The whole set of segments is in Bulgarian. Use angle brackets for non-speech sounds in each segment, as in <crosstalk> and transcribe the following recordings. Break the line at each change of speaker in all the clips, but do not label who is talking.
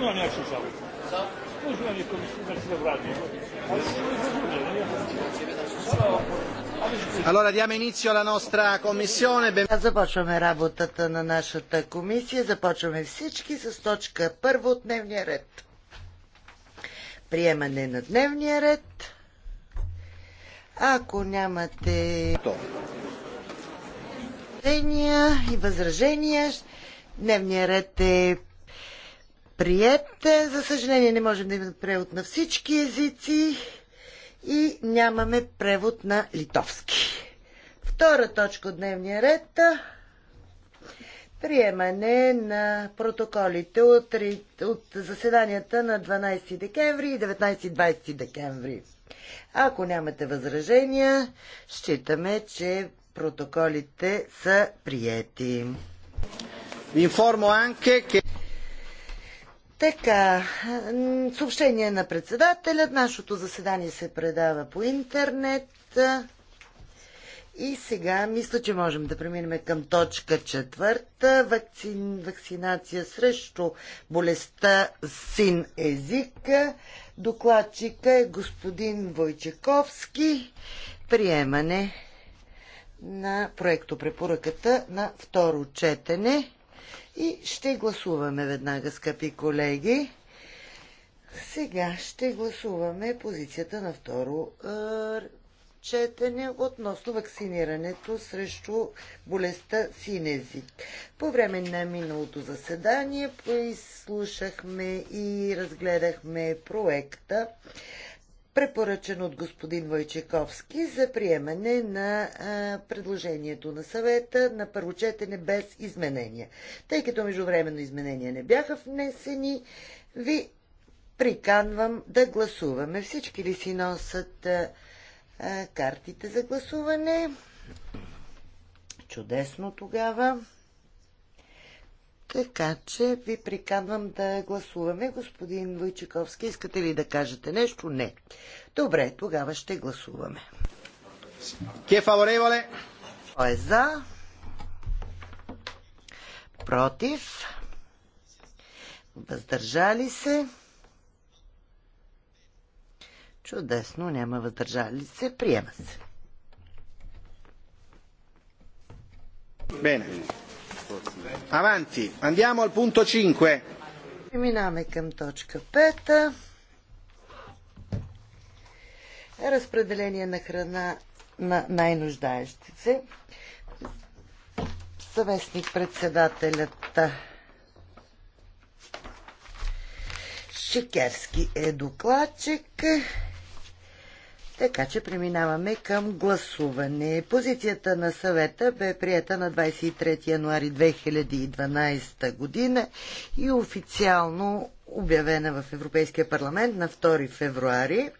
użyłam ja krzyczał. Użyłam je komisji na chwilę Allora diamo inizio alla nostra commissione. Ben...
Започваме работата на нашата комисия. Започваме всички с точка първо от дневния ред. Приемане на дневния ред. Ако нямате и възражения, дневния ред е прият. За съжаление не можем да имаме превод на всички езици и нямаме превод на литовски. Втора точка от дневния ред приемане на протоколите от, от заседанията на 12 декември и 19-20 декември. Ако нямате възражения, считаме, че протоколите са приети. Ви информо anche така, съобщение на председателя. Нашето заседание се предава по интернет. И сега мисля, че можем да преминем към точка четвърта. Вакцин, вакцинация срещу болестта син език. Докладчика е господин Войчаковски. Приемане на проекто препоръката на второ четене. И ще гласуваме веднага, скъпи колеги. Сега ще гласуваме позицията на второ четене относно вакцинирането срещу болестта синези. По време на миналото заседание изслушахме и разгледахме проекта препоръчен от господин Войчековски за приемане на а, предложението на съвета на първо четене без изменения. Тъй като междувременно изменения не бяха внесени, ви приканвам да гласуваме. Всички ли си носят а, картите за гласуване? Чудесно тогава. Така че ви приканвам да гласуваме. Господин Войчаковски, искате ли да кажете нещо? Не. Добре, тогава ще гласуваме. Ке фавореволе? Кой е за? Против? Въздържали се? Чудесно, няма въздържали се. Приема се. Бене. Avanti. Andiamo al punto 5. Преминаваме към точка 5. Разпределение на храна на най-нуждаещи се. Съвестник председателят Шикерски е докладчик. Така че преминаваме към гласуване. Позицията на съвета бе прията на 23 януари 2012 година и официално обявена в Европейския парламент на 2 февруари.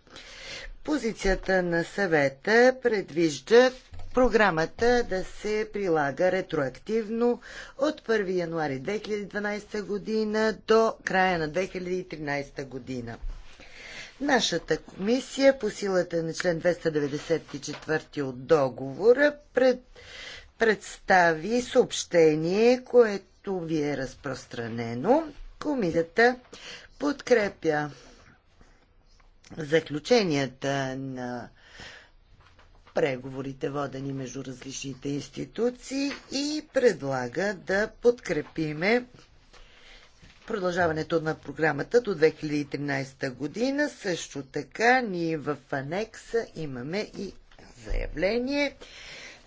Позицията на съвета предвижда програмата да се прилага ретроактивно от 1 януари 2012 година до края на 2013 година. Нашата комисия по силата на член 294 от договора пред, представи съобщение, което ви е разпространено. Комисията подкрепя заключенията на преговорите водени между различните институции и предлага да подкрепиме продължаването на програмата до 2013 година. Също така ние в анекса имаме и заявление.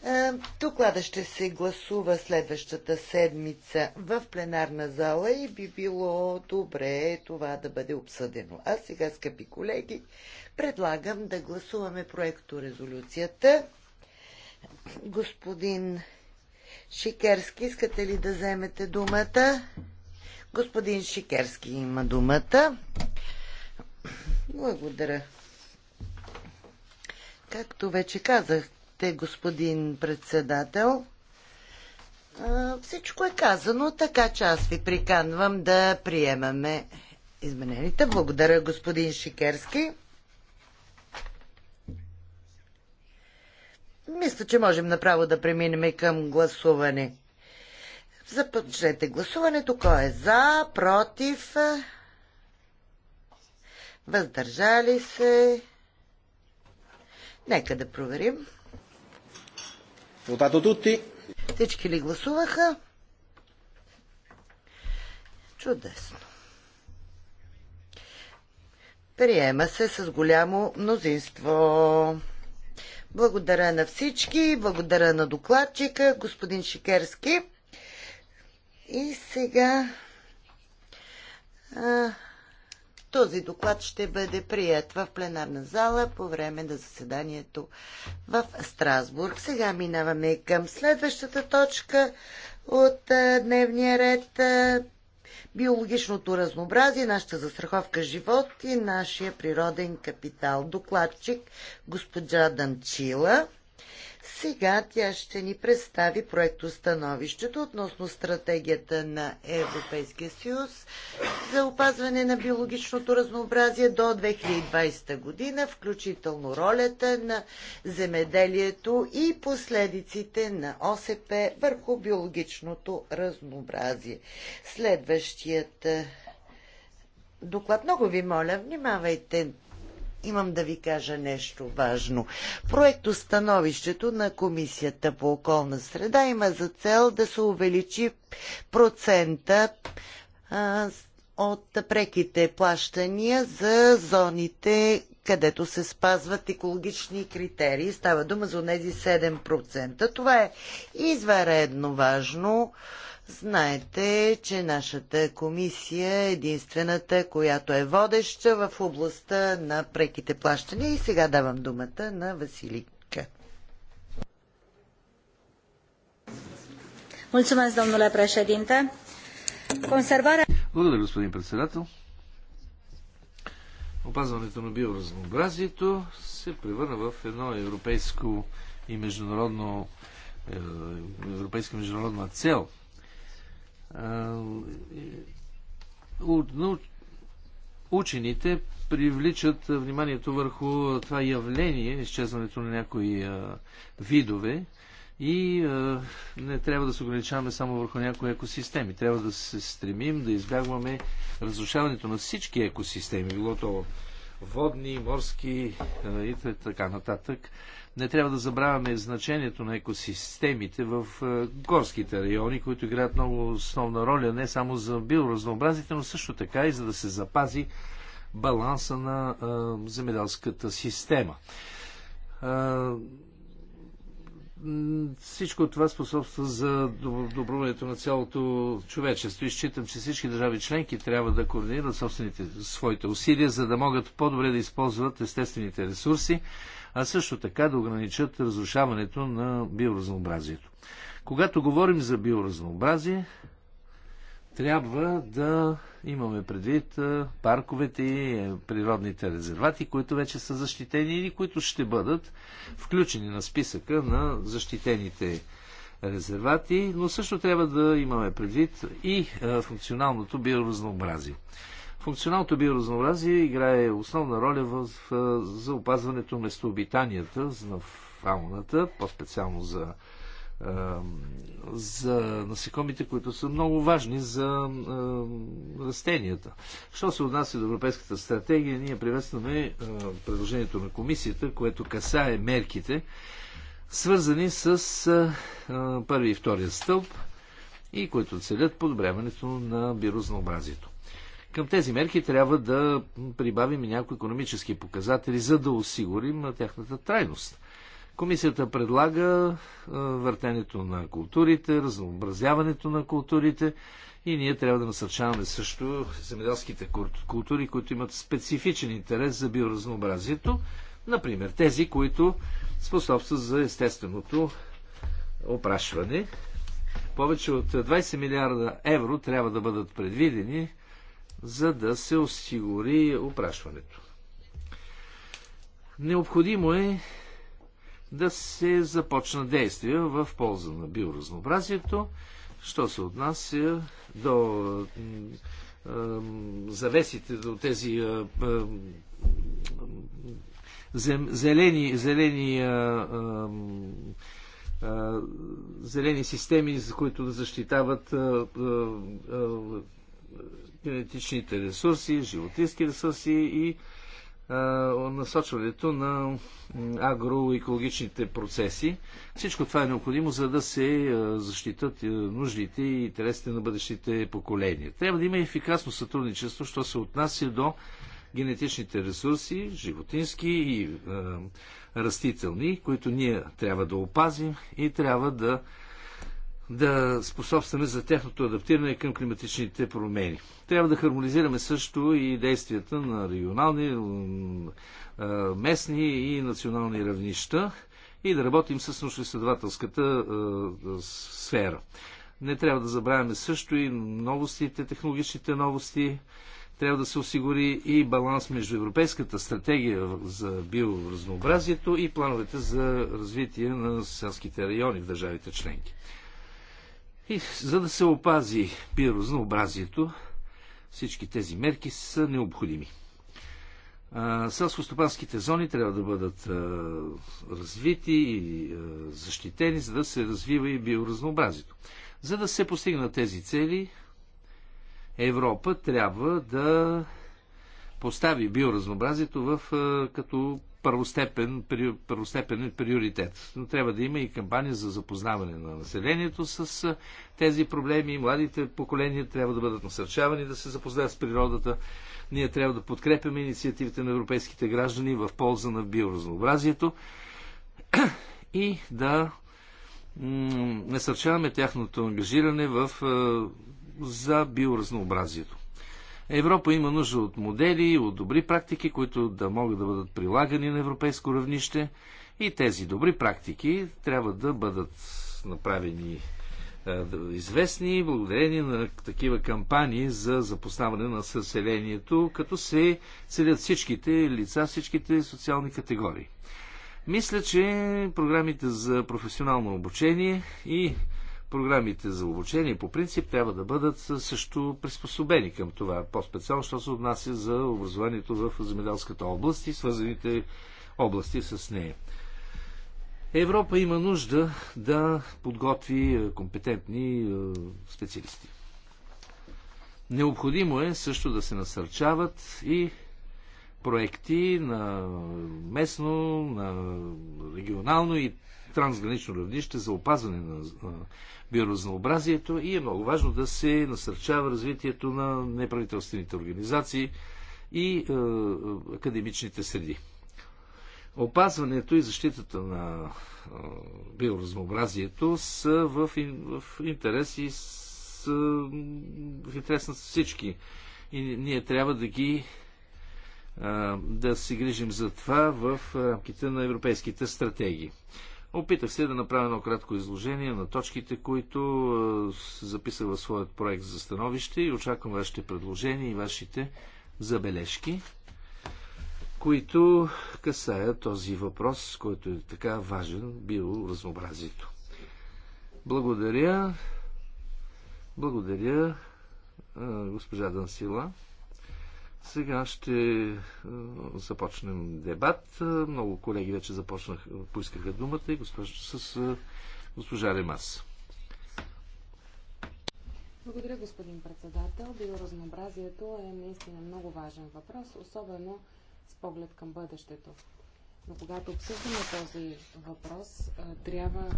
Е, доклада ще се гласува следващата седмица в пленарна зала и би било добре това да бъде обсъдено. А сега, скъпи колеги, предлагам да гласуваме проекто резолюцията. Господин Шикерски, искате ли да вземете думата? Господин Шикерски има думата. Благодаря. Както вече казахте, господин председател, всичко е казано, така че аз ви приканвам да приемаме изменените. Благодаря, господин Шикерски. Мисля, че можем направо да преминем към гласуване. Започнете гласуването. Кой е за, против, въздържали се? Нека да проверим. Вотато тути. Всички ли гласуваха? Чудесно. Приема се с голямо мнозинство. Благодаря на всички, благодаря на докладчика, господин Шикерски. И сега а, този доклад ще бъде прият в пленарна зала по време на заседанието в Страсбург. Сега минаваме към следващата точка от а, дневния ред. А, биологичното разнообразие, нашата застраховка живот и нашия природен капитал. Докладчик госпожа Данчила. Сега тя ще ни представи становището относно стратегията на Европейския съюз за опазване на биологичното разнообразие до 2020 година, включително ролята на земеделието и последиците на ОСП върху биологичното разнообразие. Следващият е, доклад. Много ви моля, внимавайте имам да ви кажа нещо важно. Проекто становището на Комисията по околна среда има за цел да се увеличи процента а, от преките плащания за зоните, където се спазват екологични критерии. Става дума за тези 7%. Това е изваредно важно. А, Знаете, че нашата комисия е единствената, която е водеща в областта на преките плащания. И сега давам думата на Василика. Благодаря,
господин председател. Опазването на биоразнообразието се превърна в едно европейско и международно е, европейска международна цел – учените привличат вниманието върху това явление, изчезването на някои видове и не трябва да се ограничаваме само върху някои екосистеми. Трябва да се стремим да избягваме разрушаването на всички екосистеми, било то водни, морски и така нататък. Не трябва да забравяме значението на екосистемите в е, горските райони, които играят много основна роля не само за биоразнообразите, но също така и за да се запази баланса на е, земеделската система е, всичко това способства за добруването на цялото човечество. И считам, че всички държави членки трябва да координират собствените своите усилия, за да могат по-добре да използват естествените ресурси а също така да ограничат разрушаването на биоразнообразието. Когато говорим за биоразнообразие, трябва да имаме предвид парковете и е, природните резервати, които вече са защитени или които ще бъдат включени на списъка на защитените резервати, но също трябва да имаме предвид и функционалното биоразнообразие. Функционалното биоразнообразие играе основна роля в, за опазването на местообитанията на фауната, по-специално за, за насекомите, които са много важни за растенията. Що се отнася до Европейската стратегия, ние приветстваме предложението на комисията, което касае мерките, свързани с първи и втория стълб и които целят подобряването на биоразнообразието. Към тези мерки трябва да прибавим и някои економически показатели, за да осигурим тяхната трайност. Комисията предлага въртенето на културите, разнообразяването на културите и ние трябва да насърчаваме също земеделските култури, които имат специфичен интерес за биоразнообразието, например тези, които способстват за естественото опрашване. Повече от 20 милиарда евро трябва да бъдат предвидени за да се осигури опрашването. Необходимо е да се започна действия в полза на биоразнообразието, що се отнася до завесите, до тези зелени, зелени, зелени системи, които да защитават генетичните ресурси, животински ресурси и а, насочването на агроекологичните процеси. Всичко това е необходимо, за да се защитат нуждите и интересите на бъдещите поколения. Трябва да има ефикасно сътрудничество, що се отнася до генетичните ресурси, животински и а, растителни, които ние трябва да опазим и трябва да да способстваме за тяхното адаптиране към климатичните промени. Трябва да хармонизираме също и действията на регионални, местни и национални равнища и да работим с научно-изследователската сфера. Не трябва да забравяме също и новостите, технологичните новости. Трябва да се осигури и баланс между Европейската стратегия за биоразнообразието и плановете за развитие на селските райони в държавите членки. И за да се опази биоразнообразието, всички тези мерки са необходими. Селско-стопанските зони трябва да бъдат развити и защитени, за да се развива и биоразнообразието. За да се постигнат тези цели, Европа трябва да постави биоразнообразието в, като първостепен, първостепен приоритет. Но трябва да има и кампания за запознаване на населението с тези проблеми. Младите поколения трябва да бъдат насърчавани да се запознаят с природата. Ние трябва да подкрепяме инициативите на европейските граждани в полза на биоразнообразието <clears throat> и да насърчаваме тяхното ангажиране в, за биоразнообразието. Европа има нужда от модели, от добри практики, които да могат да бъдат прилагани на европейско равнище и тези добри практики трябва да бъдат направени е, известни благодарение на такива кампании за запознаване на съселението, като се целят всичките лица, всичките социални категории. Мисля, че програмите за професионално обучение и Програмите за обучение по принцип трябва да бъдат също приспособени към това, по-специално, що се отнася за образованието в земеделската област и свързаните области с нея. Европа има нужда да подготви е, компетентни е, специалисти. Необходимо е също да се насърчават и проекти на местно, на регионално и трансгранично равнище за опазване на биоразнообразието и е много важно да се насърчава развитието на неправителствените организации и е, е, академичните среди. Опазването и защитата на е, биоразнообразието са в, в интерес и с, в интерес на всички. И ние трябва да ги да се грижим за това в рамките на европейските стратегии. Опитах се да направя едно кратко изложение на точките, които записах в своят проект за становище и очаквам вашите предложения и вашите забележки, които касаят този въпрос, който е така важен, разнообразието. Благодаря. Благодаря, госпожа Дансила. Сега ще започнем дебат. Много колеги вече започнах, поискаха думата и госпожа, с госпожа Ремас.
Благодаря, господин председател. Биоразнообразието е наистина много важен въпрос, особено с поглед към бъдещето. Но когато обсъждаме този въпрос, трябва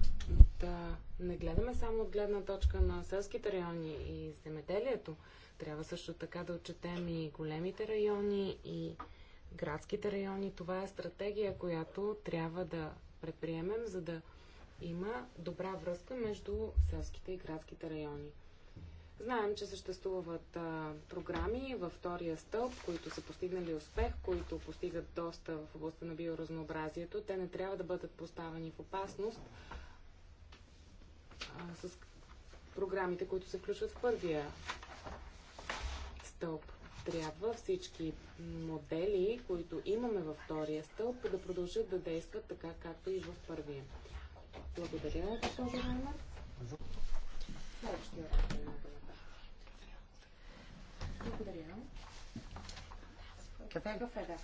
да не гледаме само от гледна точка на селските райони и земеделието, трябва също така да отчетем и големите райони, и градските райони. Това е стратегия, която трябва да предприемем, за да има добра връзка между селските и градските райони. Знаем, че съществуват а, програми във втория стълб, които са постигнали успех, които постигат доста в областта на биоразнообразието. Те не трябва да бъдат поставени в опасност а, с програмите, които се включват в първия стълб. Трябва всички модели, които имаме във втория стълб, да продължат да действат така, както и в първия. Благодаря, госпожо Раймар. Благодаря.
е Кафега Феда.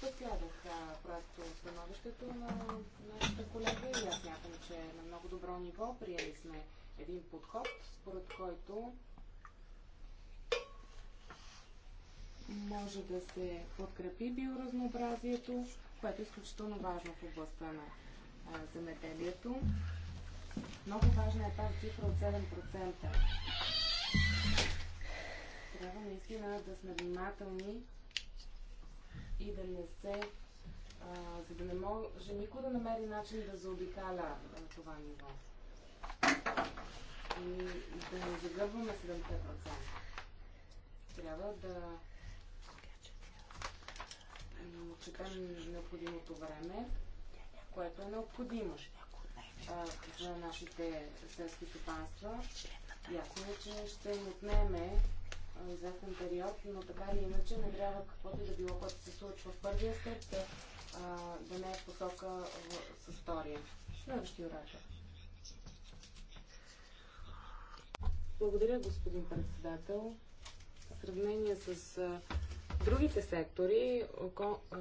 Подгледах проекто становището на нашите колеги. и аз смятам, че е на много добро ниво приели сме един подход, според който може да се подкрепи биоразнообразието, което е изключително важно в областта на земеделието. Много важна е тази цифра от 7%. Трябва наистина да сме внимателни и да не се. А, за да не може никой да намери начин да заобикаля а, това ниво. И да не загърбваме 7%. Трябва да да отчетем необходимото време, което е необходимо а, за нашите селски стопанства. Ясно е, че ще им отнеме известен период, но така или иначе не трябва каквото и да било, което се случва в първия стъп, да, да не е в посока в, с втория. Следващия оратор. Благодаря, господин председател. В сравнение с другите сектори, око, а,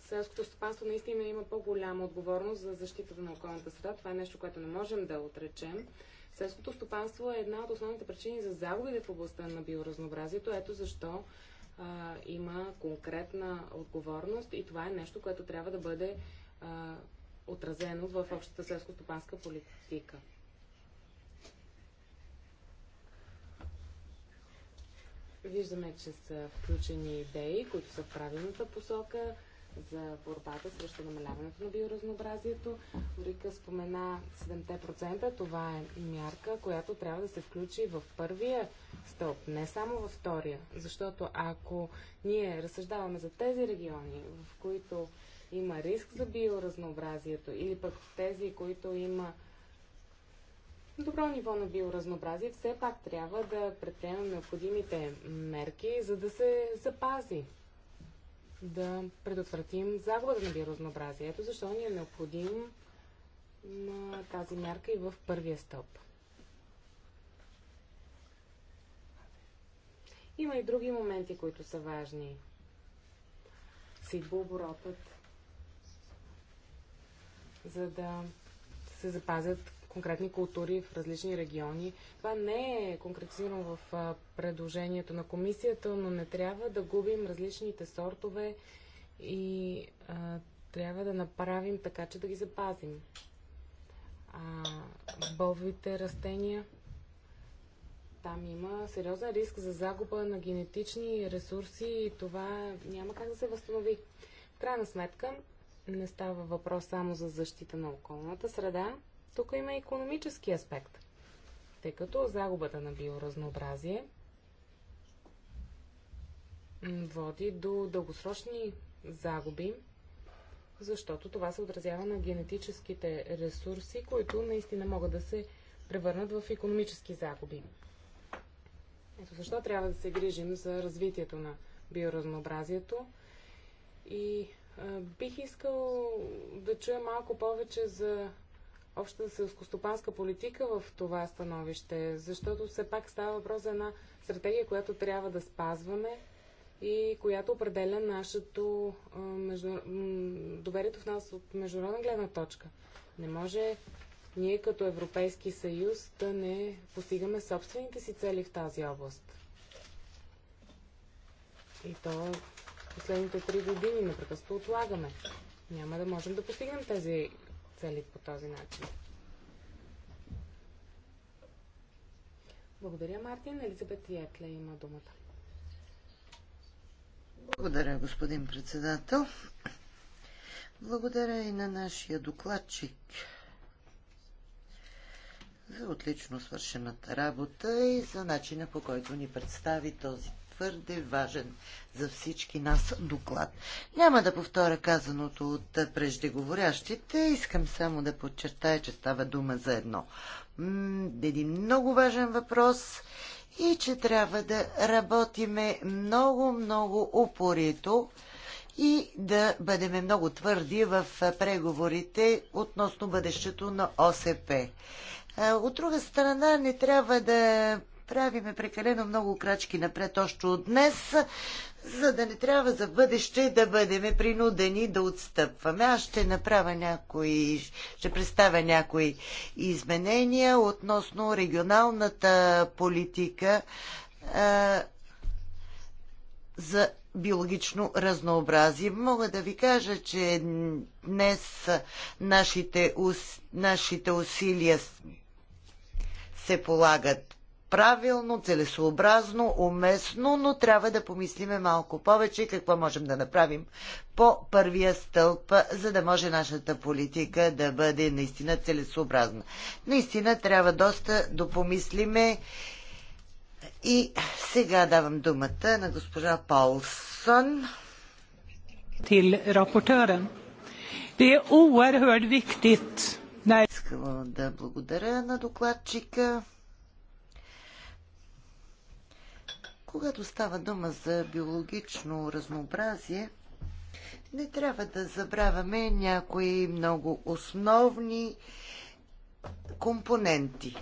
селското стопанство наистина има по-голяма отговорност за защитата на околната среда. Това е нещо, което не можем да отречем. Селското стопанство е една от основните причини за загубите в областта на биоразнообразието. Ето защо а, има конкретна отговорност и това е нещо, което трябва да бъде а, отразено в общата селско-стопанска политика. Виждаме, че са включени идеи, които са в правилната посока за борбата срещу намаляването на биоразнообразието. Рика спомена 7%. Това е мярка, която трябва да се включи в първия стълб, не само във втория. Защото ако ние разсъждаваме за тези региони, в които има риск за биоразнообразието или пък тези, които има добро ниво на биоразнообразие, все пак трябва да предприемем необходимите мерки, за да се запази, да предотвратим загубата на биоразнообразие. Ето защо ни е необходим на тази мярка и в първия стълб. Има и други моменти, които са важни. Сидбооборотът, за да се запазят конкретни култури в различни региони. Това не е конкретизирано в предложението на комисията, но не трябва да губим различните сортове и а, трябва да направим така, че да ги запазим. А, бобовите растения, там има сериозен риск за загуба на генетични ресурси и това няма как да се възстанови. В крайна сметка, не става въпрос само за защита на околната среда, тук има економически аспект, тъй като загубата на биоразнообразие води до дългосрочни загуби, защото това се отразява на генетическите ресурси, които наистина могат да се превърнат в економически загуби. Ето защо трябва да се грижим за развитието на биоразнообразието и бих искал да чуя малко повече за общата селскостопанска политика в това становище, защото все пак става въпрос за една стратегия, която трябва да спазваме и която определя нашето между... доверието в нас от международна гледна точка. Не може ние като Европейски съюз да не постигаме собствените си цели в тази област. И то последните три години непрекъснато отлагаме. Няма да можем да постигнем тези цели по този начин. Благодаря, Мартин. Елизабет Ятле има думата.
Благодаря, господин председател. Благодаря и на нашия докладчик за отлично свършената работа и за начина по който ни представи този твърде важен за всички нас доклад. Няма да повторя казаното от преждеговорящите. Искам само да подчертая, че става дума за едно. Един много важен въпрос и че трябва да работиме много, много упорито и да бъдеме много твърди в преговорите относно бъдещето на ОСП. От друга страна, не трябва да правиме прекалено много крачки напред още от днес, за да не трябва за бъдеще да бъдем принудени да отстъпваме. Аз ще направя някои, ще представя някои изменения относно регионалната политика а, е, за биологично разнообразие. Мога да ви кажа, че днес нашите, ус, нашите усилия се полагат правилно, целесообразно, уместно, но трябва да помислиме малко повече какво можем да направим по първия стълб, за да може нашата политика да бъде наистина целесообразна. Наистина трябва доста да помислиме и сега давам думата на госпожа Паулсон. Тил rapportören. Det е oerhört viktigt. Искам да благодаря на докладчика. Когато става дума за биологично разнообразие, не трябва да забравяме някои много основни компоненти.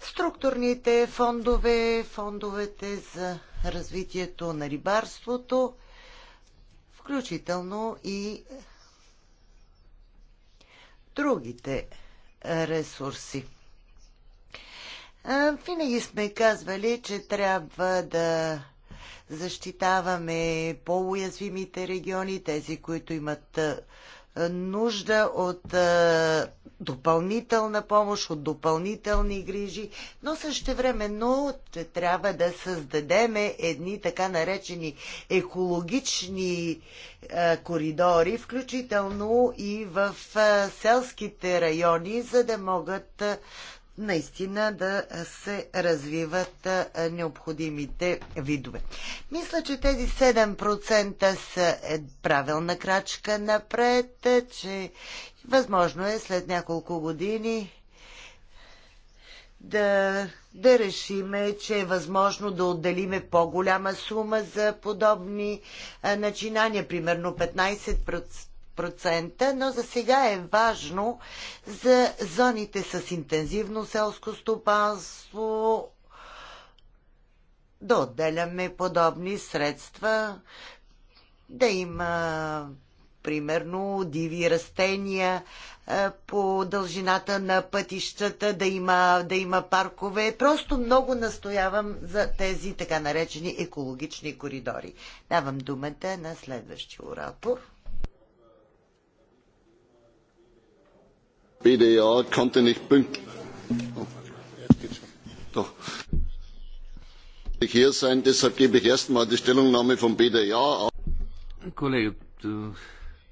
Структурните фондове, фондовете за развитието на рибарството, включително и другите ресурси. Винаги сме казвали, че трябва да защитаваме по-уязвимите региони, тези, които имат нужда от допълнителна помощ, от допълнителни грижи, но същевременно трябва да създадеме едни така наречени екологични коридори, включително и в селските райони, за да могат наистина да се развиват необходимите видове. Мисля, че тези 7% са е, правилна крачка напред, че възможно е след няколко години да, да решиме, че е възможно да отделиме по-голяма сума за подобни начинания, примерно 15%. 10%, но за сега е важно за зоните с интензивно селско стопанство да отделяме подобни средства, да има примерно диви растения по дължината на пътищата, да има, да има паркове. Просто много настоявам за тези така наречени екологични коридори. Давам думата на следващия оратор.
konnte nicht pünktlich hier sein, deshalb gebe ich erst die Stellungnahme vom
Колегата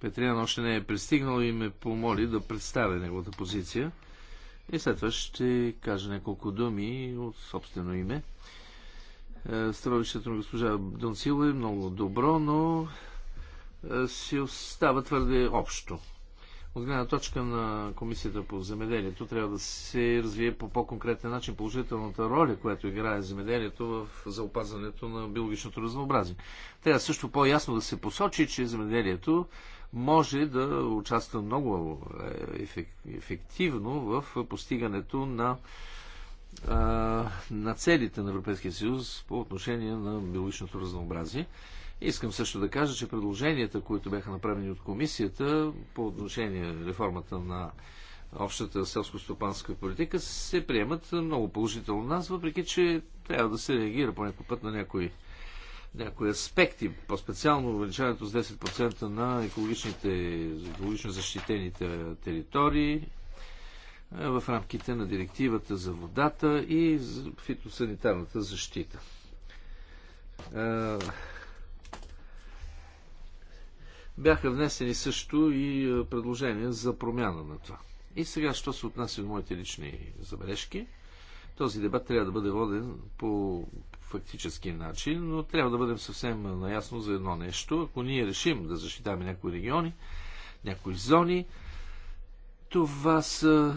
Петриан още не е пристигнал и ме помоли да представя неговата позиция. И след това ще кажа няколко думи от собствено име. Е, становището на госпожа Донсила е много добро, но е, си остава твърде общо. От гледна точка на Комисията по земеделието трябва да се развие по по-конкретен начин положителната роля, която играе земеделието в, за опазването на биологичното разнообразие. Трябва също по-ясно да се посочи, че земеделието може да участва много е, ефективно в постигането на, на целите на Европейския съюз по отношение на биологичното разнообразие. Искам също да кажа, че предложенията, които бяха направени от комисията по отношение на реформата на общата селско-стопанска политика се приемат много положително нас, въпреки че трябва да се реагира по някой път на някои, някои аспекти, по-специално увеличаването с 10% на екологичните, екологично защитените територии е, в рамките на директивата за водата и фитосанитарната защита е, бяха внесени също и е, предложения за промяна на това. И сега, що се отнася до моите лични забележки, този дебат трябва да бъде воден по фактически начин, но трябва да бъдем съвсем наясно за едно нещо. Ако ние решим да защитаваме някои региони, някои зони, това са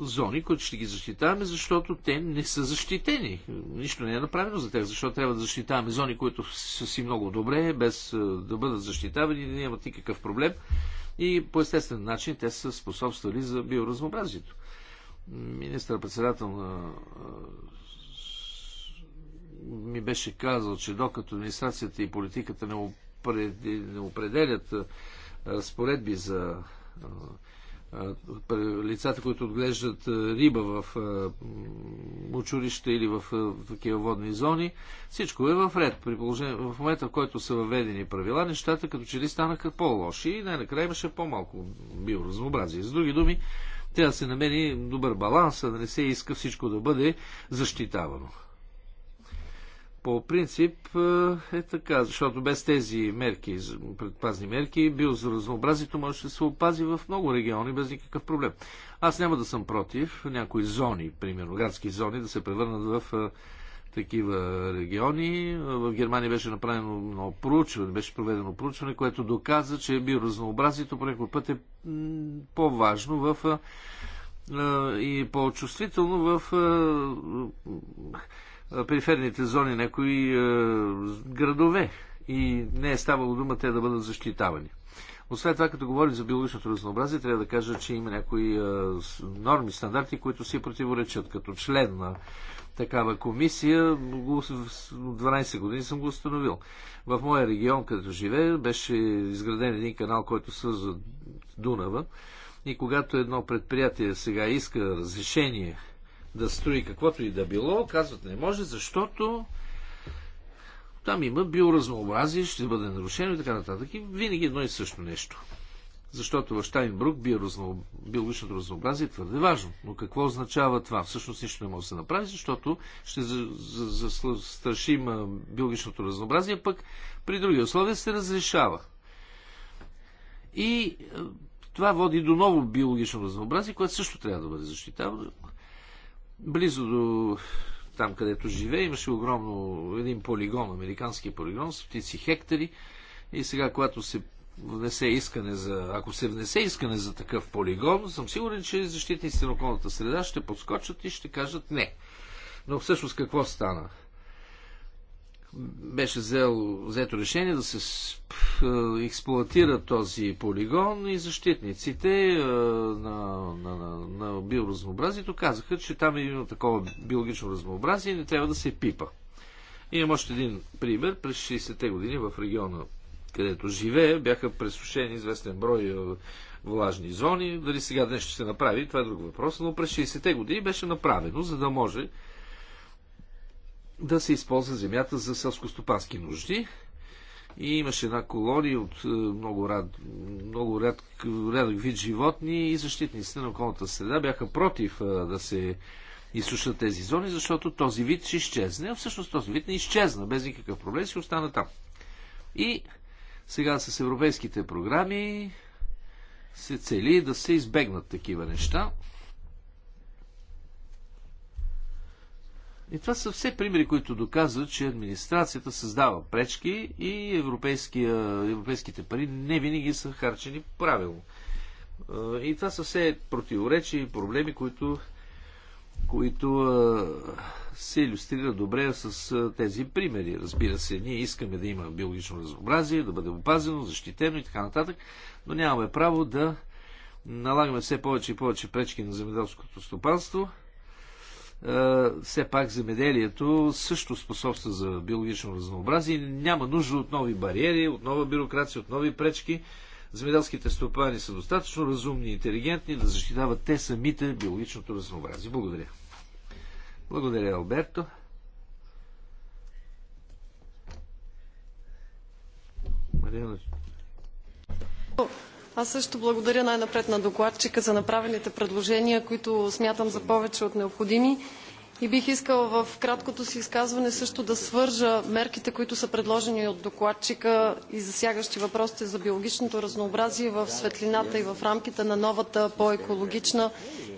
зони, които ще ги защитаваме, защото те не са защитени. Нищо не е направено за тях, защото трябва да защитаваме зони, които са си много добре, без е, да бъдат защитавани, не имат никакъв проблем. И по естествен начин те са способствали за биоразнообразието. Министър-председател на е, ми беше казал, че докато администрацията и политиката не определят е, разпоредби за лицата, които отглеждат риба в училища или в такива водни зони, всичко е в ред. При положение, в момента, в който са въведени правила, нещата като че ли станаха по-лоши и най-накрая имаше по-малко биоразнообразие. С други думи, трябва да се намери добър баланс, а да не се иска всичко да бъде защитавано по принцип е, е така, защото без тези мерки, предпазни мерки, биоразнообразието може да се опази в много региони без никакъв проблем. Аз няма да съм против някои зони, примерно градски зони, да се превърнат в е, такива региони. В Германия беше направено много проучване, беше проведено проучване, което доказа, че биоразнообразието по някой път е по-важно в е, и по-чувствително в периферните зони, някои градове и не е ставало дума те да бъдат защитавани. Освен това, като говорим за биологичното разнообразие, трябва да кажа, че има някои норми, стандарти, които си противоречат. Като член на такава комисия, 12 години съм го установил. В моя регион, където живея, беше изграден един канал, който за Дунава. И когато едно предприятие сега иска разрешение да строи каквото и да било, казват не може, защото там има биоразнообразие, ще бъде нарушено и така нататък. И винаги едно и също нещо. Защото в Штайнбрук биоразно... биологичното разнообразие е твърде важно. Но какво означава това? Всъщност нищо не може да се направи, защото ще застрашим биологичното разнообразие, пък при други условия се разрешава. И това води до ново биологично разнообразие, което също трябва да бъде защитавано. Близо до там, където живее, имаше огромно един полигон, американски полигон, птици хектари. И сега, когато се внесе искане за, ако се внесе искане за такъв полигон, съм сигурен, че защитниците на околната среда ще подскочат и ще кажат не. Но всъщност какво стана? беше взел, взето решение да се е, експлуатира този полигон и защитниците е, на, на, на, на биоразнообразието казаха, че там е има такова биологично разнообразие и не трябва да се пипа. Имам още един пример. През 60-те години в региона, където живее, бяха пресушени известен брой е, влажни зони. Дали сега днес ще се направи, това е друг въпрос, но през 60-те години беше направено, за да може да се използва земята за селскостопански нужди. И имаше една колония от е, много, рад, много ряд, рядък вид животни и защитниците на околната среда бяха против е, да се изсушат тези зони, защото този вид ще изчезне. А всъщност този вид не изчезна без никакъв проблем, си остана там. И сега с европейските програми се цели да се избегнат такива неща. И това са все примери, които доказват, че администрацията създава пречки и европейските пари не винаги са харчени правилно. И това са все противоречия и проблеми, които, които се иллюстрира добре с тези примери. Разбира се, ние искаме да има биологично разнообразие, да бъде опазено, защитено и така нататък, но нямаме право да налагаме все повече и повече пречки на земеделското стопанство – е, все пак земеделието също способства за биологично разнообразие. Няма нужда от нови бариери, от нова бюрокрация, от нови пречки. Земеделските стопани са достатъчно разумни и интелигентни да защитават те самите биологичното разнообразие. Благодаря. Благодаря, Алберто. Мариана.
Аз също благодаря най-напред на докладчика за направените предложения, които смятам за повече от необходими. И бих искала в краткото си изказване също да свържа мерките, които са предложени от докладчика и засягащи въпросите за биологичното разнообразие в светлината и в рамките на новата по-екологична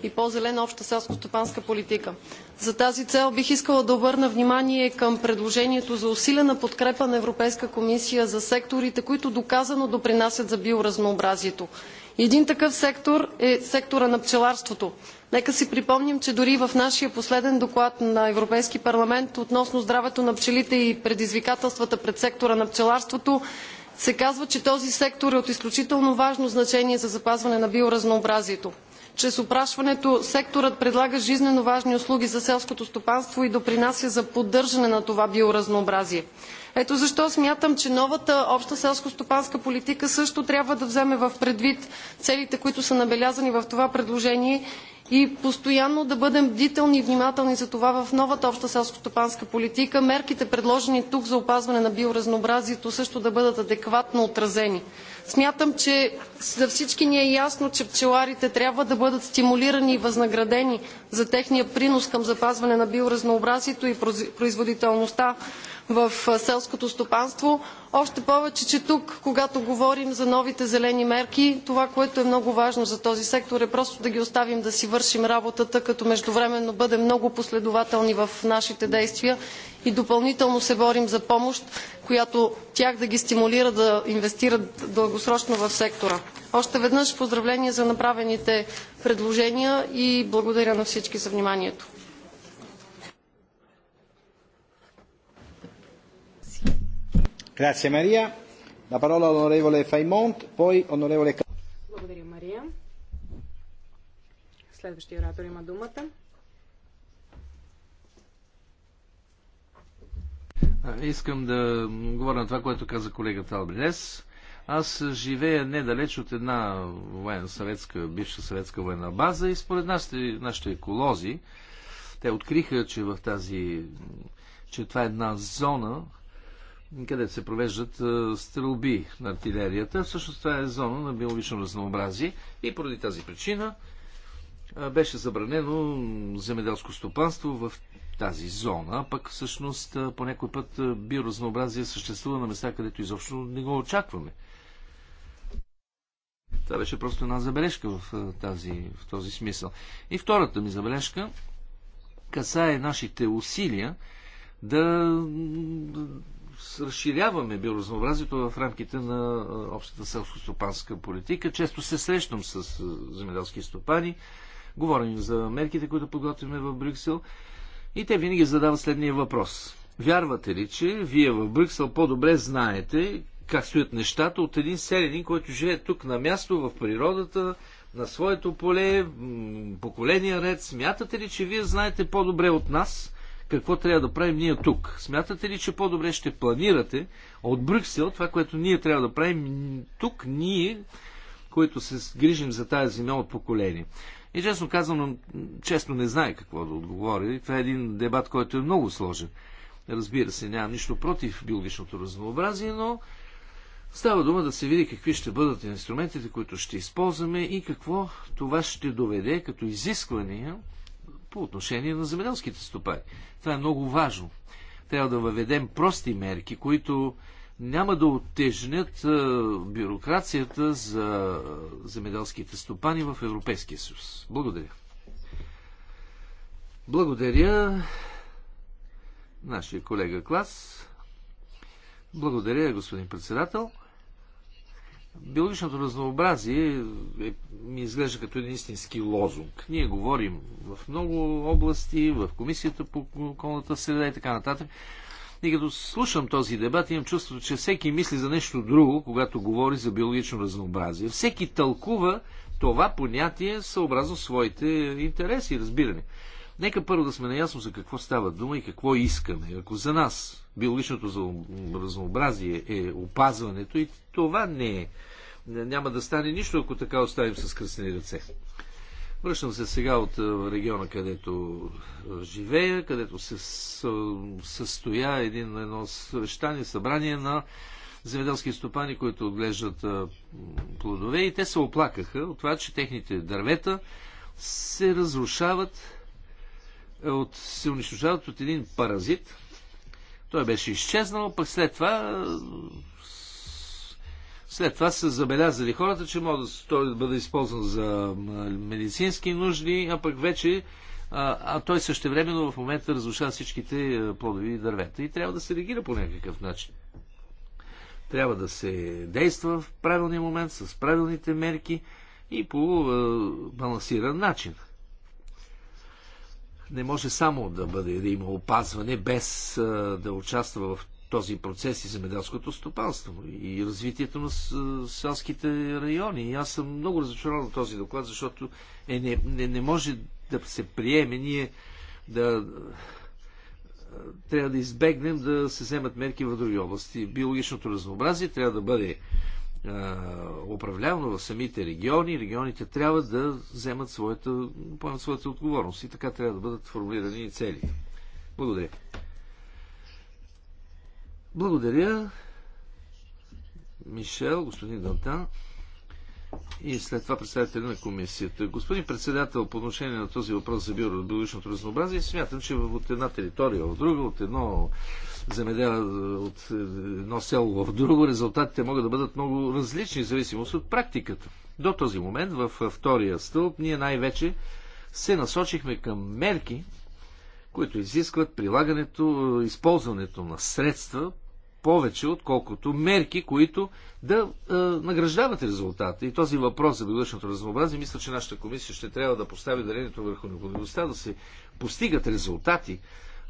и по-зелена обща селско-стопанска политика. За тази цел бих искала да обърна внимание към предложението за усилена подкрепа на Европейска комисия за секторите, които доказано допринасят за биоразнообразието. Един такъв сектор е сектора на пчеларството. Нека си припомним, че дори в нашия последен доклад на Европейски парламент относно здравето на пчелите и предизвикателствата пред сектора на пчеларството се казва, че този сектор е от изключително важно значение за запазване на биоразнообразието. Чрез опрашването секторът предлага жизнено важни услуги за селското стопанство и допринася за поддържане на това биоразнообразие. Ето защо смятам, че новата обща селско-стопанска политика също трябва да вземе в предвид целите, които са набелязани в това предложение и постоянно да бъдем бдителни и внимателни за това в новата обща селскостопанска политика мерките, предложени тук за опазване на биоразнообразието, също да бъдат адекватно отразени. Смятам, че за всички ни е ясно, че пчеларите трябва да бъдат стимулирани и възнаградени за техния принос към запазване на биоразнообразието и производителността в селското стопанство. Още повече, че тук, когато говорим за новите зелени мерки, това, което е много важно за този сектор е просто да ги оставим да си вършим работата, като междувременно бъдем много последователни в нашите действия и допълнително се борим за помощ, която тях да ги стимулира да инвестират дългосрочно в сектора. Още веднъж поздравления за направените предложения и благодаря на всички за вниманието.
Grazie Мария. La parola onorevole Файмонт, poi onorevole
Благодаря, Мария. Следващия оратор има думата.
Искам да говоря на това, което каза колегата Албридес. Аз живея недалеч от една военна съветска, бивша съветска военна база и според нас, нашите еколози, те откриха, че в тази че това е една зона, където се провеждат стрелби на артилерията. Всъщност това е зона на биологично разнообразие и поради тази причина беше забранено земеделско стопанство в тази зона, пък всъщност по някой път биоразнообразие съществува на места, където изобщо не го очакваме. Това беше просто една забележка в, тази, в този смисъл. И втората ми забележка касае нашите усилия да разширяваме биоразнообразието в рамките на общата селско-стопанска политика. Често се срещам с земеделски стопани, говорим за мерките, които подготвяме в Брюксел и те винаги задават следния въпрос. Вярвате ли, че вие в Брюксел по-добре знаете как стоят нещата от един селенин, който живее тук на място, в природата, на своето поле, поколения ред? Смятате ли, че вие знаете по-добре от нас – какво трябва да правим ние тук. Смятате ли, че по-добре ще планирате от Брюксел това, което ние трябва да правим тук, ние, които се грижим за тази земя от поколение? И честно казвам, честно не знае какво да отговоря. И това е един дебат, който е много сложен. Разбира се, нямам нищо против биологичното разнообразие, но Става дума да се види какви ще бъдат инструментите, които ще използваме и какво това ще доведе като изисквания по отношение на земеделските стопани. Това е много важно. Трябва да въведем прости мерки, които няма да оттежнят бюрокрацията за земеделските стопани в Европейския съюз. Благодаря. Благодаря нашия колега Клас. Благодаря, господин председател. Биологичното разнообразие е, ми изглежда като един истински лозунг. Ние говорим в много области, в Комисията по околната среда и така нататък. И като слушам този дебат, имам чувството, че всеки мисли за нещо друго, когато говори за биологично разнообразие. Всеки тълкува това понятие съобразно своите интереси и разбиране. Нека първо да сме наясно за какво става дума и какво искаме. Ако за нас биологичното разнообразие е опазването и това не е, няма да стане нищо, ако така оставим с кръстени ръце. Връщам се сега от е, региона, където е, живея, където се е, състоя един, едно съвещание, събрание на земеделски стопани, които отглеждат плодове и те се оплакаха от това, че техните дървета се разрушават от, се унищожават от един паразит. Той беше изчезнал, пък след това след това са забелязали хората, че може да, той да бъде използван за медицински нужди, а пък вече а, а той същевременно в момента разрушава всичките е, плодови дървета и трябва да се реагира по някакъв начин. Трябва да се действа в правилния момент, с правилните мерки и по а, е, балансиран начин не може само да бъде да има опазване, без да участва в този процес и земеделското стопанство и развитието на селските райони. И аз съм много разочарован от този доклад, защото е, не, не, не може да се приеме ние да трябва да избегнем да се вземат мерки в други области. Биологичното разнообразие трябва да бъде управлявано в самите региони, регионите трябва да вземат своята, поемат своята отговорност и така трябва да бъдат формулирани и Благодаря. Благодаря. Мишел, господин Дантан и след това представителя на комисията. Господин председател, по отношение на този въпрос за биологичното разнообразие, смятам, че от една територия в друга, от едно замедела е, от е, едно село в друго, резултатите могат да бъдат много различни, в зависимост от практиката. До този момент, във е, втория стълб, ние най-вече се насочихме към мерки, които изискват прилагането, използването на средства повече, отколкото мерки, които да е, награждават резултата. И този въпрос за биологичното разнообразие, мисля, че нашата комисия ще трябва да постави дарението върху необходимостта да се постигат резултати,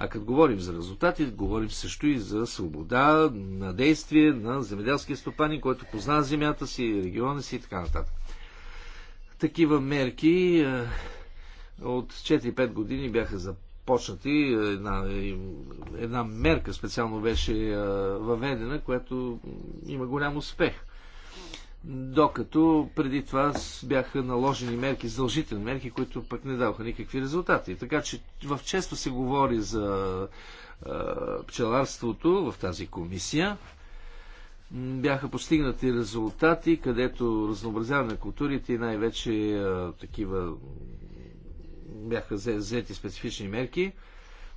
а като говорим за резултати, говорим също и за свобода на действие на земеделския стопани, който познава земята си, региона си и така нататък. Такива мерки е, от 4-5 години бяха започнати. Една, една мерка специално беше е, въведена, която има голям успех докато преди това бяха наложени мерки, задължителни мерки, които пък не даваха никакви резултати. Така че в често се говори за пчеларството в тази комисия. Бяха постигнати резултати, където разнообразяване на културите и най-вече такива бяха взети специфични мерки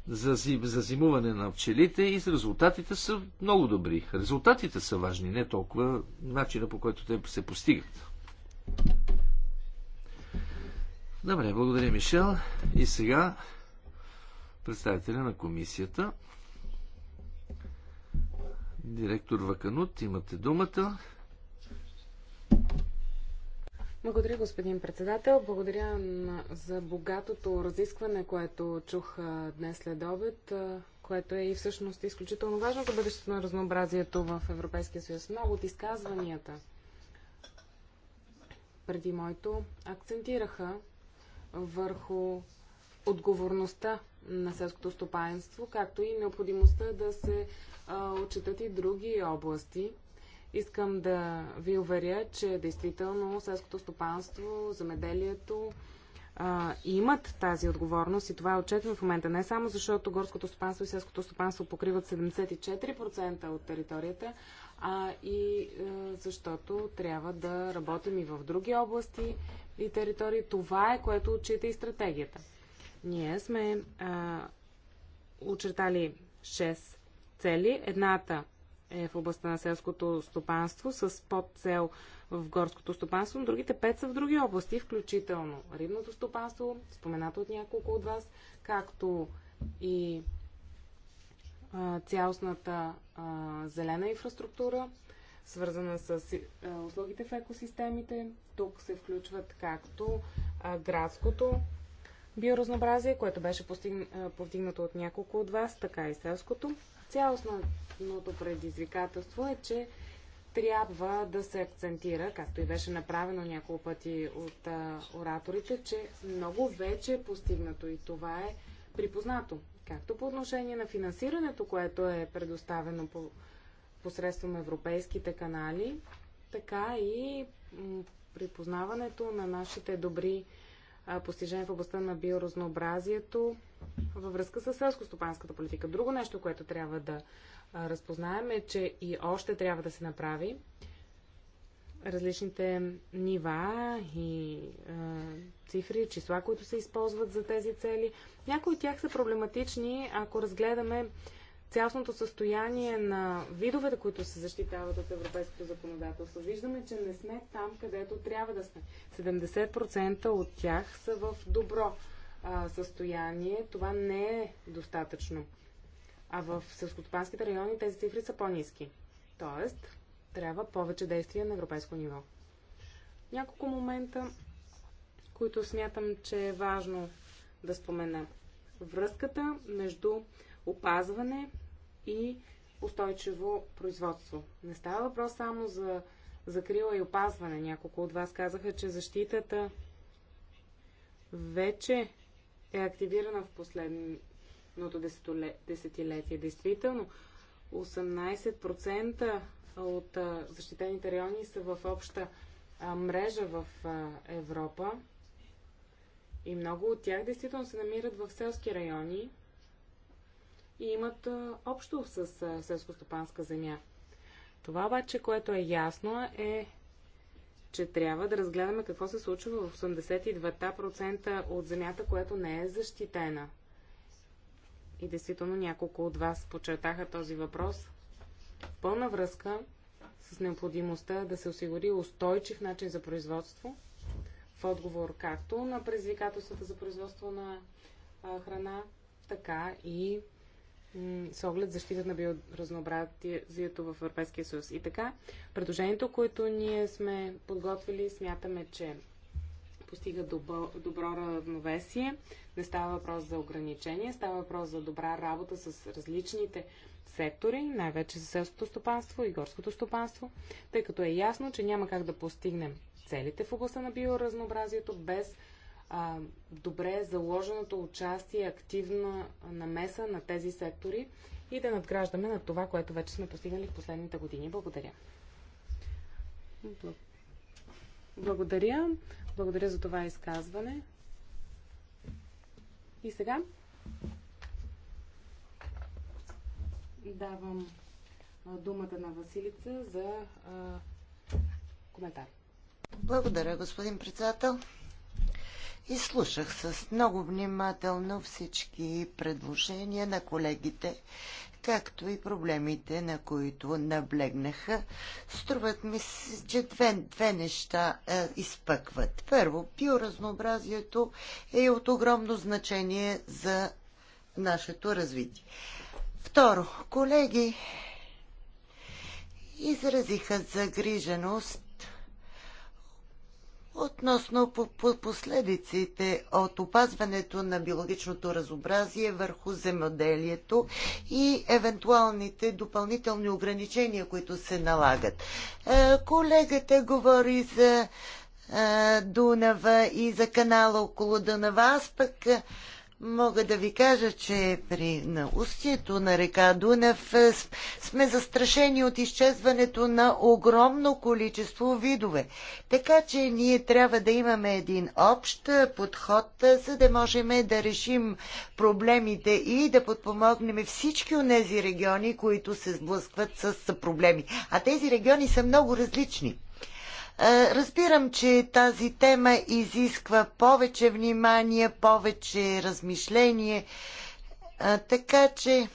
за, за зимуване на пчелите и резултатите са много добри. Резултатите са важни, не толкова начина по който те се постигат. Добре, благодаря Мишел. И сега представителя на комисията. Директор Ваканут, имате думата.
Благодаря, господин председател. Благодаря за богатото разискване, което чух днес след обед, което е и всъщност изключително важно за бъдещето на разнообразието в Европейския съюз. Много от изказванията преди моето акцентираха върху отговорността на селското стопанство, както и необходимостта да се отчитат и други области Искам да ви уверя, че действително селското стопанство, замеделието а, имат тази отговорност и това е отчетено в момента. Не само защото горското стопанство и селското стопанство покриват 74% от територията, а и а, защото трябва да работим и в други области и територии. Това е което отчита и стратегията. Ние сме а, очертали 6 цели. Едната е в областта на селското стопанство с подцел в горското стопанство, но другите пет са в други области, включително рибното стопанство, споменато от няколко от вас, както и а, цялостната а, зелена инфраструктура, свързана с а, услугите в екосистемите. Тук се включват както а, градското биоразнообразие, което беше постигна, повдигнато от няколко от вас, така и селското. Цялостното предизвикателство е, че трябва да се акцентира, както и беше направено няколко пъти от а, ораторите, че много вече е постигнато и това е припознато. Както по отношение на финансирането, което е предоставено по, посредством европейските канали, така и припознаването на нашите добри постижения в областта на биоразнообразието във връзка с селско-стопанската политика. Друго нещо, което трябва да разпознаем е, че и още трябва да се направи различните нива и е, цифри, числа, които се използват за тези цели. Някои от тях са проблематични, ако разгледаме цялостното състояние на видовете, които се защитават от европейското законодателство. Виждаме, че не сме там, където трябва да сме. 70% от тях са в добро а, състояние. Това не е достатъчно. А в селскотопанските райони тези цифри са по-низки. Тоест, трябва повече действия на европейско ниво. Няколко момента, които смятам, че е важно да спомена. Връзката между опазване и устойчиво производство. Не става въпрос само за закрила и опазване. Няколко от вас казаха, че защитата вече е активирана в последното десетилетие. Действително, 18% от защитените райони са в обща мрежа в Европа и много от тях действително се намират в селски райони, и имат общо с селско-стопанска земя. Това обаче, което е ясно, е, че трябва да разгледаме какво се случва в 82% от земята, която не е защитена. И действително няколко от вас подчертаха този въпрос. Пълна връзка с необходимостта да се осигури устойчив начин за производство, в отговор както на предизвикателствата за производство на храна, така и с оглед защита на биоразнообразието в Европейския съюз. И така, предложението, което ние сме подготвили, смятаме, че постига добро, добро равновесие. Не става въпрос за ограничение, става въпрос за добра работа с различните сектори, най-вече за селското стопанство и горското стопанство, тъй като е ясно, че няма как да постигнем целите в областта на биоразнообразието без а, добре заложеното участие, активна намеса на тези сектори и да надграждаме на това, което вече сме постигнали в последните години. Благодаря. Благодаря. Благодаря за това изказване. И сега давам думата на Василица за а, коментар.
Благодаря, господин председател. И слушах с много внимателно всички предложения на колегите, както и проблемите, на които наблегнаха. Струват ми се, че две, две неща е, изпъкват. Първо, биоразнообразието е от огромно значение за нашето развитие. Второ, колеги изразиха загриженост относно последиците от опазването на биологичното разобразие върху земеделието и евентуалните допълнителни ограничения, които се налагат. Е, колегата говори за е, Дунава и за канала около Дунава. Аз пък Мога да ви кажа, че при на устието на река Дунев е, сме застрашени от изчезването на огромно количество видове. Така че ние трябва да имаме един общ е, подход, е, за да можем да решим проблемите и да подпомогнем всички от тези региони, които се сблъскват с проблеми. А тези региони са много различни. Е, разбирам, че тази тема изисква повече внимание, повече размишление, е, така че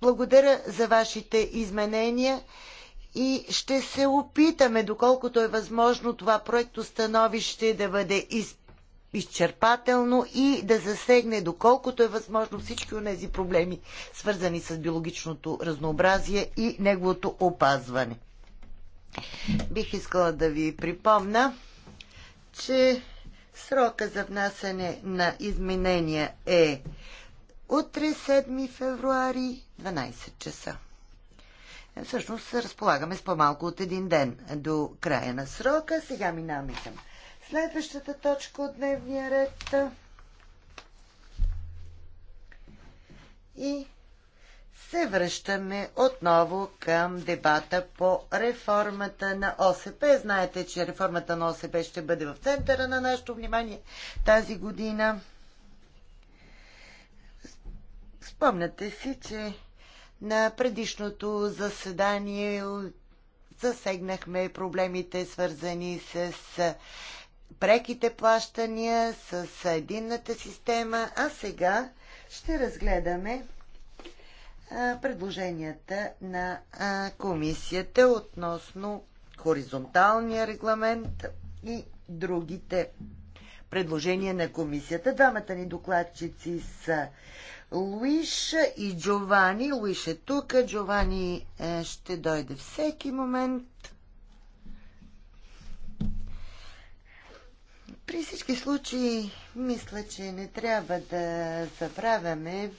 благодаря за вашите изменения и ще се опитаме, доколкото е възможно, това проекто становище да бъде из... изчерпателно и да засегне, доколкото е възможно, всички от тези проблеми, свързани с биологичното разнообразие и неговото опазване. Бих искала да ви припомна, че срока за внасяне на изменения е утре 7 февруари 12 часа. Всъщност разполагаме с по-малко от един ден до края на срока. Сега минаваме към следващата точка от дневния ред. И се връщаме отново към дебата по реформата на ОСП. Знаете, че реформата на ОСП ще бъде в центъра на нашето внимание тази година. Спомняте си, че на предишното заседание засегнахме проблемите, свързани с преките плащания, с единната система, а сега ще разгледаме предложенията на комисията относно хоризонталния регламент и другите предложения на комисията. Двамата ни докладчици са Луиш и Джовани. Луиш е тук, Джовани е, ще дойде всеки момент. При всички случаи, мисля, че не трябва да забравяме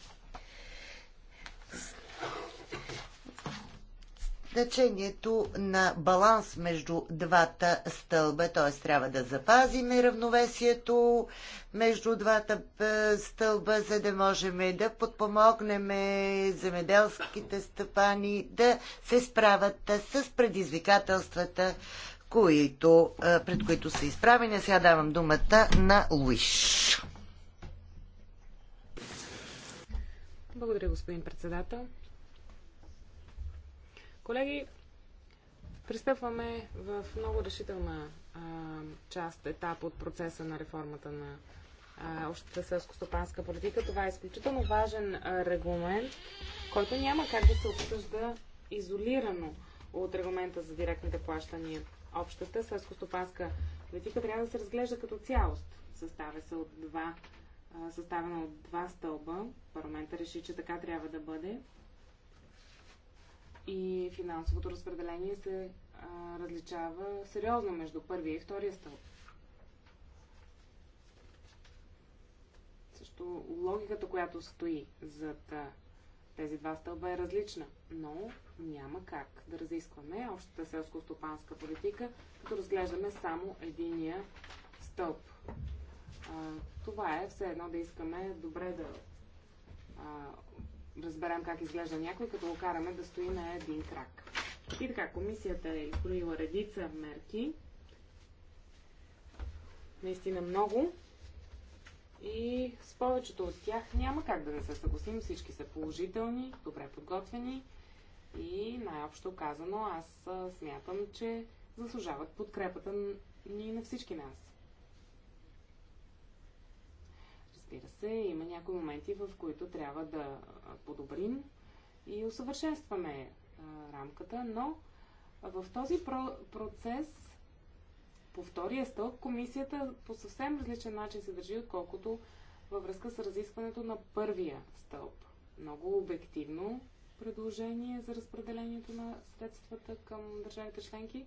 значението на баланс между двата стълба, т.е. трябва да запазим равновесието между двата е, стълба, за да можем да подпомогнем земеделските стъпани да се справят с предизвикателствата, които, е, пред които са изправени. Сега давам думата на Луиш.
Благодаря, господин председател. Колеги, пристъпваме в много решителна а, част, етап от процеса на реформата на общата селско-стопанска политика. Това е изключително важен а, регламент, който няма как да се обсъжда изолирано от регламента за директните плащания. Общата селско-стопанска политика трябва да се разглежда като цялост. Съставя се от два, съставена от два стълба. Парламента реши, че така трябва да бъде и финансовото разпределение се а, различава сериозно между първия и втория стълб. Също логиката, която стои зад тези два стълба е различна, но няма как да разискваме общата селско-стопанска политика, като разглеждаме само единия стълб. А, това е все едно да искаме добре да а, разберем как изглежда някой, като го караме да стои на един крак. И така, комисията е изброила редица мерки. Наистина много. И с повечето от тях няма как да не се съгласим. Всички са положителни, добре подготвени. И най-общо казано, аз смятам, че заслужават подкрепата ни на всички нас. Разбира се, има някои моменти, в които трябва да подобрим и усъвършенстваме рамката, но в този процес, по втория стълб, комисията по съвсем различен начин се държи, отколкото във връзка с разискването на първия стълб. Много обективно предложение за разпределението на средствата към държавите членки.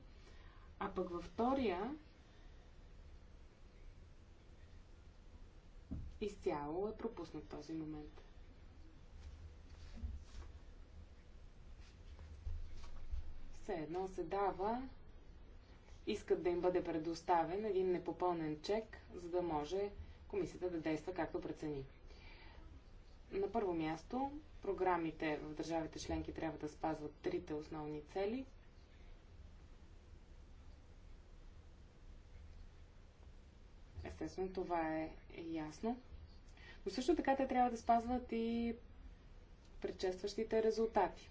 А пък във втория изцяло е пропуснат този момент. Все едно се дава, искат да им бъде предоставен един непопълнен чек, за да може комисията да действа както прецени. На първо място, програмите в държавите членки трябва да спазват трите основни цели – Естествено, това е, ясно. Но също така те трябва да спазват и предшестващите резултати.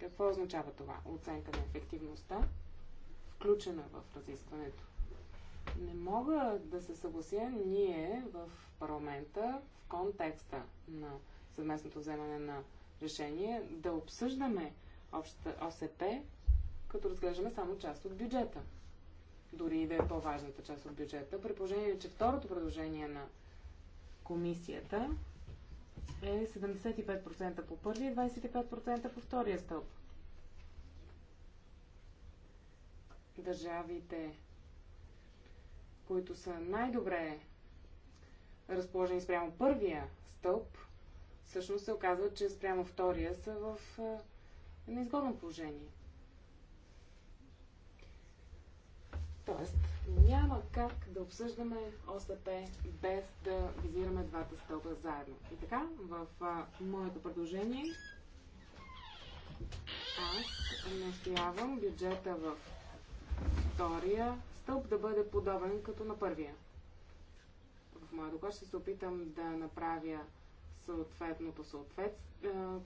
Какво означава това? Оценка на ефективността, включена в разискването. Не мога да се съглася ние в парламента, в контекста на съвместното вземане на решение, да обсъждаме общата ОСП, като разглеждаме само част от бюджета дори и да е по-важната част от бюджета. При положение, че второто предложение на комисията е 75% по първия и 25% по втория стълб. Държавите, които са най-добре разположени спрямо първия стълб, всъщност се оказва, че спрямо втория са в неизгодно положение. Тоест, няма как да обсъждаме ОСП без да визираме двата стълба заедно. И така, в а, моето предложение аз настоявам бюджета в втория стълб да бъде подобен като на първия. В моя доклад ще се опитам да направя съответното съответ,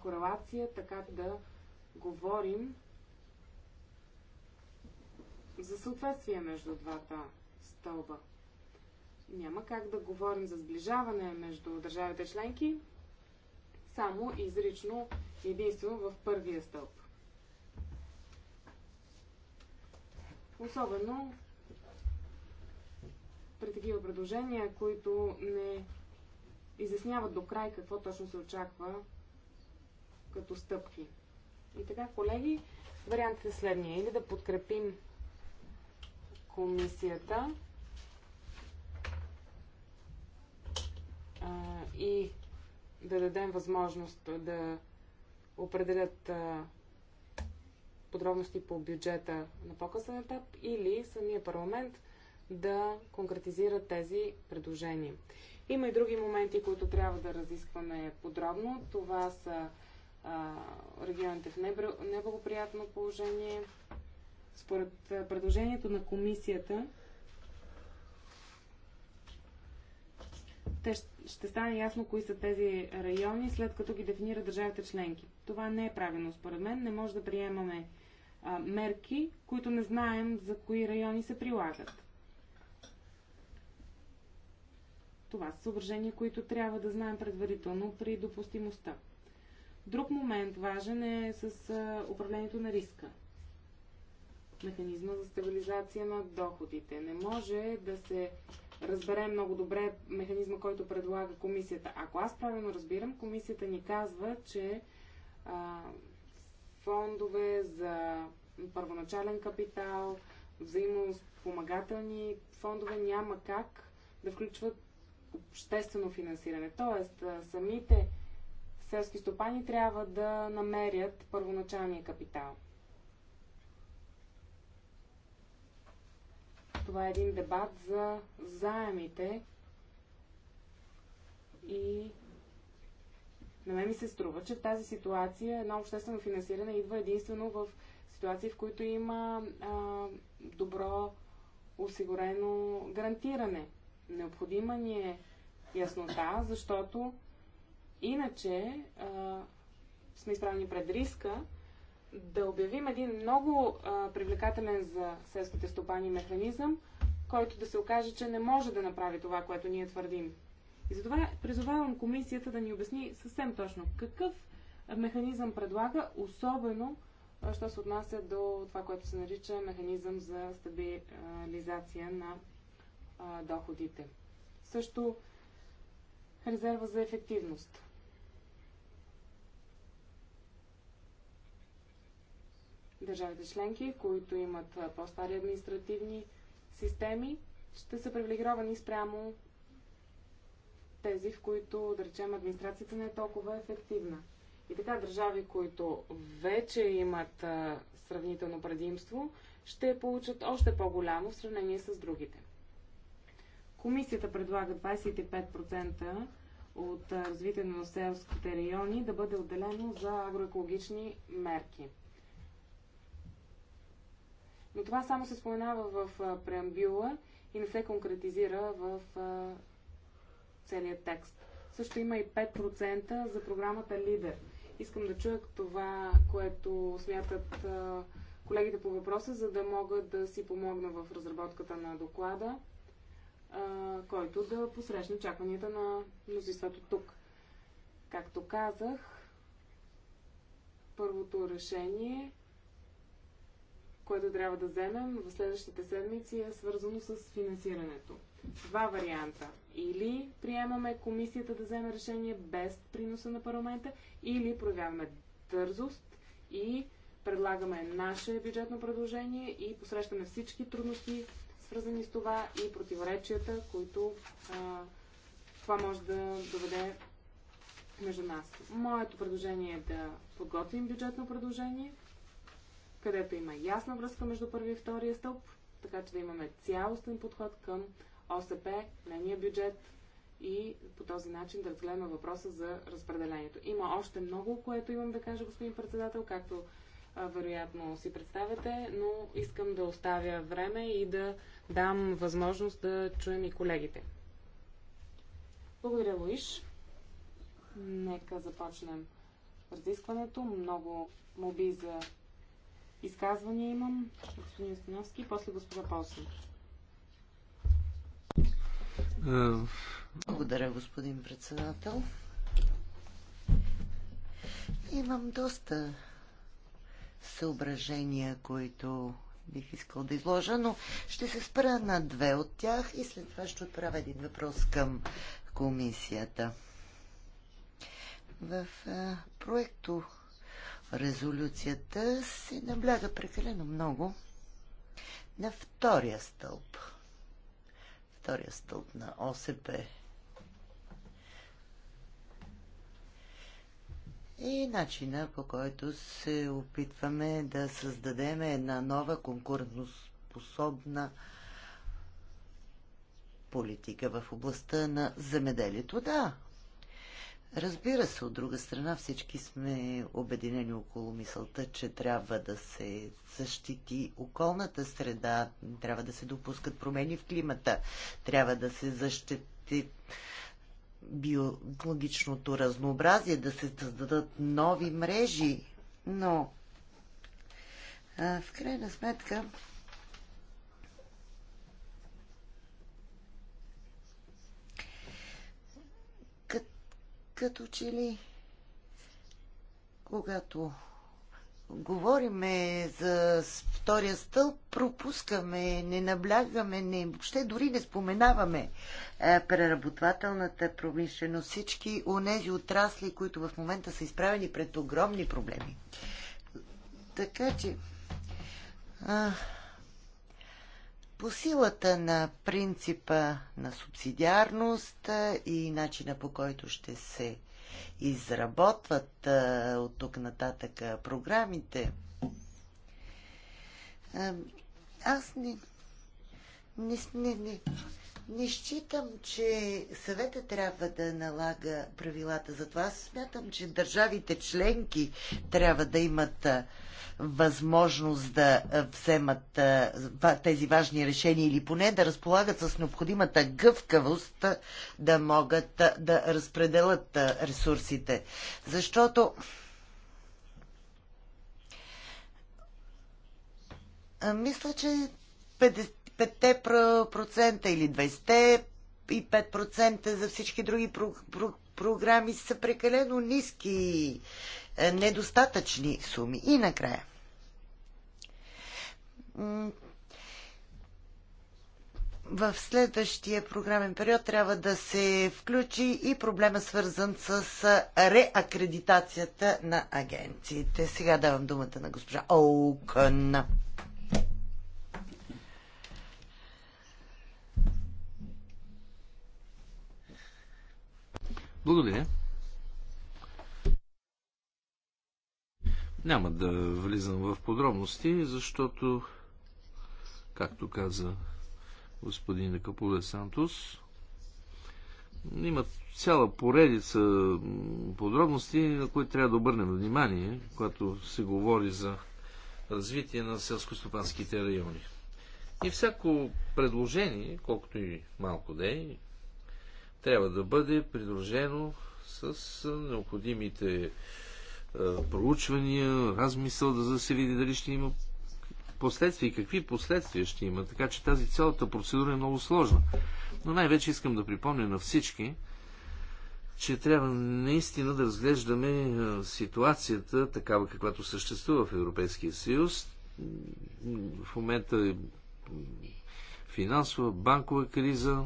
корелация, така да говорим за съответствие между двата стълба. Няма как да говорим за сближаване между държавите членки, само изрично единствено в първия стълб. Особено при такива предложения, които не изясняват до край какво точно се очаква като стъпки. И така, колеги, вариантът е следния. Или да подкрепим комисията и да дадем възможност да определят подробности по бюджета на по-късен етап или самия парламент да конкретизира тези предложения. Има и други моменти, които трябва да разискваме подробно. Това са а, регионите в неблагоприятно положение, според предложението на комисията, те ще стане ясно кои са тези райони, след като ги дефинира държавите членки. Това не е правилно, според мен. Не може да приемаме а, мерки, които не знаем за кои райони се прилагат. Това са съображения, които трябва да знаем предварително при допустимостта. Друг момент важен е с управлението на риска механизма за стабилизация на доходите. Не може да се разбере много добре механизма, който предлага комисията. Ако аз правилно разбирам, комисията ни казва, че а, фондове за първоначален капитал, взаимоспомагателни фондове няма как да включват обществено финансиране. Тоест, самите селски стопани трябва да намерят първоначалния капитал. това е един дебат за заемите и на мен ми се струва, че в тази ситуация едно обществено финансиране идва единствено в ситуации, в които има а, добро осигурено гарантиране. Необходима ни е яснота, защото иначе а, сме изправени пред риска да обявим един много а, привлекателен за селските стопани механизъм, който да се окаже, че не може да направи това, което ние твърдим. И затова призовавам комисията да ни обясни съвсем точно какъв механизъм предлага, особено що се отнася до това, което се нарича механизъм за стабилизация на а, доходите. Също резерва за ефективност. държавите членки, които имат по-стари административни системи, ще са привилегировани спрямо тези, в които, да речем, администрацията не е толкова ефективна. И така, държави, които вече имат а, сравнително предимство, ще получат още по-голямо в сравнение с другите. Комисията предлага 25% от развитие на селските райони да бъде отделено за агроекологични мерки – но това само се споменава в преамбюла и не се конкретизира в целият текст. Също има и 5% за програмата Лидер. Искам да чуя това, което смятат колегите по въпроса, за да мога да си помогна в разработката на доклада, който да посрещне очакванията на мнозинството тук. Както казах, първото решение което трябва да вземем в следващите седмици е свързано с финансирането. Два варианта. Или приемаме комисията да вземе решение без приноса на парламента, или проявяваме дързост и предлагаме наше бюджетно предложение и посрещаме всички трудности, свързани с това и противоречията, които а, това може да доведе между нас. Моето предложение е да подготвим бюджетно предложение – където има ясна връзка между първи и втория стълб, така че да имаме цялостен подход към ОСП, нейния бюджет и по този начин да разгледаме въпроса за разпределението. Има още много, което имам да кажа, господин председател, както вероятно си представяте, но искам да оставя време и да дам възможност да чуем и колегите. Благодаря, Луиш. Нека започнем разискването. Много моби за Изказвания имам. Господин Становски, после господа Палсен. Благодаря, господин
председател. Имам доста съображения, които бих искал да изложа, но ще се спра на две от тях и след това ще отправя един въпрос към комисията. В проекто резолюцията се набляга прекалено много на втория стълб. Втория стълб на ОСП. И начина по който се опитваме да създадем една нова конкурентоспособна политика в областта на земеделието. Да, Разбира се, от друга страна всички сме обединени около мисълта, че трябва да се защити околната среда, трябва да се допускат промени в климата, трябва да се защити биологичното разнообразие, да се създадат нови мрежи, но в крайна сметка Като че ли, когато говориме за втория стълб, пропускаме, не наблягаме, не, въобще дори не споменаваме е, преработвателната промишленост, всички онези отрасли, които в момента са изправени пред огромни проблеми. Така че, а, по силата на принципа на субсидиарност и начина по който ще се изработват от тук нататък програмите, аз не, не, не, не, не считам, че съвета трябва да налага правилата за това. Аз смятам, че държавите членки трябва да имат възможност да вземат тези важни решения или поне да разполагат с необходимата гъвкавост да могат да разпределят ресурсите. Защото мисля, че 5% или 25% за всички други про, про, програми са прекалено ниски, е, недостатъчни суми. И накрая. В следващия програмен период трябва да се включи и проблема свързан с реакредитацията на агенциите. Сега давам думата на госпожа Оукън.
Благодаря. Няма да влизам в подробности, защото, както каза господин Капуле Сантос, има цяла поредица подробности, на които трябва да обърнем внимание, когато се говори за развитие на селско-стопанските райони. И всяко предложение, колкото и малко да е, трябва да бъде придружено с необходимите проучвания, размисъл, да се види дали ще има последствия и какви последствия ще има. Така че тази цялата процедура е много сложна. Но най-вече искам да припомня на всички, че трябва наистина да разглеждаме ситуацията такава, каквато съществува в Европейския съюз. В момента е финансова, банкова криза,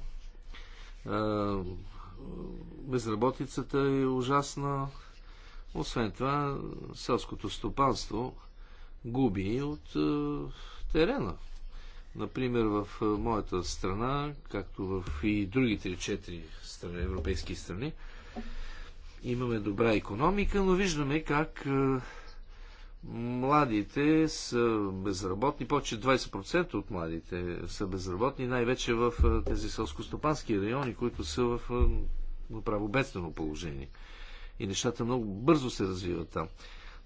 е, безработицата е ужасна. Освен това, селското стопанство губи от е, терена. Например, в е, моята страна, както в и другите четири страни, европейски страни, имаме добра економика, но виждаме как Младите са безработни, повече 20% от младите са безработни, най-вече в тези селско-стопански райони, които са в направо бедствено положение. И нещата много бързо се развиват там.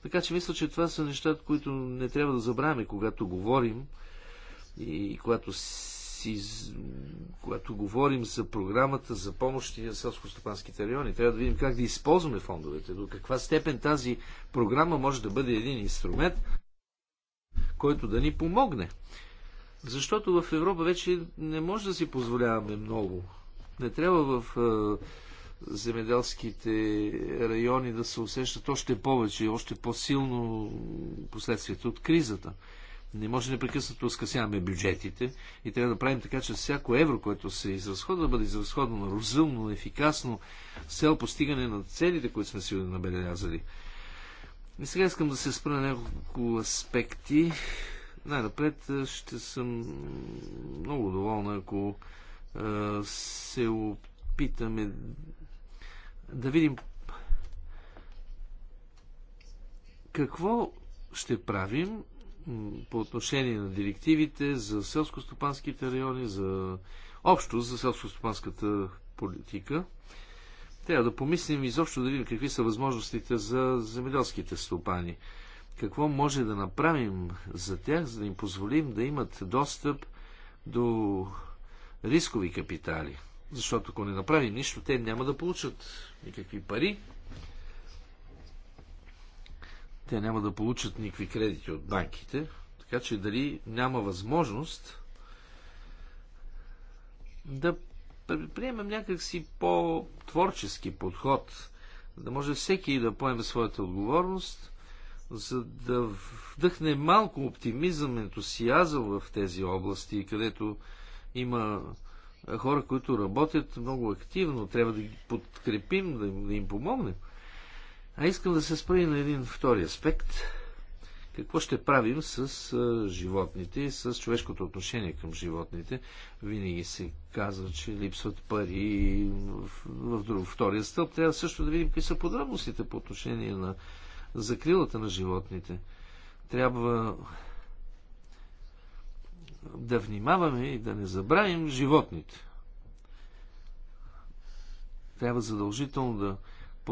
Така че мисля, че това са нещата, които не трябва да забравяме, когато говорим и когато си, когато говорим за програмата за помощи на селско-стопанските райони, трябва да видим как да използваме фондовете, до каква степен тази програма може да бъде един инструмент, който да ни помогне. Защото в Европа вече не може да си позволяваме много. Не трябва в земеделските райони да се усещат още повече и още по-силно последствията от кризата. Не може непрекъснато да скъсяваме бюджетите и трябва да правим така, че всяко евро, което се изразходва, да бъде изразходвано разумно, ефикасно, с цел постигане на целите, които сме си набелязали. И сега искам да се спра на няколко аспекти. Най-напред ще съм много доволна, ако се опитаме да видим какво ще правим по отношение на директивите за селско-стопанските райони, за общо за селско-стопанската политика. Трябва да помислим изобщо да видим какви са възможностите за земеделските стопани. Какво може да направим за тях, за да им позволим да имат достъп до рискови капитали. Защото ако не направим нищо, те няма да получат никакви пари те няма да получат никакви кредити от банките, така че дали няма възможност да приемем някакси по-творчески подход, да може всеки да поеме своята отговорност, за да вдъхне малко оптимизъм, ентусиазъм в тези области, където има хора, които работят много активно. Трябва да ги подкрепим, да им, да им помогнем. А искам да се спра и на един втори аспект. Какво ще правим с животните и с човешкото отношение към животните? Винаги се казва, че липсват пари в, в, в втория стълб. Трябва също да видим какви са подробностите по отношение на закрилата на животните. Трябва да внимаваме и да не забравим животните. Трябва задължително да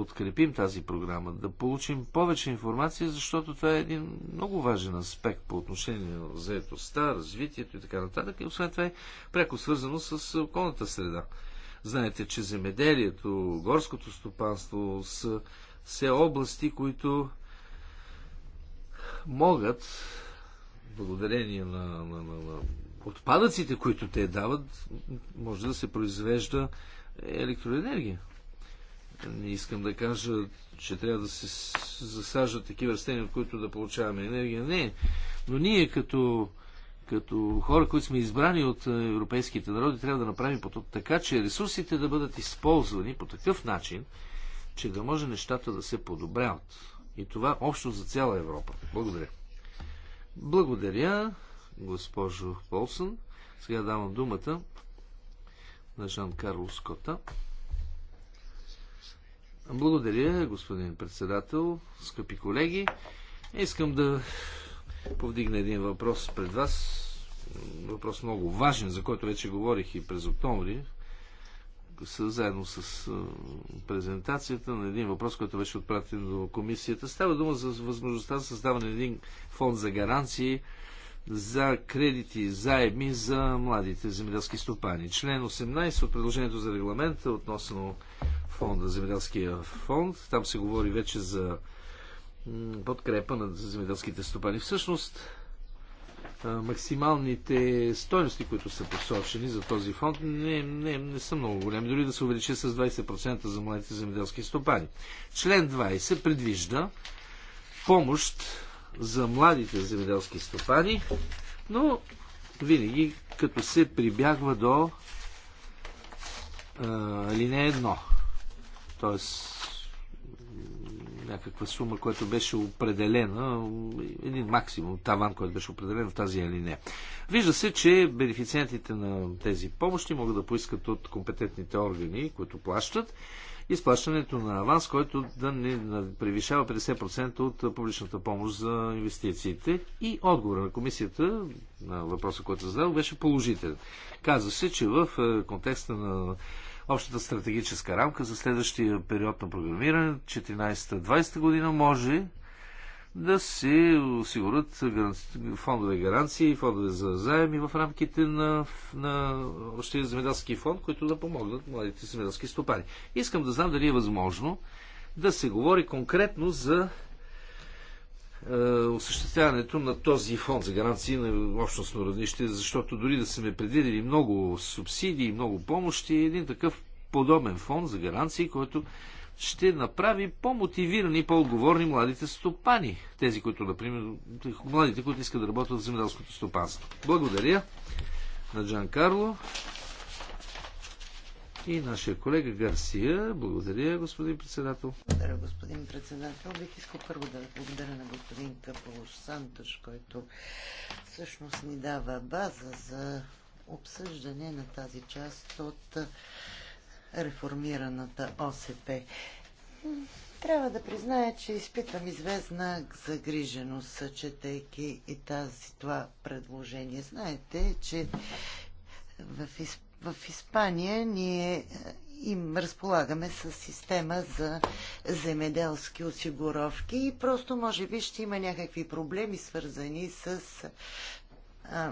подкрепим тази програма, да получим повече информация, защото това е един много важен аспект по отношение на заетостта, развитието и така нататък. И освен това е пряко свързано с околната среда. Знаете, че земеделието, горското стопанство са все области, които могат, благодарение на, на, на, на отпадъците, които те дават, може да се произвежда електроенергия. Не искам да кажа, че трябва да се засаждат такива растения, от които да получаваме енергия. Не. Но ние като, като хора, които сме избрани от европейските народи, трябва да направим така, че ресурсите да бъдат използвани по такъв начин, че да може нещата да се подобряват. И това общо за цяла Европа. Благодаря. Благодаря, госпожо Полсън. Сега давам думата на Жан Карло Скота. Благодаря, господин председател, скъпи колеги. Искам да повдигна един въпрос пред вас. Въпрос много важен, за който вече говорих и през октомври, заедно с презентацията на един въпрос, който беше отпратен до комисията. Става дума за възможността за създаване на един фонд за гаранции за кредити, заеми за младите земеделски стопани. Член 18 от предложението за регламента относно фонда, земеделския фонд. Там се говори вече за подкрепа на земеделските стопани. Всъщност, максималните стоености, които са посочени за този фонд, не, не, не са много големи, дори да се увеличи с 20% за младите земеделски стопани. Член 20 предвижда помощ за младите земеделски стопани, но винаги като се прибягва до а, линия 1 т.е. някаква сума, която беше определена, един максимум таван, който беше определен в тази алинея. Вижда се, че бенефициентите на тези помощи могат да поискат от компетентните органи, които плащат, изплащането на аванс, който да не превишава 50% от публичната помощ за инвестициите. И отговора на комисията на въпроса, който е задал, беше положителен. Казва се, че в е, контекста на общата стратегическа рамка за следващия период на програмиране 14-20 година може да се осигурят фондове гаранции и фондове за заеми в рамките на, на Общия земеделски фонд, които да помогнат младите земеделски стопани. Искам да знам дали е възможно да се говори конкретно за е, осъществяването на този фонд за гаранции на общностно равнище, защото дори да са ме предвидели много субсидии, много помощи, е един такъв подобен фонд за гаранции, който ще направи по-мотивирани, по-отговорни младите стопани. Тези, които, например, младите, които искат да работят в земеделското стопанство. Благодаря на Джан Карло. И нашия колега Гарсия. Благодаря, господин председател.
Благодаря, господин председател. Бих искал първо да благодаря на господин Каполош Сантош, който всъщност ни дава база за обсъждане на тази част от реформираната ОСП. Трябва да призная, че изпитвам известна загриженост, четейки и тази това предложение. Знаете, че в Испания в Испания ние е, им разполагаме с система за земеделски осигуровки и просто може би ще има някакви проблеми свързани с а,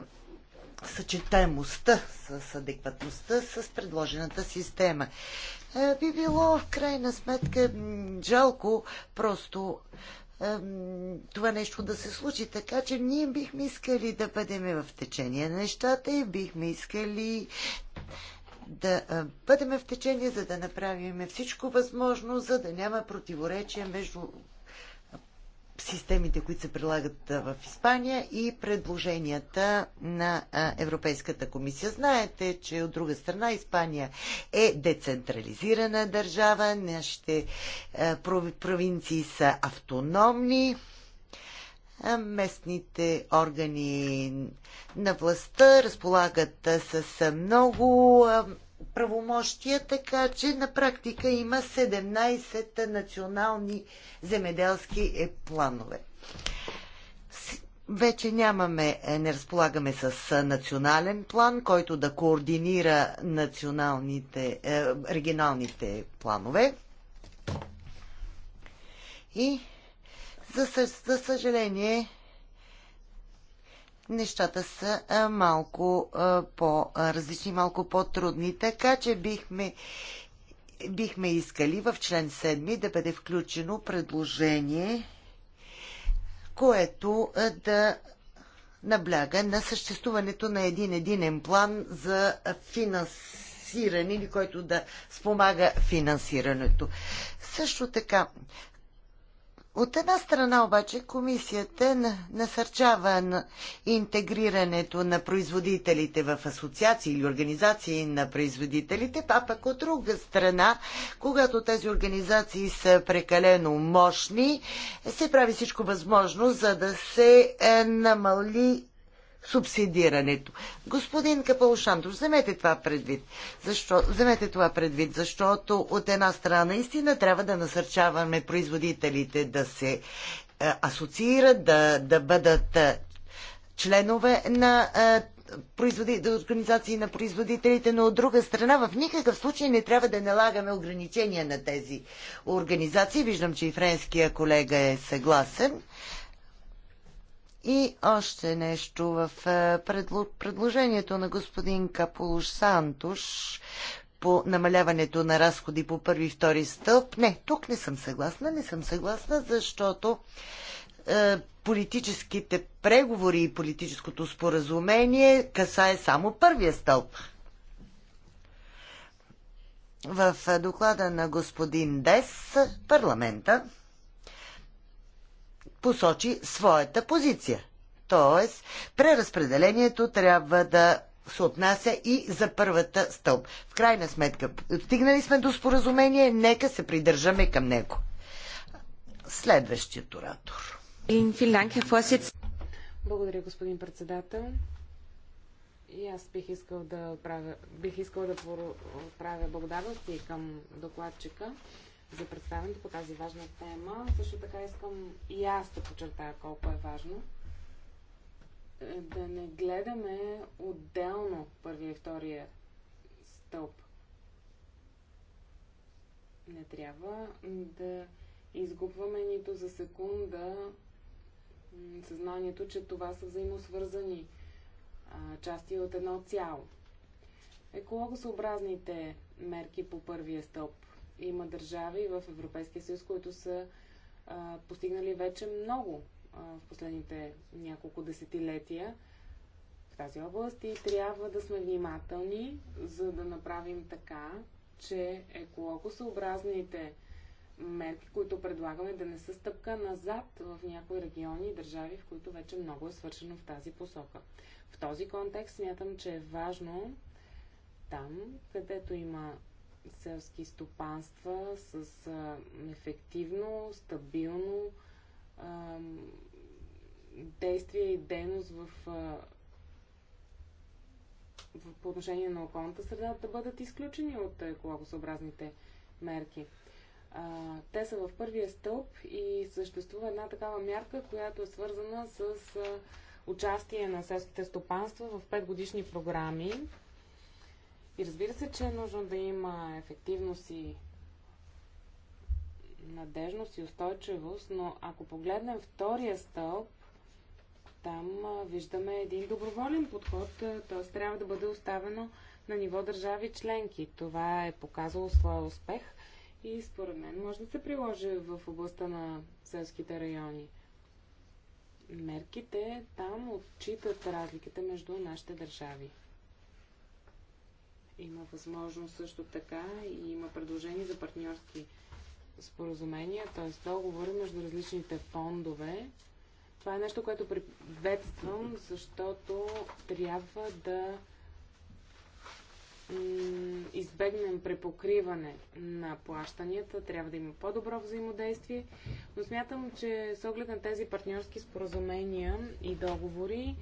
съчетаемостта, с адекватността, с предложената система. А, е, би било в крайна сметка жалко просто това нещо да се случи. Така че ние бихме искали да бъдем в течение на нещата и бихме искали да бъдем в течение, за да направим всичко възможно, за да няма противоречие между системите, които се прилагат в Испания и предложенията на Европейската комисия. Знаете, че от друга страна Испания е децентрализирана държава, нашите провинции са автономни, местните органи на властта разполагат с много правомощия, така че на практика има 17 национални земеделски е, планове. Вече нямаме, е, не разполагаме с е, национален план, който да координира националните, регионалните планове. И за, за съжаление, нещата са малко по-различни, малко по-трудни. Така че бихме, бихме искали в член 7 да бъде включено предложение, което да набляга на съществуването на един единен план за финансиране или който да спомага финансирането. Също така, от една страна обаче комисията насърчава на интегрирането на производителите в асоциации или организации на производителите, а пък от друга страна, когато тези организации са прекалено мощни, се прави всичко възможно, за да се е, намали субсидирането. Господин Капалшантов, вземете това предвид. Защо? Вземете това предвид, защото от една страна наистина трябва да насърчаваме производителите да се е, асоциират, да, да бъдат е, членове на е, производители, организации на производителите, но от друга страна в никакъв случай не трябва да налагаме ограничения на тези организации. Виждам, че и френския колега е съгласен. И още нещо в е, предложението на господин Капулуш Сантуш по намаляването на разходи по първи и втори стълб. Не, тук не съм съгласна. Не съм съгласна, защото е, политическите преговори и политическото споразумение касае само първия стълб. В доклада на господин Дес парламента посочи своята позиция. Тоест, преразпределението трябва да се отнася и за първата стълб. В крайна сметка, стигнали сме до споразумение, нека се придържаме към него. Следващият оратор.
Благодаря, господин председател. И аз бих искал да отправя, бих искал да отправя благодарности към докладчика за представенето по тази важна тема. Също така искам и аз да подчертая колко е важно е, да не гледаме отделно първия и втория стълб. Не трябва да изгубваме нито за секунда съзнанието, че това са взаимосвързани части от едно цяло. Екологосъобразните мерки по първия стълб има държави в Европейския съюз, които са а, постигнали вече много а, в последните няколко десетилетия в тази област и трябва да сме внимателни, за да направим така, че екологосъобразните мерки, които предлагаме, да не са стъпка назад в някои региони и държави, в които вече много е свършено в тази посока. В този контекст смятам, че е важно там, където има селски стопанства с а, ефективно, стабилно а, действие и дейност в, а, в, по отношение на околната среда да бъдат изключени от екологосъобразните мерки. А, те са в първия стълб и съществува една такава мярка, която е свързана с а, участие на селските стопанства в 5 годишни програми и разбира се, че е нужно да има ефективност и надежност и устойчивост, но ако погледнем втория стълб, там виждаме един доброволен подход, т.е. трябва да бъде оставено на ниво държави членки. Това е показало своя успех и според мен може да се приложи в областта на селските райони. Мерките там отчитат разликите между нашите държави. Има възможност също така и има предложение за партньорски споразумения, т.е. договори между различните фондове. Това е нещо, което приветствам, защото трябва да избегнем препокриване на плащанията, трябва да има по-добро взаимодействие, но смятам, че с оглед на тези партньорски споразумения и договори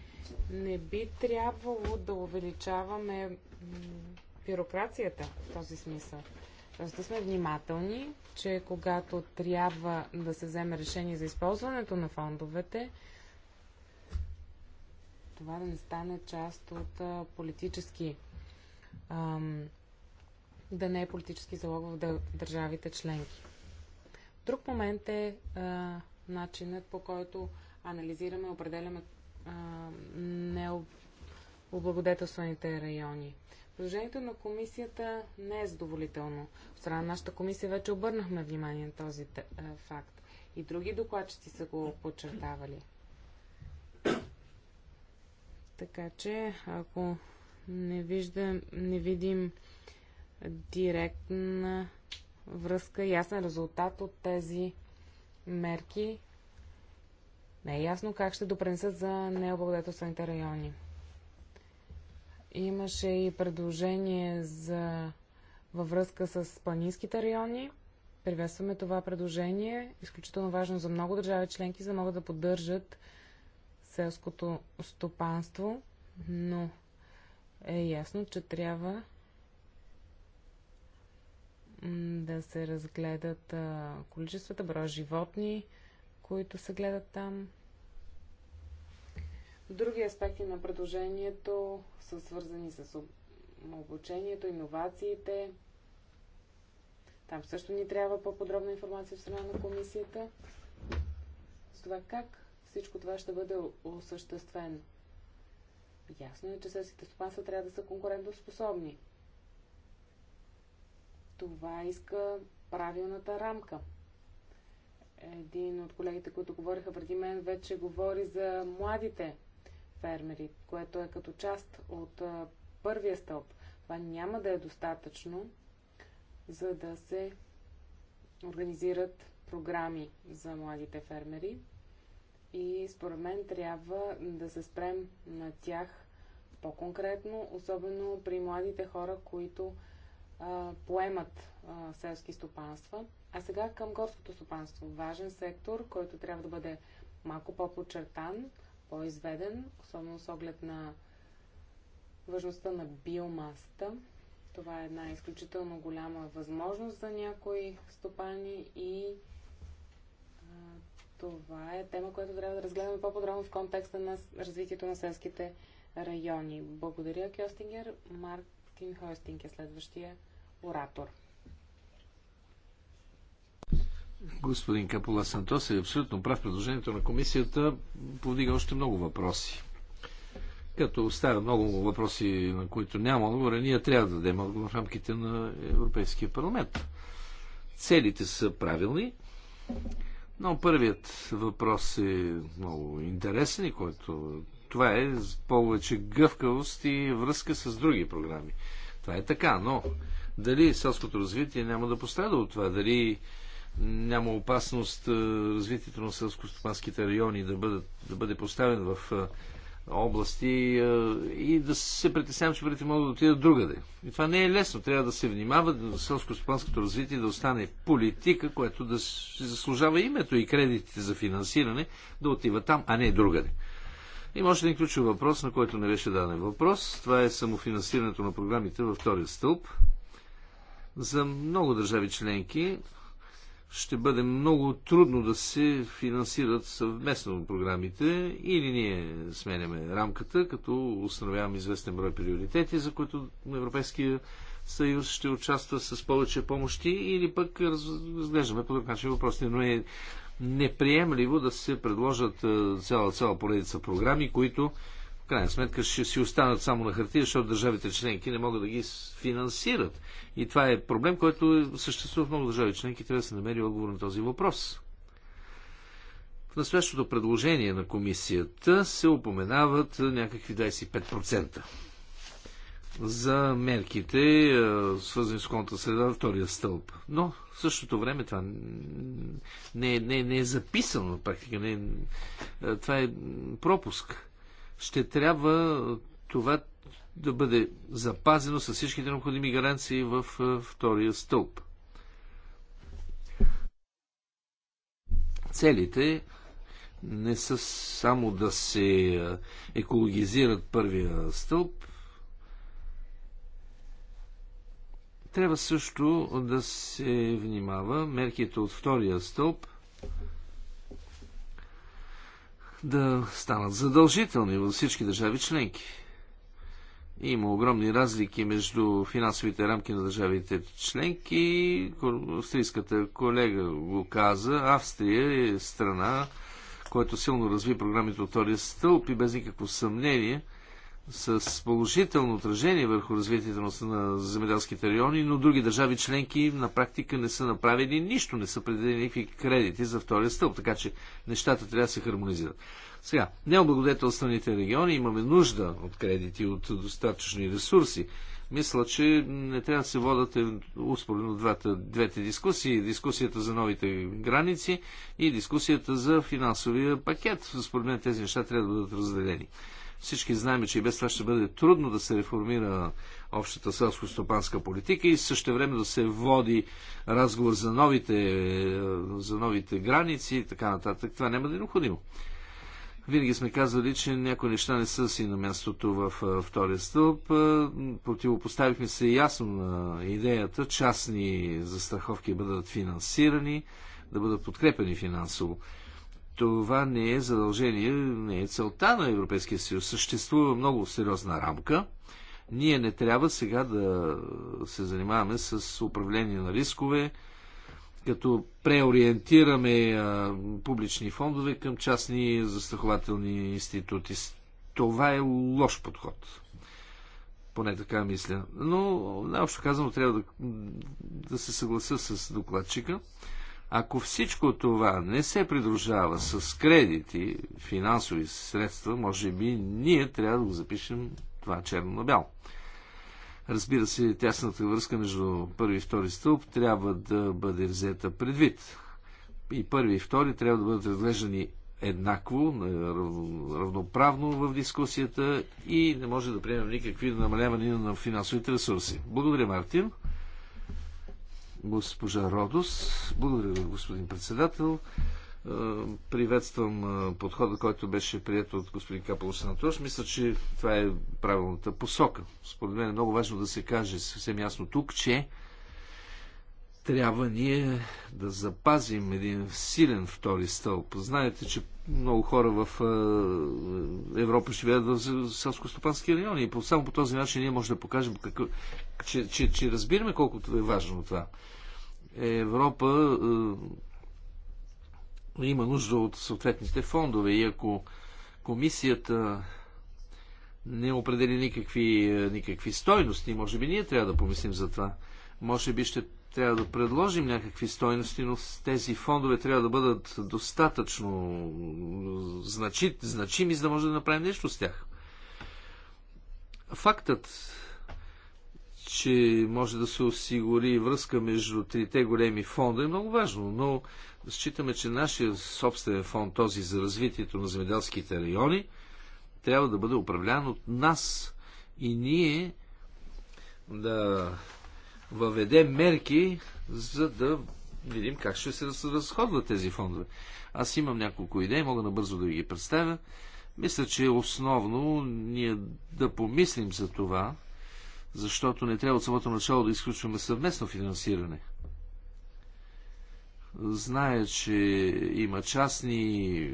не би трябвало да увеличаваме бюрокрацията в този смисъл. Тоест да сме внимателни, че когато трябва да се вземе решение за използването на фондовете, това да не стане част от политически. Ам, да не е политически залог в държавите членки. Друг момент е а, начинът по който анализираме, определяме а, необ облагодетелстваните райони. Продължението на комисията не е задоволително. В страна на нашата комисия вече обърнахме внимание на този факт. И други докладчици са го подчертавали. Така че, ако не, виждам, не видим директна връзка, ясен резултат от тези мерки, не е ясно как ще допренесат за необлагодетелстваните райони. Имаше и предложение за във връзка с планинските райони. Приветстваме това предложение. Изключително важно за много държави членки, за да могат да поддържат селското стопанство, но е ясно, че трябва да се разгледат количествата броя животни, които се гледат там, Други аспекти на предложението са свързани с обучението, иновациите. Там също ни трябва по-подробна информация в страна на комисията. С това как всичко това ще бъде осъществено? Ясно е, че селските стопанства трябва да са конкурентоспособни. Това иска правилната рамка. Един от колегите, които говориха преди мен, вече говори за младите фермери, което е като част от а, първия стълб. Това няма да е достатъчно, за да се организират програми за младите фермери. И според мен трябва да се спрем на тях по-конкретно, особено при младите хора, които а, поемат а, селски стопанства. А сега към горското стопанство. Важен сектор, който трябва да бъде малко по-подчертан, по-изведен, особено с оглед на важността на биомасата. Това е една изключително голяма възможност за някои стопани и а, това е тема, която трябва да разгледаме по-подробно в контекста на развитието на селските райони. Благодаря, Кьостингер. Мартин Хойстинг е следващия оратор.
Господин Капола Сантос е абсолютно прав. Предложението на комисията повдига още много въпроси. Като оставя много въпроси, на които няма отговор, ние трябва да дадем отговор в рамките на Европейския парламент. Целите са правилни, но първият въпрос е много интересен и който това е повече гъвкавост и връзка с други програми. Това е така, но дали селското развитие няма да пострада от това, дали няма опасност е, развитието на селско-стопанските райони да, бъдат, да бъде поставен в е, области е, и да се притеснявам, че парите могат да отидат другаде. И това не е лесно. Трябва да се внимава да селско-стопанското развитие да остане политика, която да се заслужава името и кредитите за финансиране да отива там, а не другаде. Има още един ключов въпрос, на който не беше даден въпрос. Това е самофинансирането на програмите във втория стълб. За много държави членки ще бъде много трудно да се финансират съвместно програмите или ние сменяме рамката, като установяваме известен брой приоритети, за които Европейския съюз ще участва с повече помощи или пък разглеждаме по друг начин въпросите. Но е неприемливо да се предложат е, цяла, цяла поредица програми, които в крайна сметка ще си останат само на хартия, защото държавите членки не могат да ги финансират. И това е проблем, който е- съществува в много държави членки. Трябва да се намери отговор на този въпрос. В настоящото предложение на комисията се упоменават някакви 25% за мерките, е, свързани с конта среда, втория стълб. Но в същото време това не, е- не, не е записано на практика. Не, това е пропуск ще трябва това да бъде запазено с всичките необходими гаранции в втория стълб. Целите не са само да се екологизират първия стълб, трябва също да се внимава мерките от втория стълб да станат задължителни във всички държави членки. Има огромни разлики между финансовите рамки на държавите членки. Австрийската колега го каза. Австрия е страна, която силно разви програмите от втория стълб и без никакво съмнение – с положително отражение върху развитието на земеделските райони, но други държави членки на практика не са направили нищо, не са предели никакви кредити за втория стълб, така че нещата трябва да се хармонизират. Сега, необлагодетелстваните региони имаме нужда от кредити, от достатъчни ресурси. Мисля, че не трябва да се водат успорено двата, двете дискусии. Дискусията за новите граници и дискусията за финансовия пакет. Според мен тези неща трябва да бъдат разделени. Всички знаем, че и без това ще бъде трудно да се реформира общата селско-стопанска политика и също време да се води разговор за новите, за новите граници и така нататък. Това няма да е необходимо. Винаги сме казвали, че някои неща не са си на мястото в втория стълб. Противопоставихме се ясно на идеята частни застраховки бъдат финансирани, да бъдат подкрепени финансово това не е задължение, не е целта на Европейския съюз. Съществува много сериозна рамка. Ние не трябва сега да се занимаваме с управление на рискове, като преориентираме а, публични фондове към частни застрахователни институти. Това е лош подход. Поне така мисля. Но, наобщо казано, трябва да, да се съглася с докладчика. Ако всичко това не се придружава с кредити, финансови средства, може би ние трябва да го запишем това черно на бяло. Разбира се, тясната връзка между първи и втори стълб трябва да бъде взета предвид. И първи и втори трябва да бъдат разглеждани еднакво, равноправно в дискусията и не може да приемем никакви намалявания на финансовите ресурси. Благодаря, Мартин госпожа Родос. Благодаря, господин председател. Е, приветствам е, подхода, който беше прият от господин Капало Санатош. Мисля, че това е правилната посока. Според мен е много важно да се каже съвсем ясно тук, че трябва ние да запазим един силен втори стълб. Знаете, че много хора в Европа живеят в селско-стопански райони и само по този начин ние можем да покажем, какъв, че, че, че разбираме колкото е важно това. Европа е, има нужда от съответните фондове и ако комисията не определи никакви, никакви стойности, може би ние трябва да помислим за това. Може би ще трябва да предложим някакви стойности, но тези фондове трябва да бъдат достатъчно значит, значими, за да може да направим нещо с тях. Фактът, че може да се осигури връзка между трите големи фонда е много важно, но считаме, че нашия собствен фонд, този за развитието на земеделските райони, трябва да бъде управляван от нас и ние да въведе мерки, за да видим как ще се разходват тези фондове. Аз имам няколко идеи, мога набързо да ви ги представя. Мисля, че е основно ние да помислим за това, защото не трябва от самото начало да изключваме съвместно финансиране. Зная, че има частни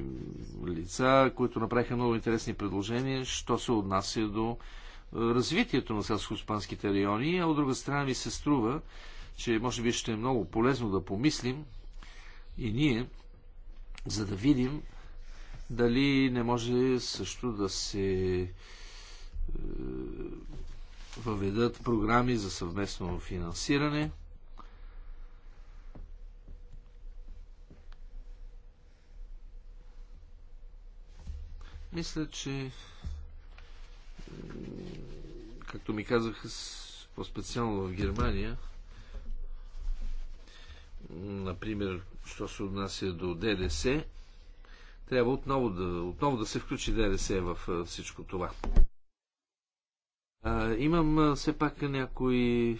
лица, които направиха много интересни предложения, що се отнася до развитието на селско-спанските райони, а от друга страна ми се струва, че може би ще е много полезно да помислим и ние, за да видим дали не може също да се е, въведат програми за съвместно финансиране. Мисля, че е, както ми казаха, по-специално в Германия, например, що се отнася до ДДС, трябва отново да, отново да се включи ДДС в всичко това. А, имам все пак някои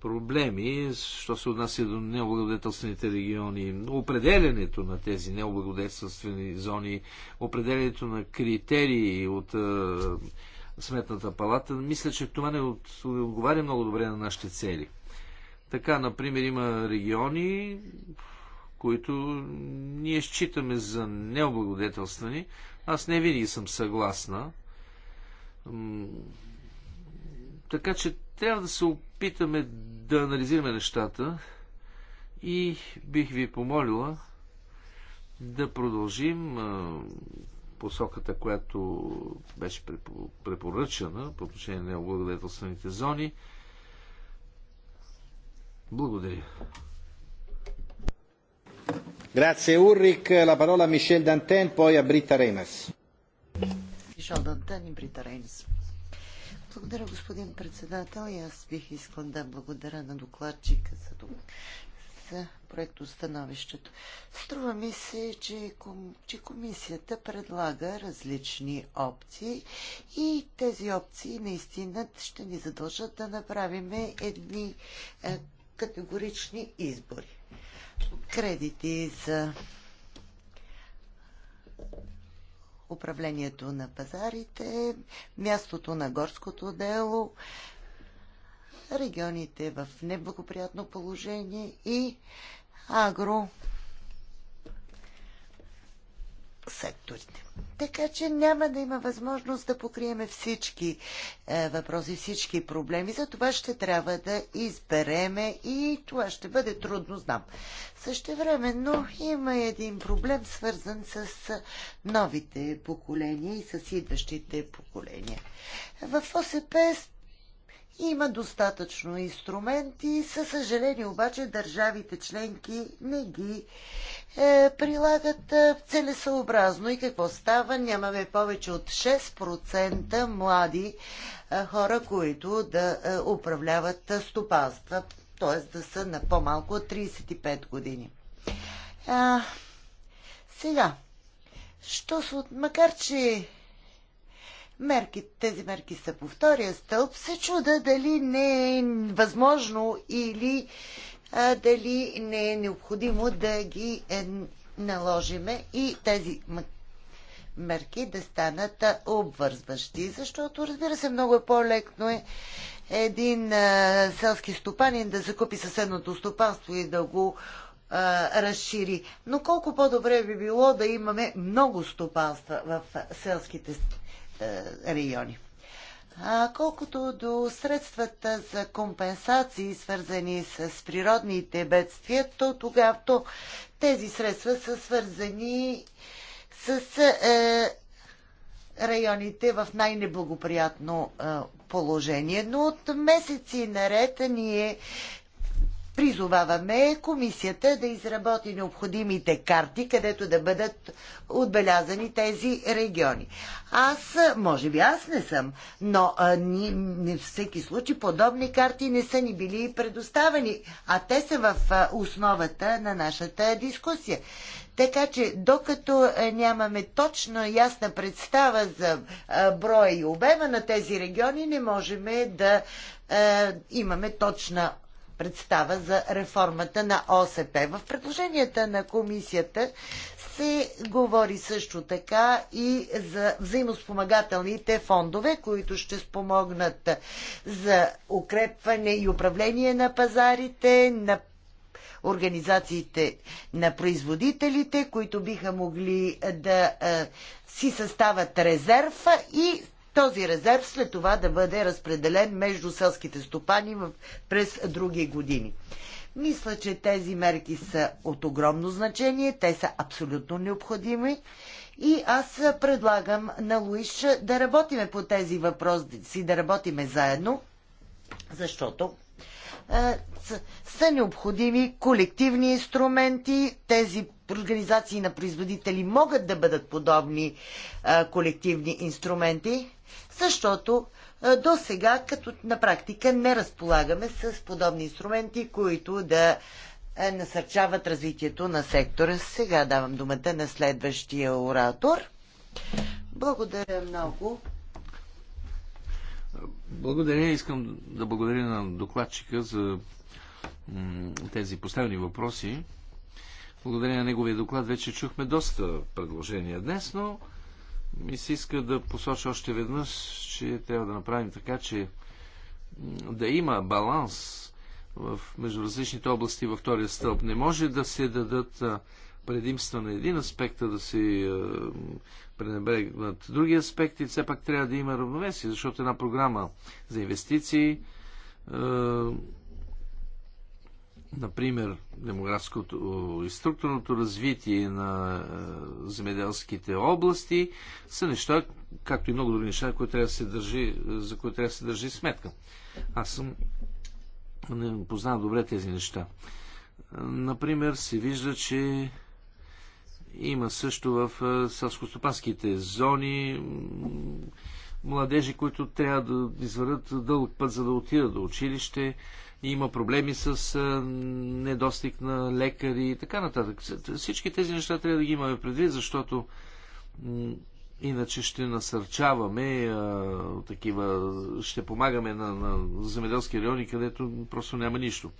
проблеми, що се отнася до необлагодетелствените региони, определенето на тези необлагодетелствени зони, определенето на критерии от Сметната палата. Мисля, че това не отговаря много добре на нашите цели. Така, например, има региони, които ние считаме за необлагодетелствани. Аз не винаги съм съгласна. Така че трябва да се опитаме да анализираме нещата и бих ви помолила да продължим посоката, която беше препоръчана по отношение на необлагодетелствените зони. Благодаря. Грация, Ulrich, la parola a Michel Dantin, poi a Britta Reimers.
Мишел Дантен и Брита Рейнс. Благодаря, господин председател. И аз бих искал да благодаря на докладчика за за проектостановището. Струва ми се, че, ком, че комисията предлага различни опции и тези опции наистина ще ни задължат да направим едни е, категорични избори. Кредити за управлението на пазарите, мястото на горското дело, регионите в неблагоприятно положение и агро секторите. Така че няма да има възможност да покриеме всички е, въпроси, всички проблеми. За това ще трябва да избереме и това ще бъде трудно, знам. но има един проблем, свързан с новите поколения и с идващите поколения. В ОСП има достатъчно инструменти, със съжаление обаче държавите членки не ги е, прилагат е, целесъобразно. И какво става? Нямаме повече от 6% млади е, хора, които да е, управляват е, стопанства, т.е. да са на по-малко от 35 години. А, сега, що с... Макар, че мерки, тези мерки са по втория стълб, се чуда дали не е възможно или а, дали не е необходимо да ги е, наложиме и тези мерки да станат обвързващи. Защото, разбира се, много е по лекно е един а, селски стопанин да закупи съседното стопанство и да го а, разшири. Но колко по-добре би било да имаме много стопанства в селските е, райони. А колкото до средствата за компенсации, свързани с природните бедствия, то тогава то, тези средства са свързани с е, районите в най-неблагоприятно е, положение. Но от месеци наред ние призоваваме комисията да изработи необходимите карти, където да бъдат отбелязани тези региони. Аз, може би аз не съм, но а, ни, не всеки случай подобни карти не са ни били предоставени, а те са в а, основата на нашата дискусия. Така че, докато нямаме точно ясна представа за броя и обема на тези региони, не можем да е, имаме точна представа за реформата на ОСП. В предложенията на комисията се говори също така и за взаимоспомагателните фондове, които ще спомогнат за укрепване и управление на пазарите, на организациите на производителите, които биха могли да си състават резерва и този резерв след това да бъде разпределен между селските стопани през други години. Мисля, че тези мерки са от огромно значение, те са абсолютно необходими и аз предлагам на Луиш да работиме по тези въпроси, да работиме заедно, защото е, са необходими колективни инструменти. Тези организации на производители могат да бъдат подобни е, колективни инструменти, защото е, до сега, като на практика, не разполагаме с подобни инструменти, които да насърчават развитието на сектора. Сега давам думата на следващия оратор. Благодаря много.
Благодаря. Искам да благодаря на докладчика за тези поставени въпроси. Благодаря на неговия доклад вече чухме доста предложения днес, но ми се иска да посоча още веднъж, че трябва да направим така, че да има баланс в, между различните области във втория стълб. Не може да се дадат предимства на един аспект, а да се е, пренебрегнат други аспекти. Все пак трябва да има равновесие, защото една програма за инвестиции, е, например, демографското и структурното развитие на е, земеделските области са неща, както и много други неща, които трябва да се държи, за които трябва да се държи сметка. Аз съм не познавам добре тези неща. Например, се вижда, че има също в селскостопанските зони младежи, които трябва да извърнат дълъг път, за да отидат до училище. Има проблеми с недостиг на лекари и така нататък. Всички тези неща трябва да ги имаме предвид, защото иначе ще насърчаваме такива, ще помагаме на, на земеделски райони, където просто няма нищо.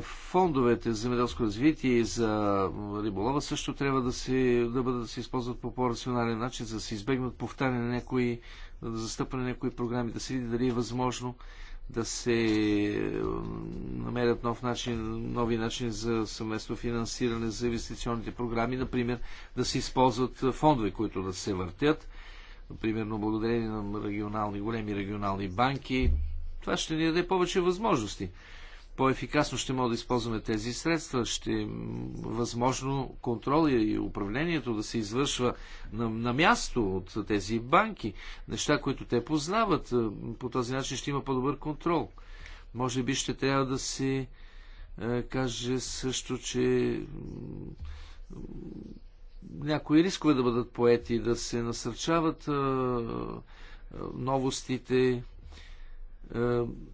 Фондовете за земеделско развитие и за риболова също трябва да, се, да бъдат да се използват по по-рационален начин, за да се избегнат повтаряне на някои, да застъпане на някои програми, да се види дали е възможно да се е, намерят нов начин, нови начини за съвместно финансиране за инвестиционните програми, например да се използват фондове, които да се въртят, примерно благодарение на регионални, големи регионални банки. Това ще ни даде повече възможности по-ефикасно ще мога да използваме тези средства, ще е възможно контрола и управлението да се извършва на, на място от тези банки, неща, които те познават. Е, по този начин ще има по-добър контрол. Може би ще трябва да се е, каже също, че някои рискове да бъдат поети, да се насърчават е, е новостите, е,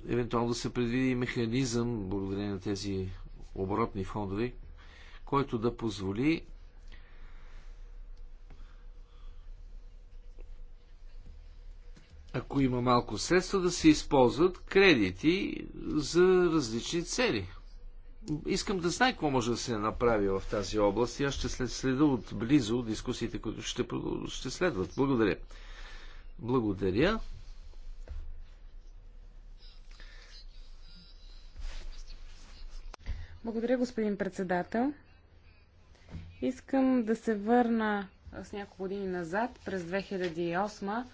евентуално да се предвиди механизъм, благодарение на тези оборотни фондове, който да позволи ако има малко средства, да се използват кредити за различни цели. Искам да знае какво може да се направи в тази област и аз ще след, следа отблизо дискусиите, които ще, ще следват. Благодаря. Благодаря.
Благодаря, господин председател. Искам да се върна с няколко години назад, през 2008,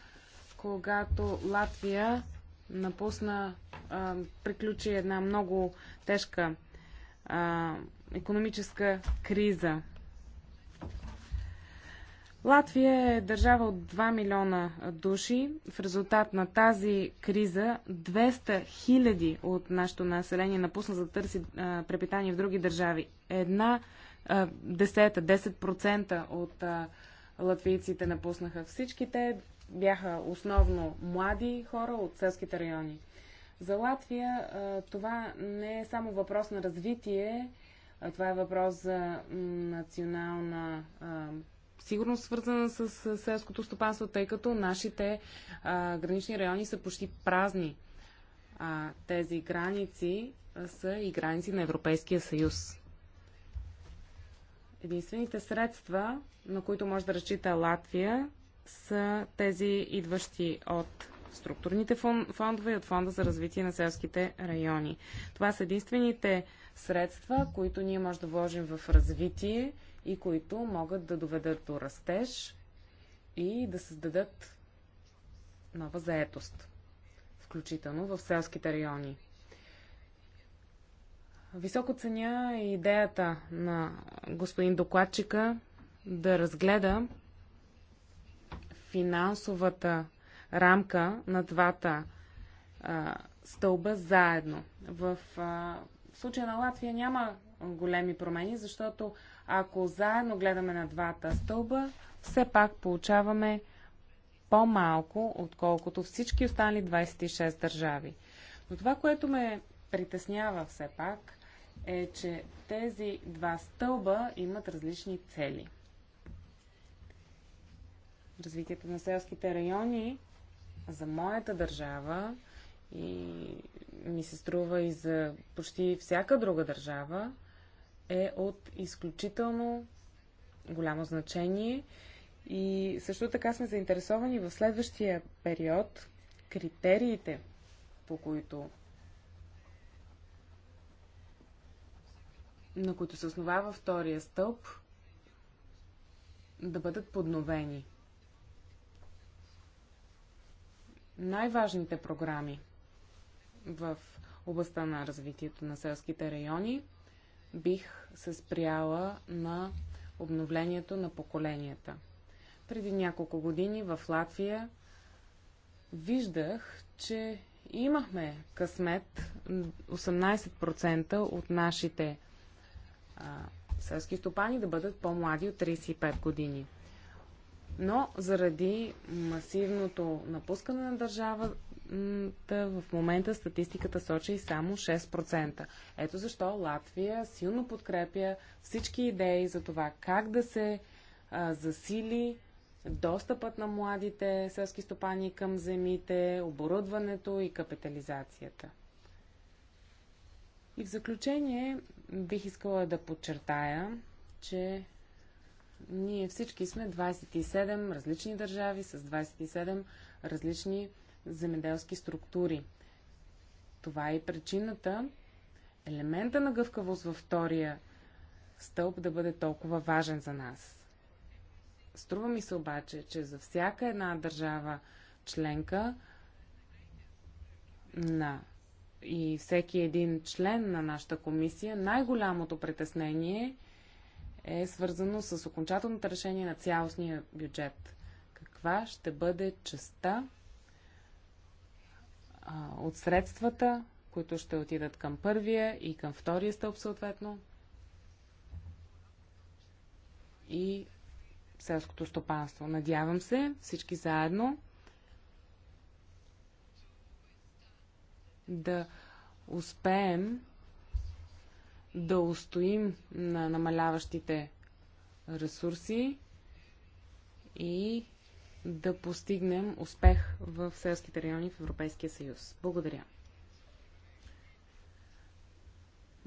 когато Латвия напусна, а, приключи една много тежка а, економическа криза. Латвия е държава от 2 милиона души. В резултат на тази криза 200 хиляди от нашето население напусна за да търси а, препитание в други държави. Една а, десета, 10% от а, латвийците напуснаха. Всичките бяха основно млади хора от селските райони. За Латвия това не е само въпрос на развитие, а това е въпрос за национална сигурно свързана с селското стопанство, тъй като нашите а, гранични райони са почти празни. А, тези граници са и граници на Европейския съюз. Единствените средства, на които може да разчита Латвия, са тези идващи от структурните фондове и от Фонда за развитие на селските райони. Това са единствените средства, които ние може да вложим в развитие и които могат да доведат до растеж и да създадат нова заетост, включително в селските райони. Високо ценя идеята на господин докладчика да разгледа финансовата рамка на двата а, стълба заедно. В а, в случая на Латвия няма големи промени, защото ако заедно гледаме на двата стълба, все пак получаваме по-малко, отколкото всички останали 26 държави. Но това, което ме притеснява все пак, е, че тези два стълба имат различни цели. Развитието на селските райони за моята държава и ми се струва и за почти всяка друга държава е от изключително голямо значение и също така сме заинтересовани в следващия период критериите, по които на които се основава втория стълб, да бъдат подновени. Най-важните програми в областта на развитието на селските райони – бих се спряла на обновлението на поколенията. Преди няколко години в Латвия виждах, че имахме късмет 18% от нашите а, селски стопани да бъдат по-млади от 35 години. Но заради масивното напускане на държава, в момента статистиката сочи само 6%. Ето защо Латвия силно подкрепя всички идеи за това как да се а, засили достъпът на младите селски стопани към земите, оборудването и капитализацията. И в заключение бих искала да подчертая, че ние всички сме 27 различни държави с 27 различни земеделски структури. Това е и причината елемента на гъвкавост във втория стълб да бъде толкова важен за нас. Струва ми се обаче, че за всяка една държава членка на и всеки един член на нашата комисия, най-голямото притеснение е свързано с окончателното решение на цялостния бюджет. Каква ще бъде частта от средствата, които ще отидат към първия и към втория стълб съответно. И селското стопанство. Надявам се всички заедно да успеем да устоим на намаляващите ресурси и да постигнем успех в селските райони в Европейския съюз. Благодаря.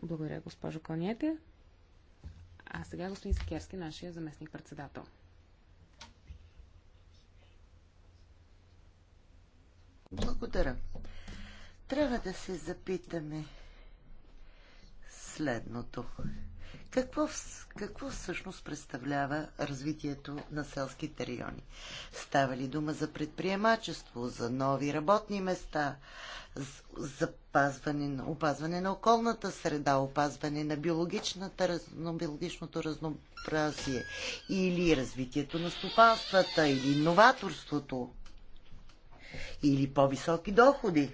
Благодаря, госпожо Кланете. А сега господин Сикерски, нашия заместник-председател.
Благодаря.
Трябва да се
запитаме следното. Какво, какво всъщност представлява развитието на селските райони? Става ли дума за предприемачество, за нови работни места, за опазване на, опазване на околната среда, опазване на биологичната, на биологичното разнообразие или развитието на стопанствата, или новаторството, или по-високи доходи?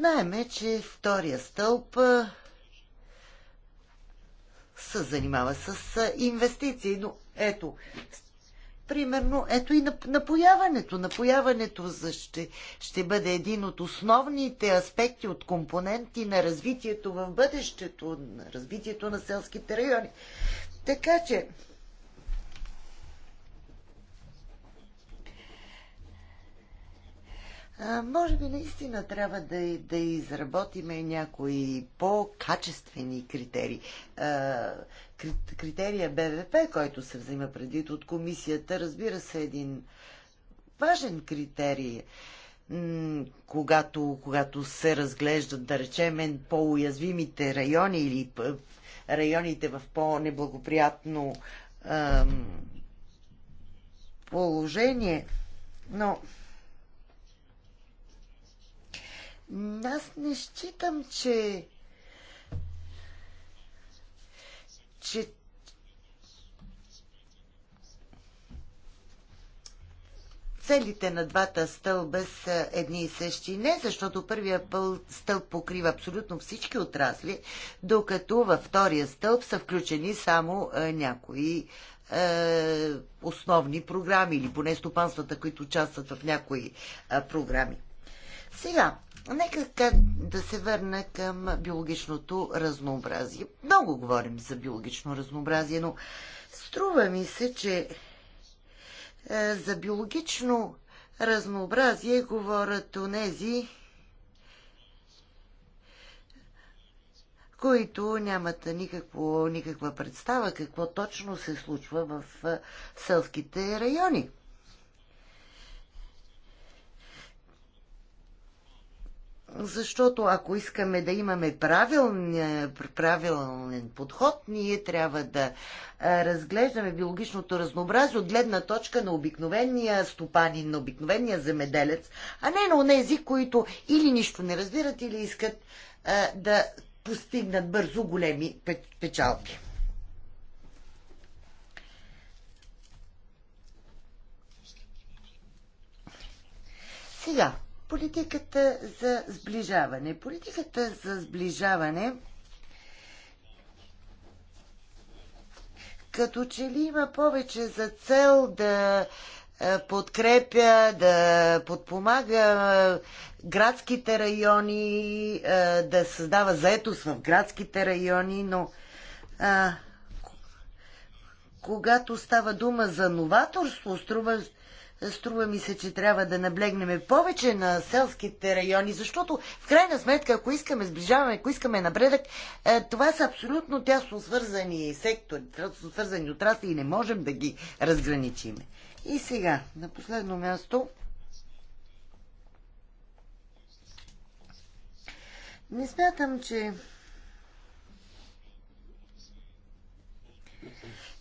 Знаеме, че втория стълб се занимава с инвестиции, но ето, примерно, ето и напояването. Напояването ще, ще бъде един от основните аспекти, от компоненти на развитието в бъдещето, на развитието на селските райони. Така че, може би наистина трябва да, да изработиме някои по-качествени критерии. критерия БВП, който се взима предвид от комисията, разбира се, е един важен критерий когато, когато се разглеждат, да речем, по-уязвимите райони или районите в по-неблагоприятно положение. Но Аз не считам, че че целите на двата стълба са едни и същи. Не, защото първия стълб покрива абсолютно всички отрасли, докато във втория стълб са включени само е, някои е, основни програми или поне стопанствата, които участват в някои е, програми. Сега, Нека да се върна към биологичното разнообразие. Много говорим за биологично разнообразие, но струва ми се, че е, за биологично разнообразие говорят онези, които нямат никакво, никаква представа какво точно се случва в е, селските райони. Защото ако искаме да имаме правилен, правилен подход, ние трябва да разглеждаме биологичното разнообразие от гледна точка на обикновения стопанин, на обикновения земеделец, а не на онези, които или нищо не разбират, или искат да постигнат бързо големи печалби. Сега, Политиката за сближаване. Политиката за сближаване като че ли има повече за цел да е, подкрепя, да подпомага е, градските райони, е, да създава заетост в градските райони, но а, когато става дума за новаторство, струва, Струва ми се, че трябва да наблегнем повече на селските райони, защото в крайна сметка, ако искаме сближаване, ако искаме напредък, е, това са абсолютно тясно свързани сектори, тясно свързани отрасли и не можем да ги разграничим. И сега, на последно място, не смятам, че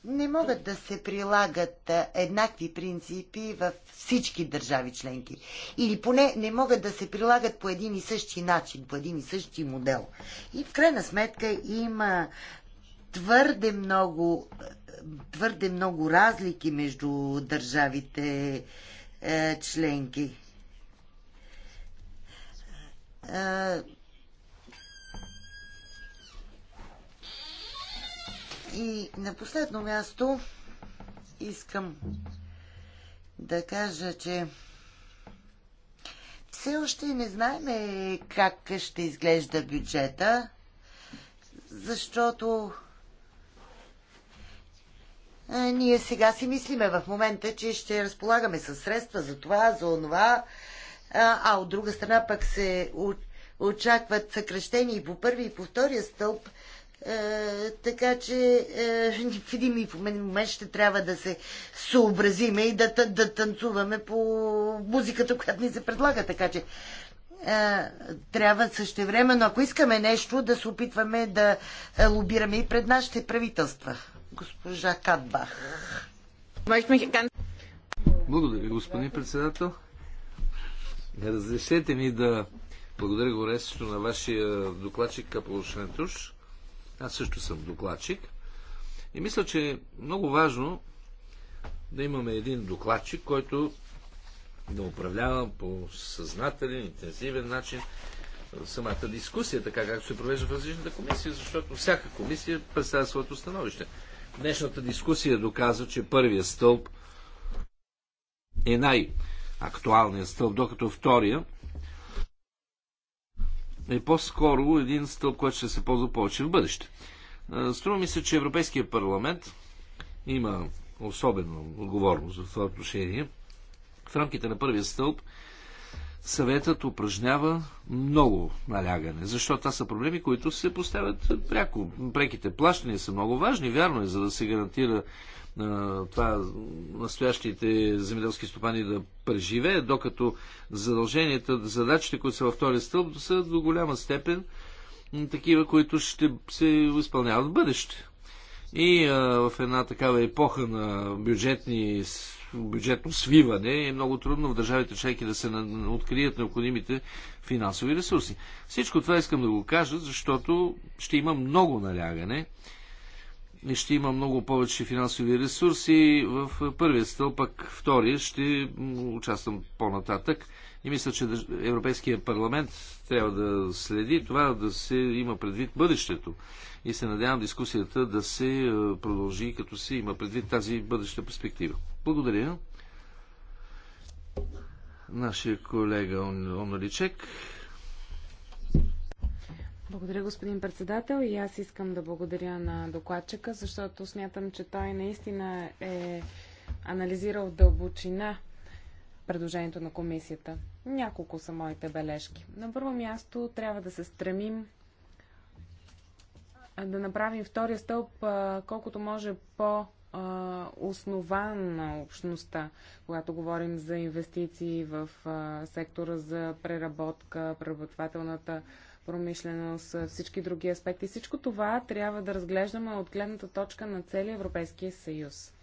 не могат да се прилагат еднакви принципи във всички държави членки. Или поне не могат да се прилагат по един и същи начин, по един и същи модел. И в крайна сметка има твърде много, твърде много разлики между държавите е, членки е, И на последно място искам да кажа, че все още не знаем как ще изглежда бюджета, защото ние сега си мислиме в момента, че ще разполагаме със средства за това, за онова, а от друга страна пък се очакват съкрещения и по първи и по втория стълб, е, така че е, <laughs> в един момент ще трябва да се съобразиме и да, да танцуваме по музиката, която ни се предлага. Така че е, трябва също време, но ако искаме нещо, да се опитваме да лобираме и пред нашите правителства. Госпожа Кадбах.
Благодаря, господин председател. Разрешете ми да благодаря горещо на вашия докладчик Капо Шентуш аз също съм докладчик. И мисля, че е много важно да имаме един докладчик, който да управлява по съзнателен, интензивен начин самата дискусия, така както се провежда в различната комисия, защото всяка комисия представя своето становище. Днешната дискусия доказва, че първия стълб е най-актуалният стълб, докато втория е по-скоро един стълб, който ще се ползва повече в бъдеще. Струва ми се, че Европейския парламент има особено отговорност в това отношение. В рамките на първия стълб съветът упражнява много налягане, защото това са проблеми, които се поставят пряко. Преките плащания са много важни, вярно е, за да се гарантира това настоящите земеделски стопани да преживеят, докато задълженията, задачите, които са във втория стълб, са до голяма степен такива, които ще се изпълняват в бъдеще. И а, в една такава епоха на бюджетни, бюджетно свиване е много трудно в държавите членки да се открият необходимите финансови ресурси. Всичко това искам да го кажа, защото ще има много налягане и ще има много повече финансови ресурси. В първия стълб, пък втория, ще участвам по-нататък. И мисля, че Европейския парламент трябва да следи това, да се има предвид бъдещето. И се надявам дискусията да се е, продължи, като се има предвид тази бъдеща перспектива. Благодаря. Нашия колега Оналичек. Он
благодаря, господин председател. И аз искам да благодаря на докладчика, защото смятам, че той наистина е анализирал дълбочина предложението на комисията. Няколко са моите бележки. На първо място трябва да се стремим да направим втория стълб колкото може по- основан на общността, когато говорим за инвестиции в сектора за преработка, преработвателната промишленост, всички други аспекти. Всичко това трябва да разглеждаме от гледната точка на целия Европейския съюз.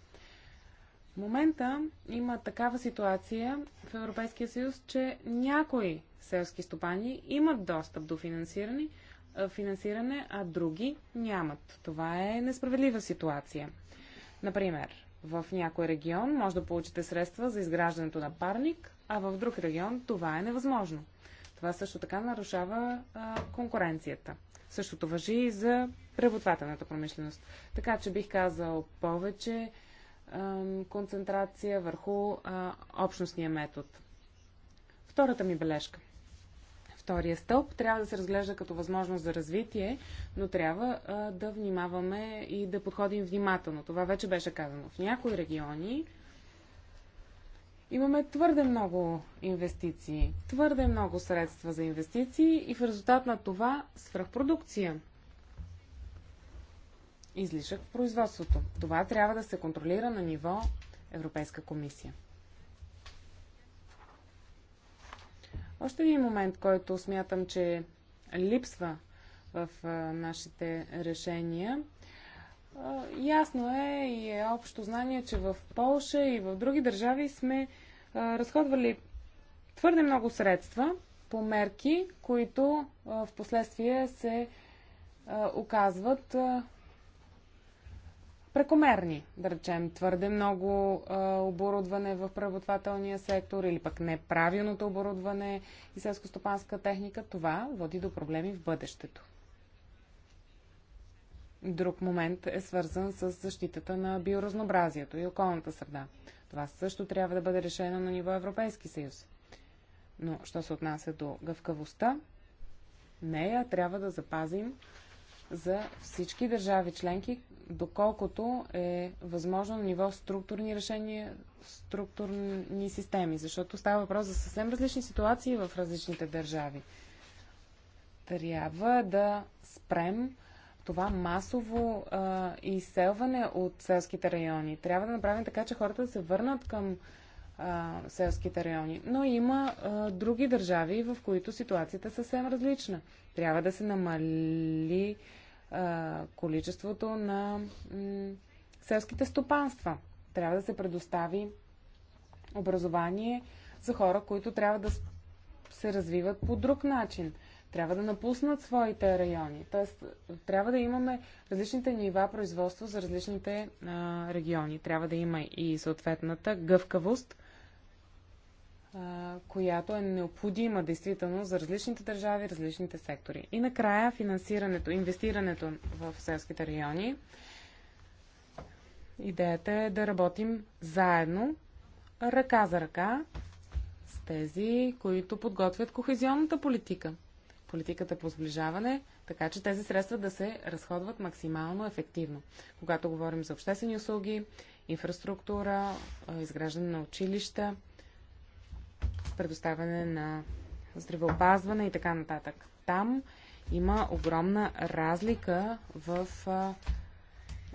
В момента има такава ситуация в Европейския съюз, че някои селски стопани имат достъп до финансиране, финансиране, а други нямат. Това е несправедлива ситуация. Например, в някой регион може да получите средства за изграждането на парник, а в друг регион това е невъзможно. Това също така нарушава а, конкуренцията. Същото въжи и за преработвателната промишленост. Така че бих казал повече а, концентрация върху а, общностния метод. Втората ми бележка. Втория стълб трябва да се разглежда като възможност за развитие, но трябва а, да внимаваме и да подходим внимателно. Това вече беше казано. В някои региони Имаме твърде много инвестиции, твърде много средства за инвестиции и в резултат на това свръхпродукция. Излишък в производството. Това трябва да се контролира на ниво Европейска комисия. Още един момент, който смятам, че липсва в нашите решения – Ясно е и е общо знание, че в Полша и в други държави сме разходвали твърде много средства по мерки, които в последствие се оказват прекомерни, да речем, твърде много а, оборудване в преработвателния сектор или пък неправилното оборудване и селско-стопанска техника, това води до проблеми в бъдещето друг момент е свързан с защитата на биоразнообразието и околната среда. Това също трябва да бъде решено на ниво Европейски съюз. Но, що се отнася до гъвкавостта, нея трябва да запазим за всички държави членки, доколкото е възможно на ниво структурни решения, структурни системи, защото става въпрос за съвсем различни ситуации в различните държави. Трябва да спрем това масово а, изселване от селските райони. Трябва да направим така, че хората да се върнат към а, селските райони. Но има а, други държави, в които ситуацията е съвсем различна. Трябва да се намали а, количеството на селските стопанства. Трябва да се предостави образование за хора, които трябва да се развиват по друг начин трябва да напуснат своите райони. Тоест, трябва да имаме различните нива производство за различните а, региони. Трябва да има и съответната гъвкавост, а, която е необходима действително за различните държави, различните сектори. И накрая финансирането, инвестирането в селските райони. Идеята е да работим заедно, ръка за ръка, с тези, които подготвят кохезионната политика политиката по сближаване, така че тези средства да се разходват максимално ефективно. Когато говорим за обществени услуги, инфраструктура, изграждане на училища, предоставяне на здравеопазване и така нататък. Там има огромна разлика в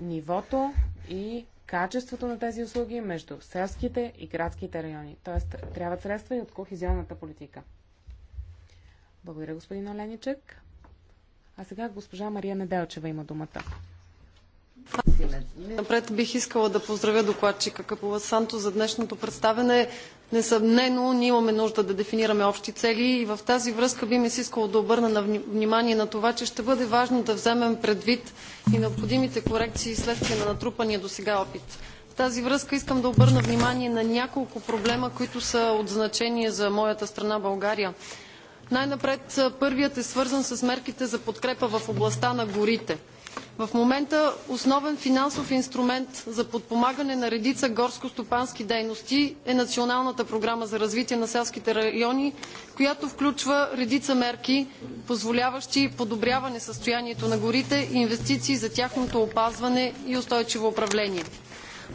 нивото и качеството на тези услуги между селските и градските райони. Тоест, трябват средства и от кохезионната политика. Благодаря, господин Оленичек. А сега госпожа Мария Неделчева има
думата. Напред бих искала да поздравя докладчика Капова Санто за днешното представене. Несъмнено, ние имаме нужда да дефинираме общи цели и в тази връзка би ми се искало да обърна на внимание на това, че ще бъде важно да вземем предвид и необходимите корекции следствие на натрупания до сега опит. В тази връзка искам да обърна внимание на няколко проблема, които са от значение за моята страна България. Най-напред първият е свързан с мерките за подкрепа в областта на горите. В момента основен финансов инструмент за подпомагане на редица горско-стопански дейности е Националната програма за развитие на селските райони, която включва редица мерки, позволяващи подобряване състоянието на горите и инвестиции за тяхното опазване и устойчиво управление.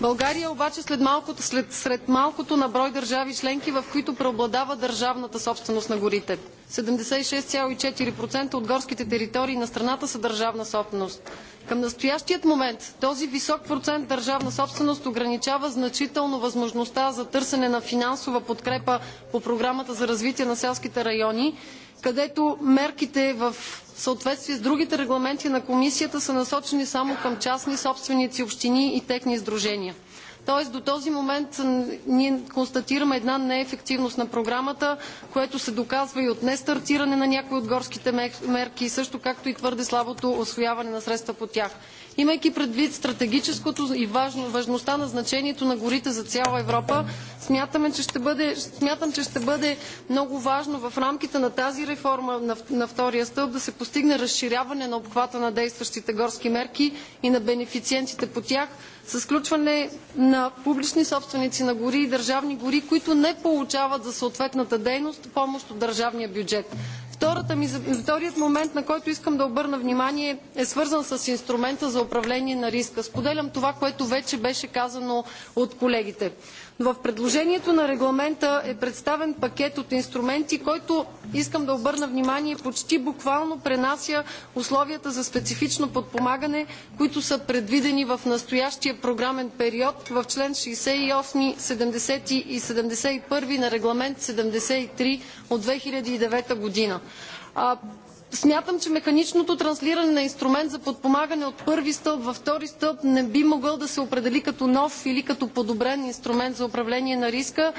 България обаче след малкото, след, сред малкото на брой държави членки, в които преобладава държавната собственост на горите. 76,4% от горските територии на страната са държавна собственост. Към настоящият момент този висок процент държавна собственост ограничава значително възможността за търсене на финансова подкрепа по програмата за развитие на селските райони, където мерките в в съответствие с другите регламенти на Комисията са насочени само към частни собственици, общини и техни сдружения. Тоест до този момент ние констатираме една неефективност на програмата, което се доказва и от нестартиране на някои от горските мерки, също както и твърде слабото освояване на средства по тях. Имайки предвид стратегическото и важно, важността на значението на горите за цяла Европа, смятаме, че ще бъде, смятам, че ще бъде много важно в рамките на тази реформа на, на втория стълб да се постигне разширяване на обхвата на действащите горски мерки и на бенефициентите по тях, с включване на публични собственици на гори и държавни гори, които не получават за съответната дейност помощ от държавния бюджет. Вторият момент, на който искам да обърна внимание, е свързан с инструмента за управление на риска. Споделям това, което вече беше казано от колегите. В предложението на регламента е представен пакет от инструменти, който, искам да обърна внимание, почти буквално пренася условията за специфично подпомагане, които са предвидени в настоящия програмен период в чл. 68, 70 и 71 на Регламент 73 от 2009 година. Смятам, че механичното транслиране на инструмент за подпомагане от първи стълб във втори стълб не би могъл да се определи като нов или като подобрен инструмент за управление на риска.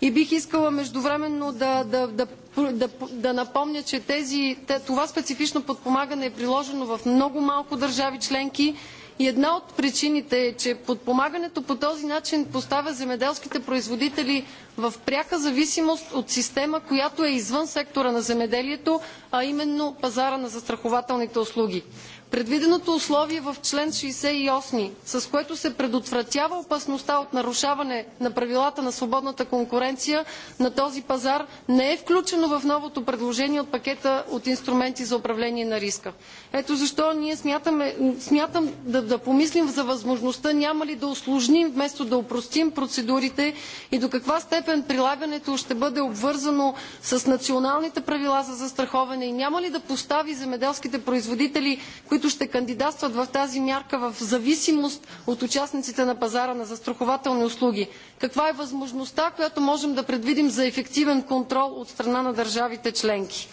И бих искала междувременно да, да, да, да, да напомня, че тези, това специфично подпомагане е приложено в много малко държави членки и една от причините е, че подпомагането по този начин поставя земеделските производители в пряка зависимост от система, която е извън сектора на земеделието, а именно пазара на застрахователните услуги. Предвиденото условие в член 68, с което се предотвратява опасността от нарушаване на правилата на свободната конкуренция на този пазар, не е включено в новото предложение от пакета от инструменти за управление на риска. Ето защо ние смятаме, смятам да, да помислим за възможността няма ли да усложним вместо да упростим процедурите и до каква степен прилагането ще бъде обвързано с националните правила за застраховане и няма ли да постави земеделските производители, които които ще кандидатстват в тази мярка в зависимост от участниците на пазара на застрахователни услуги? Каква е възможността, която можем да предвидим за ефективен контрол от страна на държавите членки?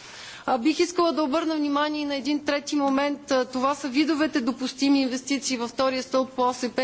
Бих искала да обърна внимание и на един трети момент. Това са видовете допустими инвестиции във втория стълб по ОСП,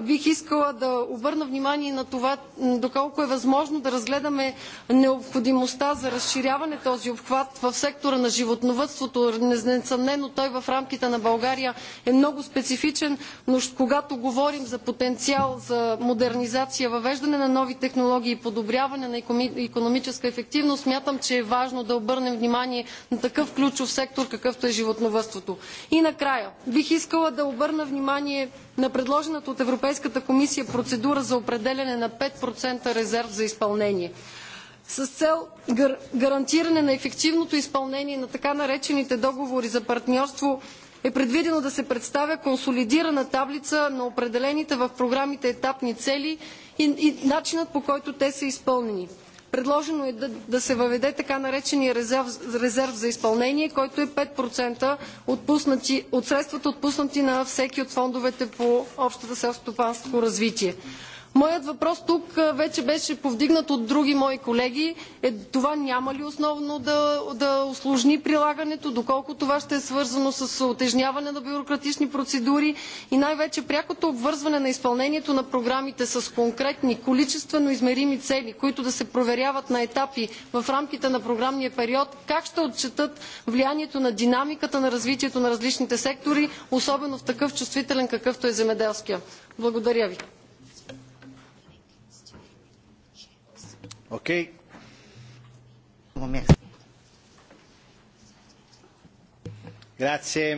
бих искала да обърна внимание на това, доколко е възможно да разгледаме необходимостта за разширяване този обхват в сектора на животновътството. Несъмнено той в рамките на България е много специфичен, но когато говорим за потенциал за модернизация, въвеждане на нови технологии и подобряване на икономическа ефективност, смятам, че е важно да обърнем внимание на такъв ключов сектор, какъвто е животновътството. И накрая, бих искала да обърна внимание на предложената от Европейската комисия процедура за определяне на 5% резерв за изпълнение. С цел гарантиране на ефективното изпълнение на така наречените договори за партньорство е предвидено да се представя консолидирана таблица на определените в програмите етапни цели и начинът по който те са изпълнени. Предложено е да, да се въведе така наречения резерв, резерв за изпълнение, който е 5% от средствата отпуснати на всеки от фондовете по общата селскостопанско развитие. Моят въпрос тук вече беше повдигнат от други мои колеги. Е, това няма ли основно да, да усложни прилагането, доколко това ще е свързано с отежняване на бюрократични процедури и най-вече прякото обвързване на изпълнението на програмите с конкретни количествено измерими цели, които да се проверяват на етапи в рамките на програмния период, как ще отчетат влиянието на динамиката на развитието на различните сектори, особено в такъв чувствителен какъвто е земеделския. Благодаря ви.
Grazie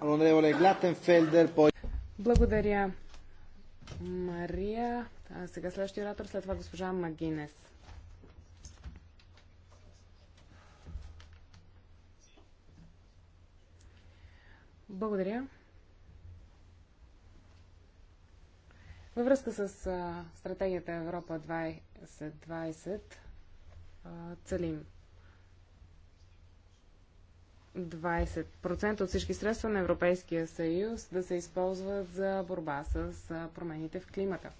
onorevole Glattenfelder, poi...
Благодаря, Мария. А сега следващия оратор, след това госпожа Магинес. Благодаря. Във връзка с а, стратегията Европа след 20 целим 20% от всички средства на Европейския съюз да се използват за борба с промените в климата.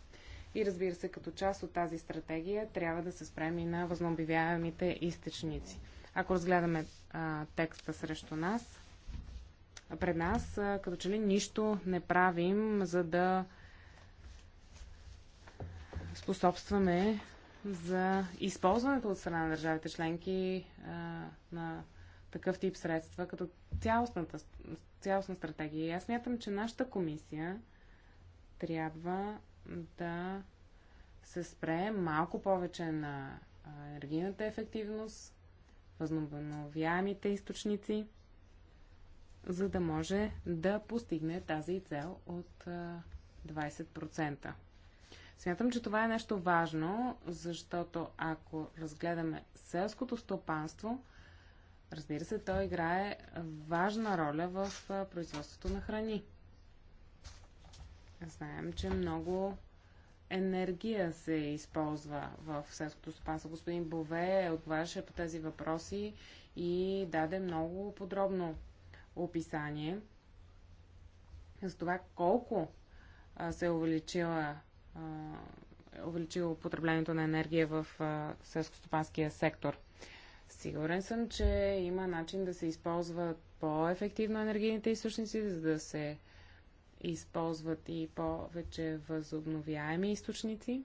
И разбира се, като част от тази стратегия трябва да се спреми и на възобновяемите източници. Ако разгледаме а, текста срещу нас, пред нас, а, като че ли нищо не правим, за да способстваме за използването от страна на държавите членки а, на такъв тип средства, като цялостната, цялостна стратегия. И аз смятам, че нашата комисия трябва да се спре малко повече на енергийната ефективност, възобновяемите източници, за да може да постигне тази цел от 20%. Смятам, че това е нещо важно, защото ако разгледаме селското стопанство, разбира се, то играе важна роля в производството на храни. Знаем, че много енергия се използва в селското стопанство. Господин Бове отговаряше по тези въпроси и даде много подробно описание за това колко се е увеличила увеличило потреблението на енергия в селскостопанския сектор. Сигурен съм, че има начин да се използват по-ефективно енергийните източници, за да се използват и повече възобновяеми източници.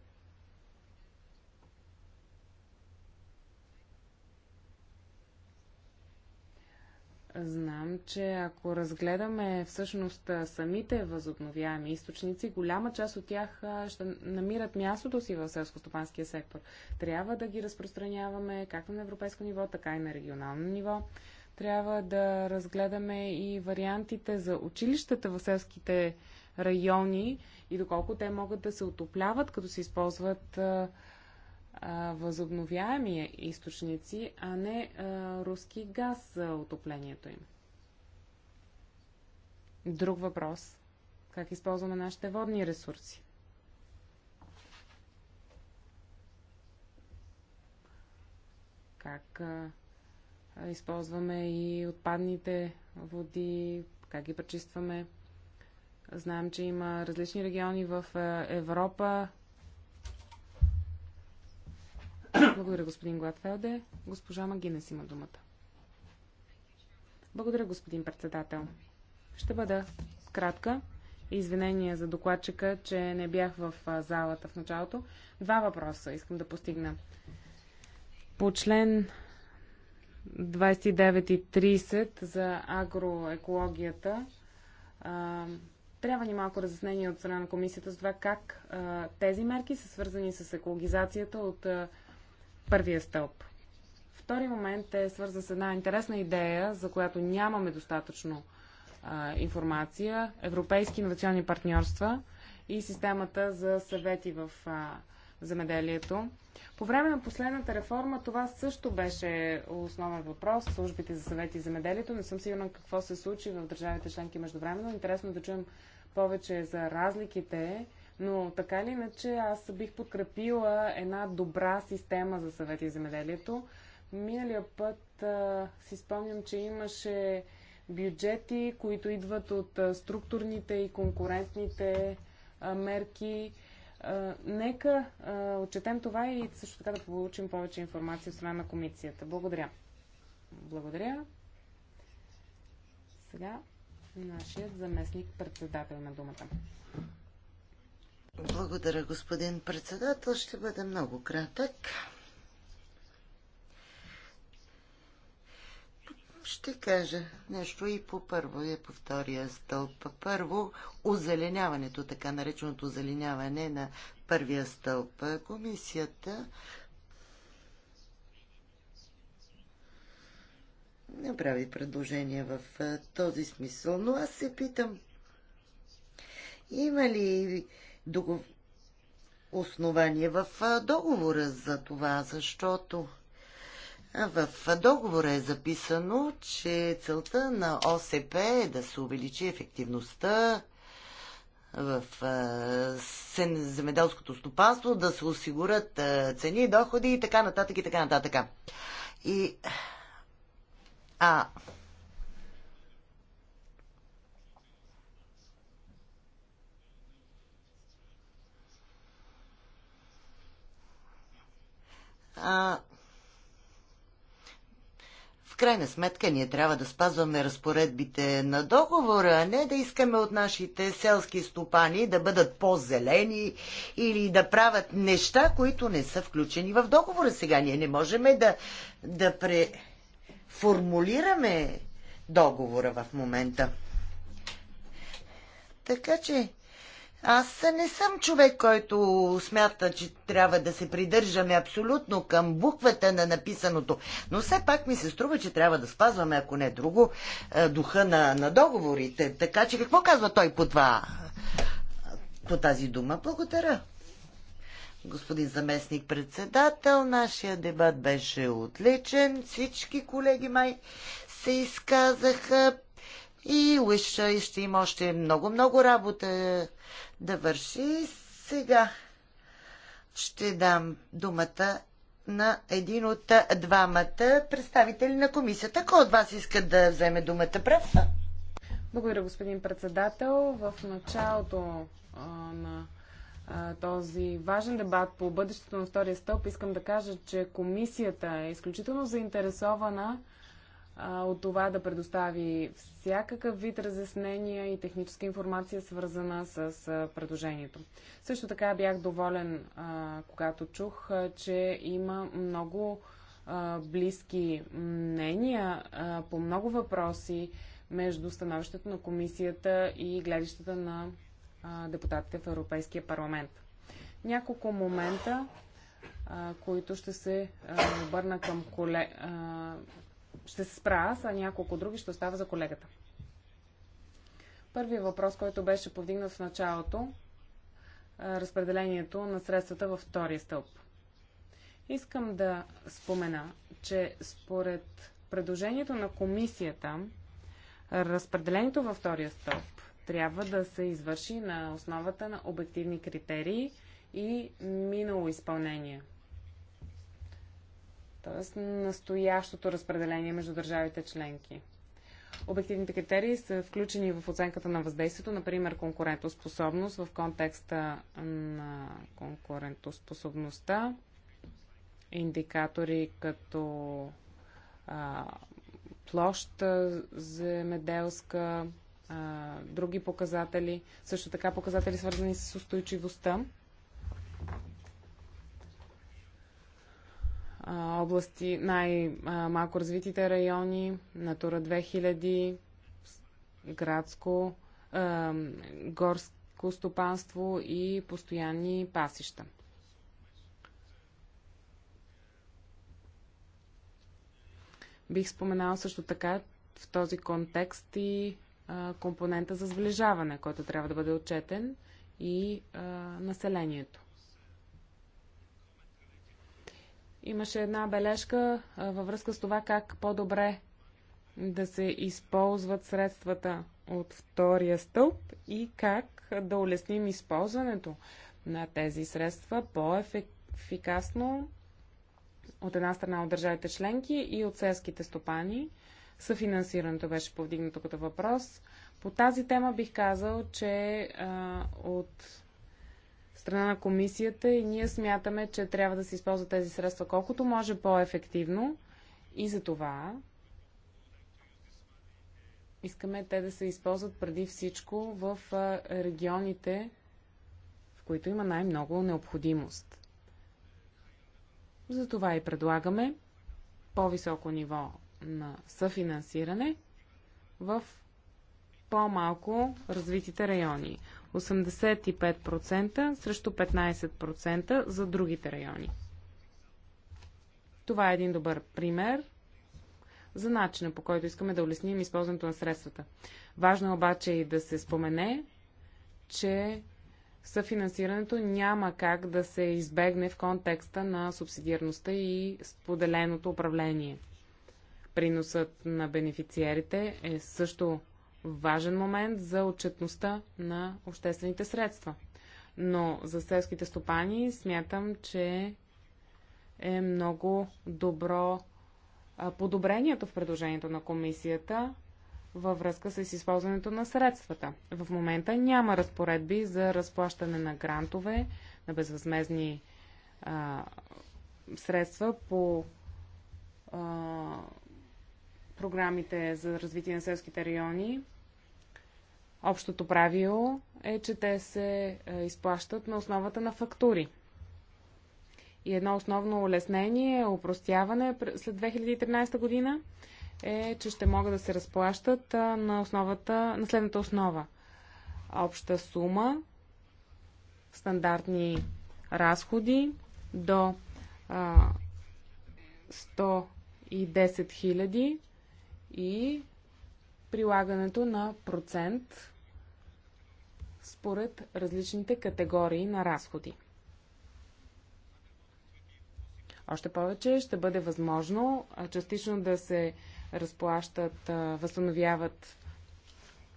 Знам, че ако разгледаме всъщност самите възобновяеми източници, голяма част от тях ще намират мястото си в селско-стопанския сектор. Трябва да ги разпространяваме както на европейско ниво, така и на регионално ниво. Трябва да разгледаме и вариантите за училищата в селските райони и доколко те могат да се отопляват, като се използват възобновяеми източници, а не а, руски газ за отоплението им. Друг въпрос. Как използваме нашите водни ресурси? Как а, използваме и отпадните води, как ги пречистваме. Знаем, че има различни региони в Европа, благодаря, господин Гладфелде. Госпожа Магинес има думата. Благодаря, господин председател. Ще бъда кратка. Извинения за докладчика, че не бях в залата в началото. Два въпроса искам да постигна. По член 29 и 30 за агроекологията трябва ни малко разяснение от страна на комисията за това как а, тези мерки са свързани с екологизацията от а, първия стълб. Втори момент е свързан с една интересна идея, за която нямаме достатъчно а, информация. Европейски инновационни партньорства и системата за съвети в а, земеделието. По време на последната реформа това също беше основен въпрос. Службите за съвети и земеделието. Не съм сигурна какво се случи в държавите членки междувременно. Интересно е да чуем повече за разликите но така или иначе аз бих подкрепила една добра система за съвети и земеделието. Миналия път а, си спомням, че имаше бюджети, които идват от а, структурните и конкурентните а, мерки. А, нека а, отчетем това и също така да получим повече информация от страна на комисията. Благодаря. Благодаря. Сега нашият заместник председател на думата.
Благодаря, господин председател. Ще бъде много кратък. Ще кажа нещо и по първо, и по втория стълб. Първо, озеленяването, така нареченото озеленяване на първия стълб. Комисията Не прави предложение в този смисъл, но аз се питам, има ли основание в договора за това, защото в договора е записано, че целта на ОСП е да се увеличи ефективността в земеделското стопанство, да се осигурят цени, доходи и така нататък и така нататък. И а, А, в крайна сметка ние трябва да спазваме разпоредбите на договора, а не да искаме от нашите селски стопани да бъдат по-зелени или да правят неща, които не са включени в договора. Сега ние не можем да, да преформулираме договора в момента. Така че аз не съм човек, който смята, че трябва да се придържаме абсолютно към буквата на написаното, но все пак ми се струва, че трябва да спазваме, ако не друго, е, духа на, на договорите. Така че какво казва той по това, по тази дума? Благодаря. Господин заместник председател, нашия дебат беше отличен. Всички колеги май се изказаха и Лъша и ще има още много-много работа да върши. Сега ще дам думата на един от двамата представители на комисията. Кой от вас иска да вземе думата прав?
Благодаря, господин председател. В началото а, на а, този важен дебат по бъдещето на втория стълб искам да кажа, че комисията е изключително заинтересована от това да предостави всякакъв вид разяснения и техническа информация, свързана с предложението. Също така бях доволен, когато чух, че има много близки мнения по много въпроси между становището на комисията и гледащата на депутатите в Европейския парламент. Няколко момента, които ще се обърна към коле... Ще се спра аз, а няколко други ще остава за колегата. Първият въпрос, който беше повдигнат в началото, разпределението на средствата във втория стълб. Искам да спомена, че според предложението на комисията, разпределението във втория стълб трябва да се извърши на основата на обективни критерии и минало изпълнение т.е. настоящото разпределение между държавите членки. Обективните критерии са включени в оценката на въздействието, например конкурентоспособност в контекста на конкурентоспособността, индикатори като а, площ земеделска, а, други показатели, също така показатели свързани с устойчивостта области, най-малко развитите райони, Натура 2000, градско, горско стопанство и постоянни пасища. Бих споменал също така в този контекст и компонента за сближаване, който трябва да бъде отчетен и а, населението. Имаше една бележка във връзка с това как по-добре да се използват средствата от втория стълб и как да улесним използването на тези средства по-ефикасно от една страна от държавите членки и от селските стопани. Съфинансирането беше повдигнато като въпрос. По тази тема бих казал, че а, от страна на комисията и ние смятаме, че трябва да се използват тези средства колкото може по-ефективно и за това искаме те да се използват преди всичко в регионите, в които има най-много необходимост. Затова и предлагаме по-високо ниво на съфинансиране в по-малко развитите райони. 85% срещу 15% за другите райони. Това е един добър пример за начина по който искаме да улесним използването на средствата. Важно е обаче и да се спомене, че съфинансирането няма как да се избегне в контекста на субсидиарността и споделеното управление. Приносът на бенефициерите е също важен момент за отчетността на обществените средства. Но за селските стопани смятам, че е много добро подобрението в предложението на комисията във връзка с използването на средствата. В момента няма разпоредби за разплащане на грантове, на безвъзмезни а, средства по а, програмите за развитие на селските райони, общото правило е, че те се е, изплащат на основата на фактури. И едно основно улеснение, упростяване след 2013 година е, че ще могат да се разплащат на, основата, на следната основа. Обща сума, стандартни разходи до 110 000 и прилагането на процент според различните категории на разходи. Още повече ще бъде възможно частично да се разплащат, възстановяват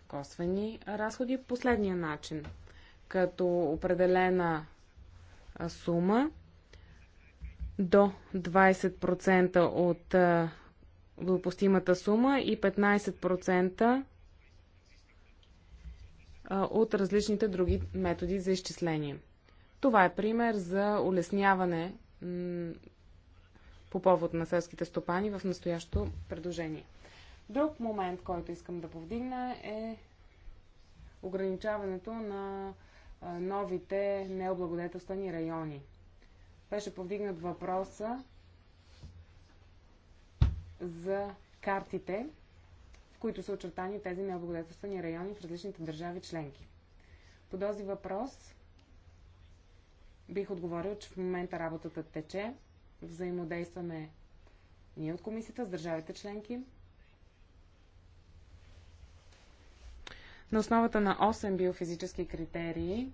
косвени разходи по последния начин. Като определена сума до 20% от допустимата сума и 15% от различните други методи за изчисление. Това е пример за улесняване по повод на селските стопани в настоящото предложение. Друг момент, който искам да повдигна е ограничаването на новите необлагодетелствани райони. Беше повдигнат въпроса за картите, в които са очертани тези необлагодетелствани райони в различните държави членки. По този въпрос бих отговорил, че в момента работата тече, взаимодействаме ние от комисията с държавите членки. На основата на 8 биофизически критерии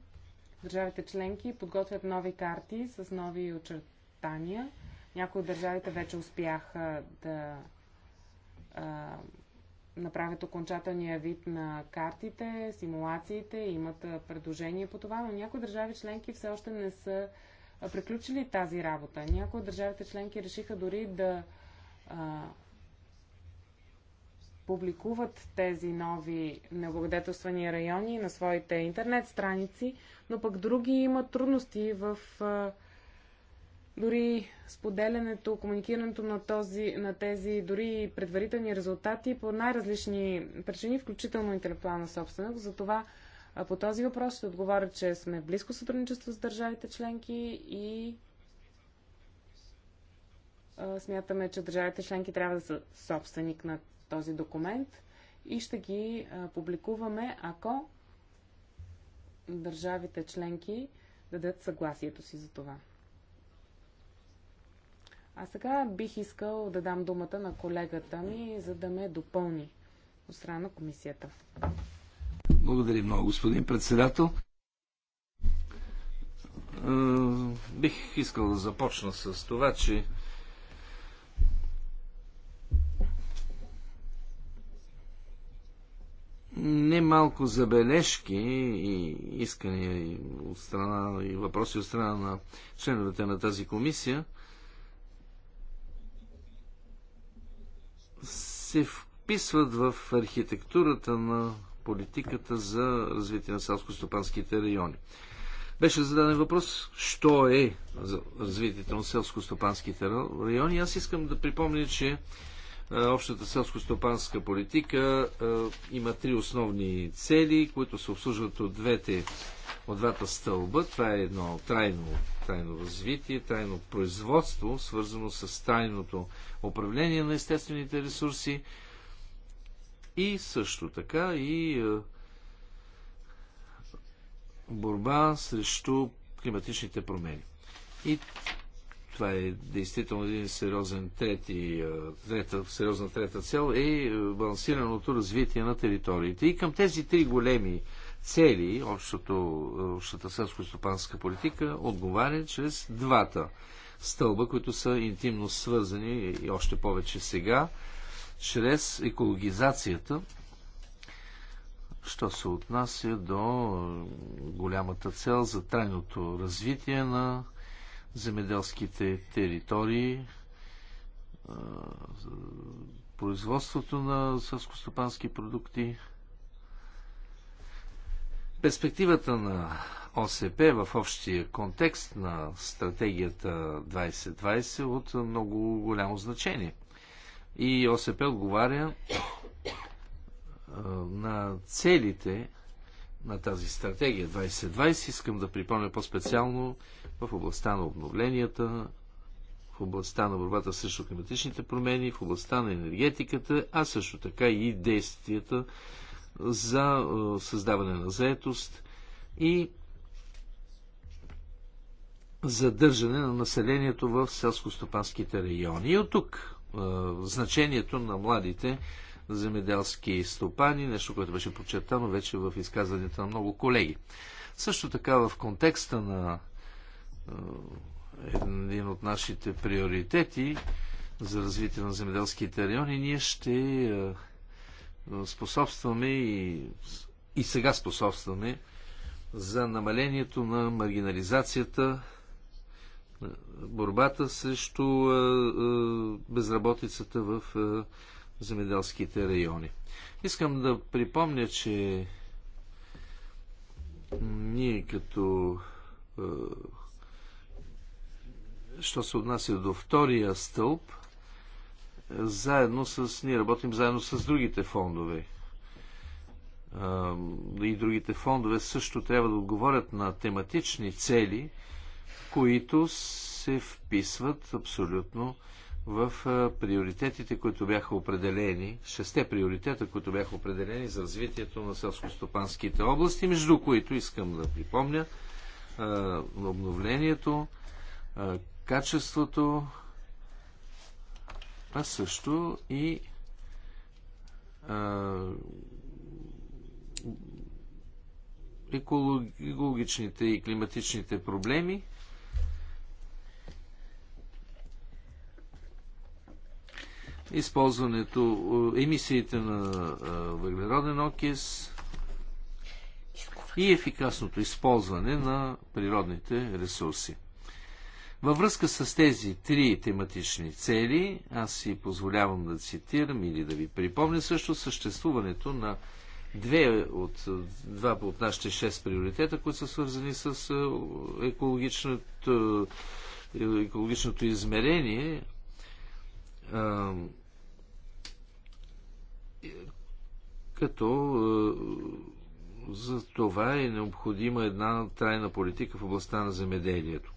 държавите членки подготвят нови карти с нови очертания – някои от държавите вече успяха да а, направят окончателния вид на картите, симулациите, имат предложение по това, но някои държави членки все още не са приключили тази работа. Някои от държавите членки решиха дори да а, публикуват тези нови необлагодетелствани райони на своите интернет страници, но пък други имат трудности в а, дори споделянето, комуникирането на, този, на тези дори предварителни резултати по най-различни причини, включително интелектуална собственост. Затова по този въпрос ще отговоря, че сме в близко сътрудничество с държавите членки и смятаме, че държавите членки трябва да са собственик на този документ и ще ги публикуваме, ако държавите членки дадат съгласието си за това. А сега бих искал да дам думата на колегата ми, за да ме допълни от страна на комисията.
Благодаря много, господин председател. Е, бих искал да започна с това, че немалко забележки и искания от страна, и въпроси от страна на членовете на тази комисия – се вписват в архитектурата на политиката за развитие на селско-стопанските райони. Беше зададен въпрос, що е развитието на селско-стопанските райони. Аз искам да припомня, че е, общата селско-стопанска политика е, има три основни цели, които се обслужват от двете от двата стълба. Това е едно трайно, трайно развитие, трайно производство, свързано с трайното управление на естествените ресурси и също така и е, борба срещу климатичните промени. И това е действително един сериозен трети, е, трета, сериозна трета цел е, е балансираното развитие на териториите. И към тези три големи цели, общото, общата селско-стопанска политика отговаря чрез двата стълба, които са интимно свързани и още повече сега, чрез екологизацията, що се отнася до голямата цел за трайното развитие на земеделските територии, производството на сълско-стопански продукти – Перспективата на ОСП в общия контекст на стратегията 2020 е от много голямо значение. И ОСП отговаря на целите на тази стратегия 2020. Искам да припомня по-специално в областта на обновленията, в областта на борбата срещу климатичните промени, в областта на енергетиката, а също така и действията за е, създаване на заетост и задържане на населението в селско-стопанските райони. И от тук е, значението на младите земеделски стопани, нещо, което беше подчертано вече в изказванията на много колеги. Също така в контекста на е, един от нашите приоритети за развитие на земеделските райони, ние ще способстваме и, и сега способстваме за намалението на маргинализацията, борбата срещу безработицата в земеделските райони. Искам да припомня, че ние като що се отнася до втория стълб, заедно с... Ние работим заедно с другите фондове. И другите фондове също трябва да отговорят на тематични цели, които се вписват абсолютно в приоритетите, които бяха определени, шесте приоритета, които бяха определени за развитието на селско-стопанските области, между които искам да припомня обновлението, качеството, а също и а, екологичните и климатичните проблеми. Използването, емисиите на въглероден окис и ефикасното използване на природните ресурси. Във връзка с тези три тематични цели, аз си позволявам да цитирам или да ви припомня също съществуването на две от, два от нашите шест приоритета, които са свързани с е, екологичното, е, екологичното измерение, като е, за това е необходима една трайна политика в областта на земеделието.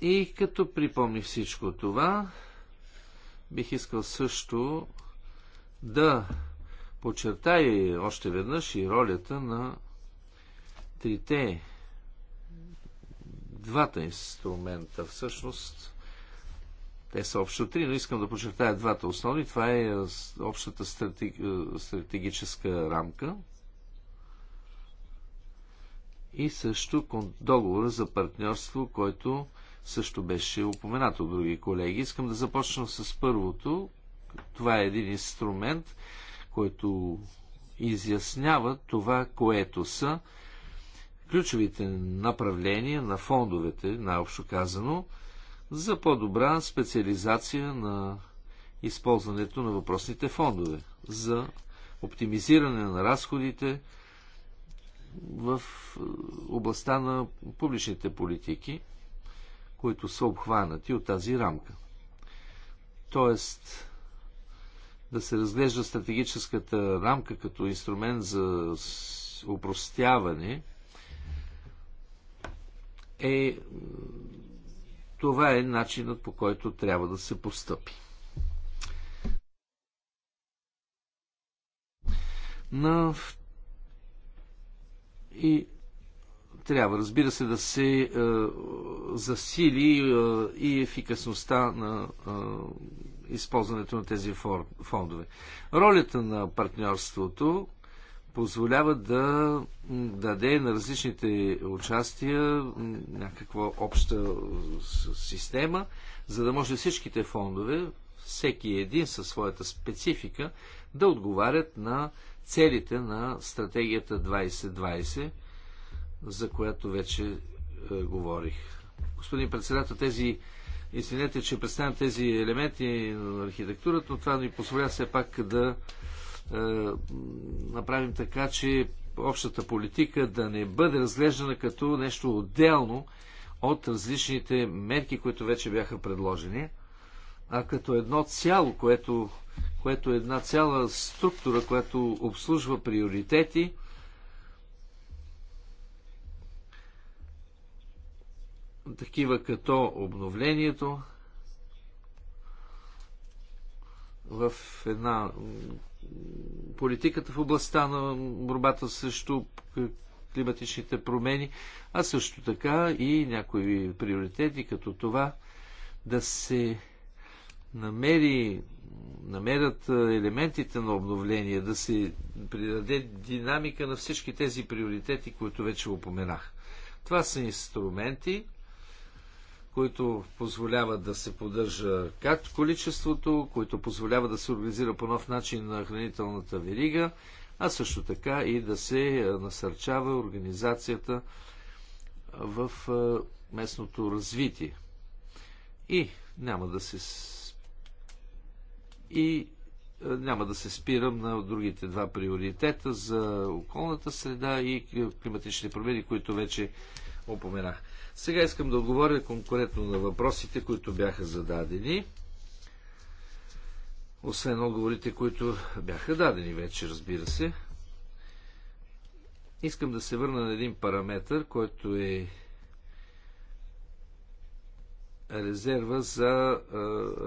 И като припомни всичко това, бих искал също да подчертая още веднъж и ролята на трите двата инструмента. Всъщност, те са общо три, но искам да подчертая двата основни. Това е общата стратег... стратегическа рамка и също договора за партньорство, който също беше упоменато от други колеги. Искам да започна с първото. Това е един инструмент, който изяснява това, което са ключовите направления на фондовете, най-общо казано, за по-добра специализация на използването на въпросните фондове, за оптимизиране на разходите в е, областта на публичните политики – които са обхванати от тази рамка. Тоест, да се разглежда стратегическата рамка като инструмент за упростяване е това е начинът по който трябва да се постъпи. На и трябва, разбира се, да се а, е, засили а, е, и ефикасността на а, е, използването на тези фор, фондове. Ролята на партньорството позволява да даде на различните участия някаква обща система, за да може всичките фондове, всеки един със своята специфика, да отговарят на целите на стратегията 2020 за която вече е, говорих. Господин председател, тези извинете, че представям тези елементи на архитектурата, но това ни позволя все пак да е, направим така, че общата политика да не бъде разглеждана като нещо отделно от различните мерки, които вече бяха предложени, а като едно цяло, което, което е една цяла структура, която обслужва приоритети, такива като обновлението в една политиката в областта на борбата срещу климатичните промени, а също така и някои приоритети, като това да се намери, намерят елементите на обновление, да се придаде динамика на всички тези приоритети, които вече упоменах. Това са инструменти, които позволяват да се поддържа как количеството, които позволяват да се организира по нов начин на хранителната верига, а също така и да се е, насърчава организацията е, в е, местното развитие. И няма да се и няма да се спирам на другите два приоритета за околната среда и климатични промени, които вече упоменах. Сега искам да отговоря конкретно на въпросите, които бяха зададени. Освен отговорите, които бяха дадени вече, разбира се. Искам да се върна на един параметр, който е резерва за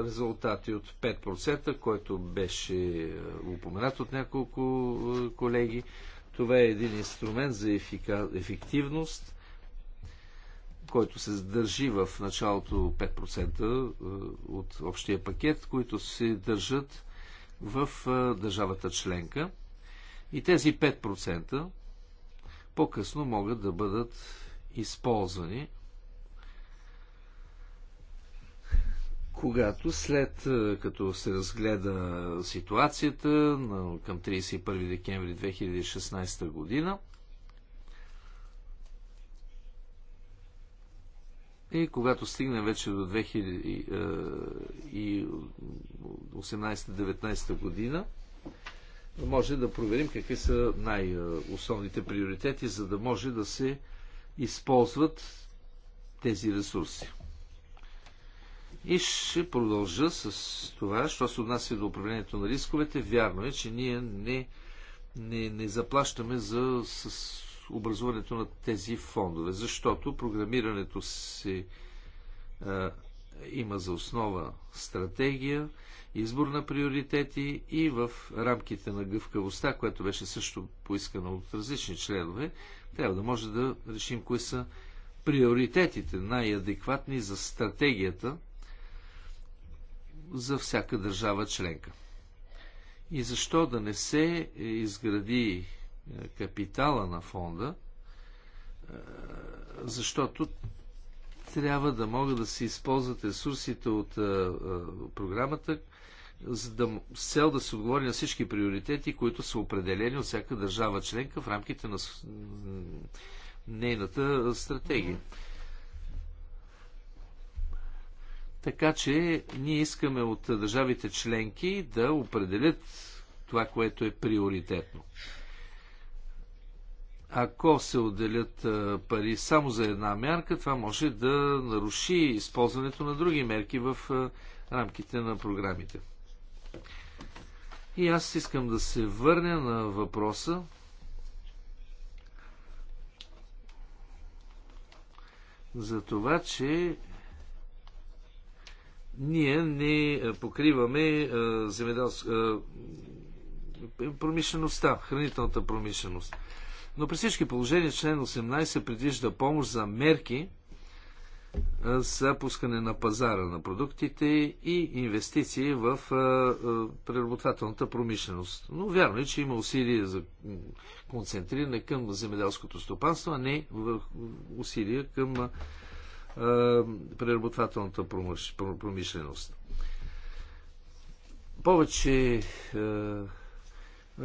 резултати от 5%, който беше упоменат от няколко колеги. Това е един инструмент за ефика... ефективност който се държи в началото 5% е, от общия пакет, които се държат в е, държавата членка. И тези 5% по-късно могат да бъдат използвани, когато след е, като се разгледа ситуацията към 31 декември 2016 година, И когато стигнем вече до 2018 2019 година, може да проверим какви са най-основните приоритети, за да може да се използват тези ресурси. И ще продължа с това, що се отнася до управлението на рисковете. Вярно е, че ние не, не, не заплащаме за, с, образуването на тези фондове, защото програмирането се а, има за основа стратегия, избор на приоритети и в рамките на гъвкавостта, което беше също поискано от различни членове, трябва да може да решим кои са приоритетите най-адекватни за стратегията за всяка държава членка. И защо да не се изгради капитала на фонда, е, защото трябва да могат да се използват ресурсите от е, е, програмата, за да, с цел да се отговори на всички приоритети, които са определени от всяка държава членка в рамките на нейната стратегия. Така че ние искаме от държавите членки да определят това, което е приоритетно. Ако се отделят пари само за една мярка, това може да наруши използването на други мерки в рамките на програмите. И аз искам да се върня на въпроса, за това, че ние не покриваме земеделска промишлеността, хранителната промишленост. Но при всички положения член 18 предвижда помощ за мерки за пускане на пазара на продуктите и инвестиции в преработвателната промишленост. Но вярно е, че има усилия за концентриране към земеделското стопанство, а не в усилия към преработвателната промишленост повече е,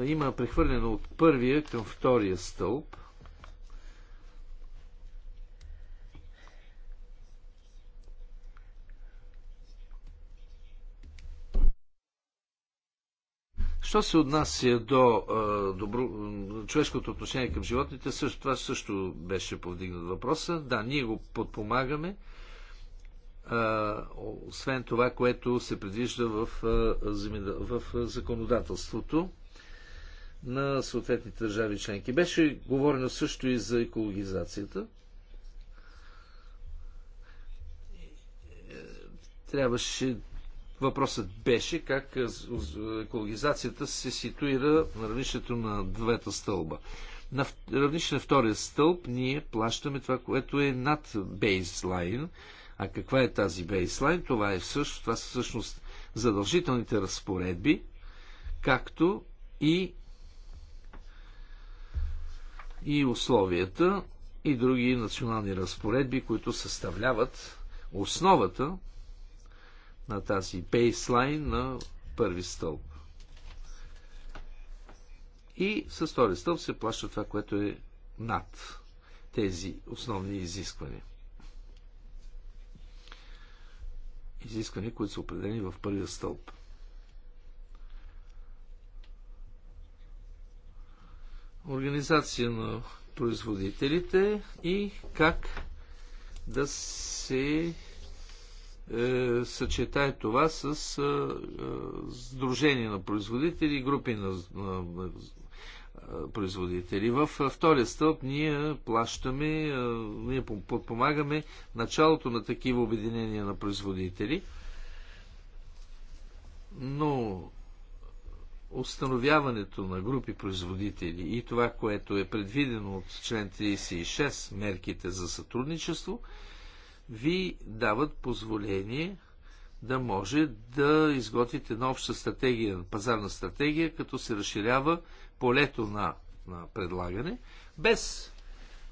има прехвърлено от първия към втория стълб. Що се отнася до а, добро, човешкото отношение към животните, също, това също беше повдигнат въпроса. Да, ние го подпомагаме. А, освен това, което се предвижда в, а, в законодателството на съответните държави членки. Беше говорено също и за екологизацията. Трябваше Въпросът беше как е, екологизацията се ситуира на равнището на двете стълба. На равнище на втория стълб ние плащаме това, което е над бейслайн. А каква е тази бейслайн? Това, е всъщност, това са всъщност задължителните разпоредби, както и и условията и други национални разпоредби, които съставляват основата на тази бейслайн на първи стълб. И с втори стълб се плаща това, което е над тези основни изисквания. Изисквания, които са определени в първия стълб. организация на производителите и как да се е, съчетае това с е, е сдружение на производители и групи на, на, на е, производители. Във втория стълб ние плащаме, е, ние подпомагаме началото на такива обединения на производители, но установяването на групи производители и това, което е предвидено от член 36, мерките за сътрудничество, ви дават позволение да може да изготвите една обща стратегия, пазарна стратегия, като се разширява полето на, на предлагане, без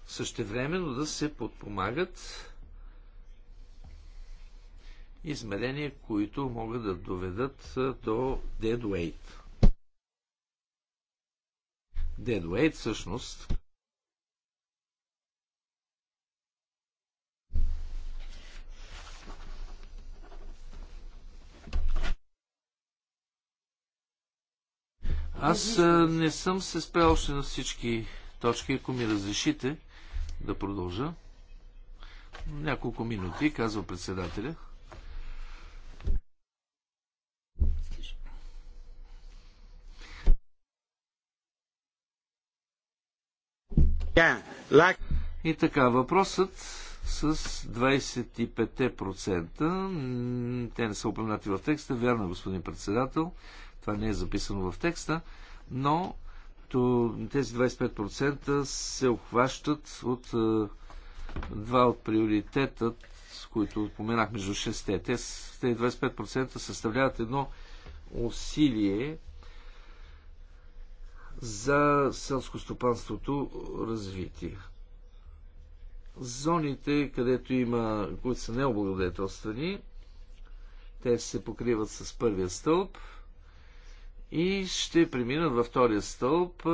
същевременно да се подпомагат измерения, които могат да доведат до dead weight. Deadweight всъщност Аз не съм се спрял още на всички точки, ако ми разрешите да продължа. Няколко минути, казва председателя. И така, въпросът с 25%, те не са упоменати в текста, вярно, господин председател, това не е записано в текста, но тези 25% се обхващат от два от приоритета, с които споменах между 6-те. Те, 25% съставляват едно усилие, за селскостопанството развитие. Зоните, където има, които са необлагодетелствани, те се покриват с първия стълб и ще преминат във втория стълб,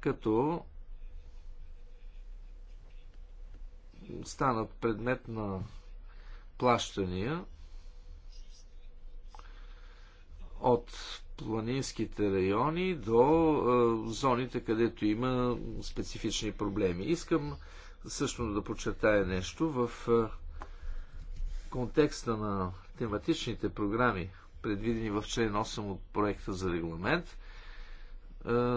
като станат предмет на плащания от планинските райони до зоните, където има специфични проблеми. Искам също да подчертая нещо в контекста на тематичните програми, предвидени в член 8 от проекта за регламент,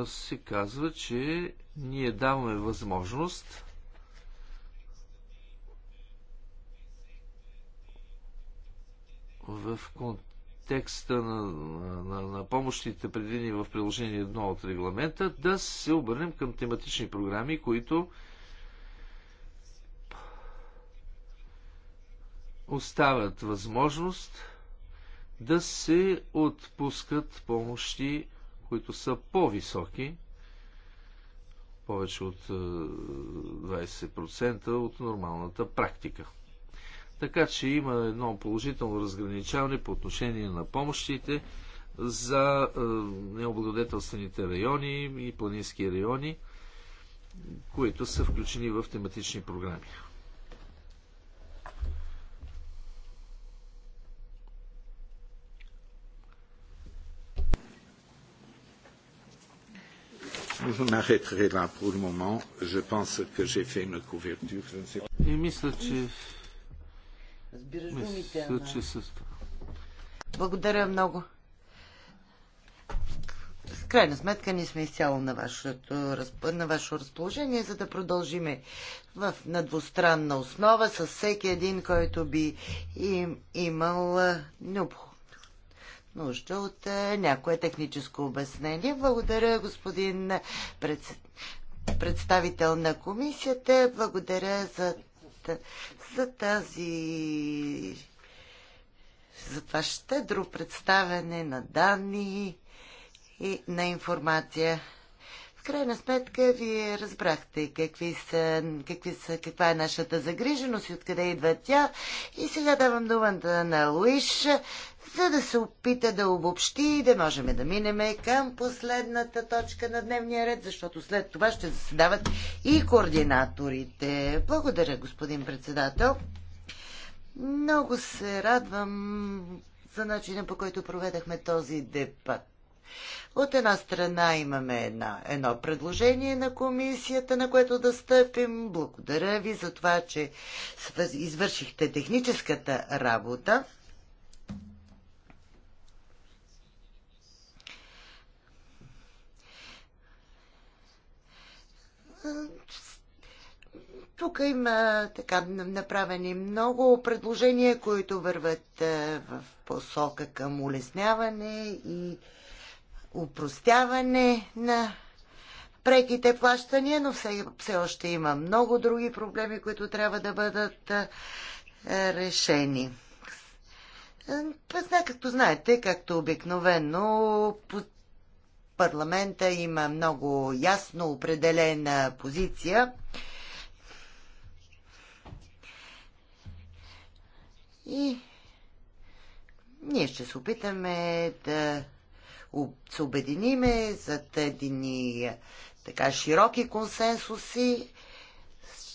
се казва, че ние даваме възможност в контекста текста на, на, на помощите, предвидени в приложение 1 от регламента, да се обърнем към тематични програми, които оставят възможност да се отпускат помощи, които са по-високи, повече от 20% е, от нормалната практика. Така че има едно положително разграничаване по отношение на помощите за е, необлагодетелствените райони и планински райони, които са включени в тематични програми. Je m'arrêterai là pour le moment. Je pense que j'ai fait une couverture. Je ne sais pas. мисля, че разбираш думите. Мисля, че с...
Благодаря много. В крайна сметка ние сме изцяло на, вашето, на ваше разположение, за да продължиме в, на двустранна основа с всеки един, който би им, имал необходимо нужда от някое техническо обяснение. Благодаря, господин пред, представител на комисията. Благодаря за за тази за това щедро представене на данни и на информация. В крайна сметка, вие разбрахте какви са, какви са, каква е нашата загриженост и откъде идва тя. И сега давам думата на Луиш, за да се опита да обобщи и да можем да минеме към последната точка на дневния ред, защото след това ще заседават и координаторите. Благодаря, господин председател. Много се радвам за начина по който проведахме този дебат. От една страна имаме една, едно предложение на комисията, на което да стъпим. Благодаря ви за това, че извършихте техническата работа. тук има така направени много предложения, които върват в посока към улесняване и упростяване на преките плащания, но все, все още има много други проблеми, които трябва да бъдат решени. Както знаете, както обикновено, парламента има много ясно определена позиция. И ние ще се опитаме да се обединиме за едини така широки консенсуси.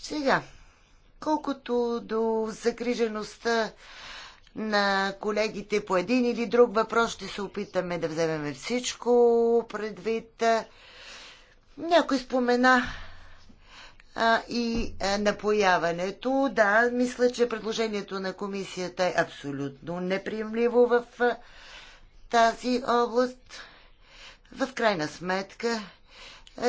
Сега, колкото до загрижеността на колегите по един или друг въпрос. Ще се опитаме да вземем всичко предвид. Някой спомена а, и а, напояването. Да, мисля, че предложението на комисията е абсолютно неприемливо в а, тази област. В крайна сметка,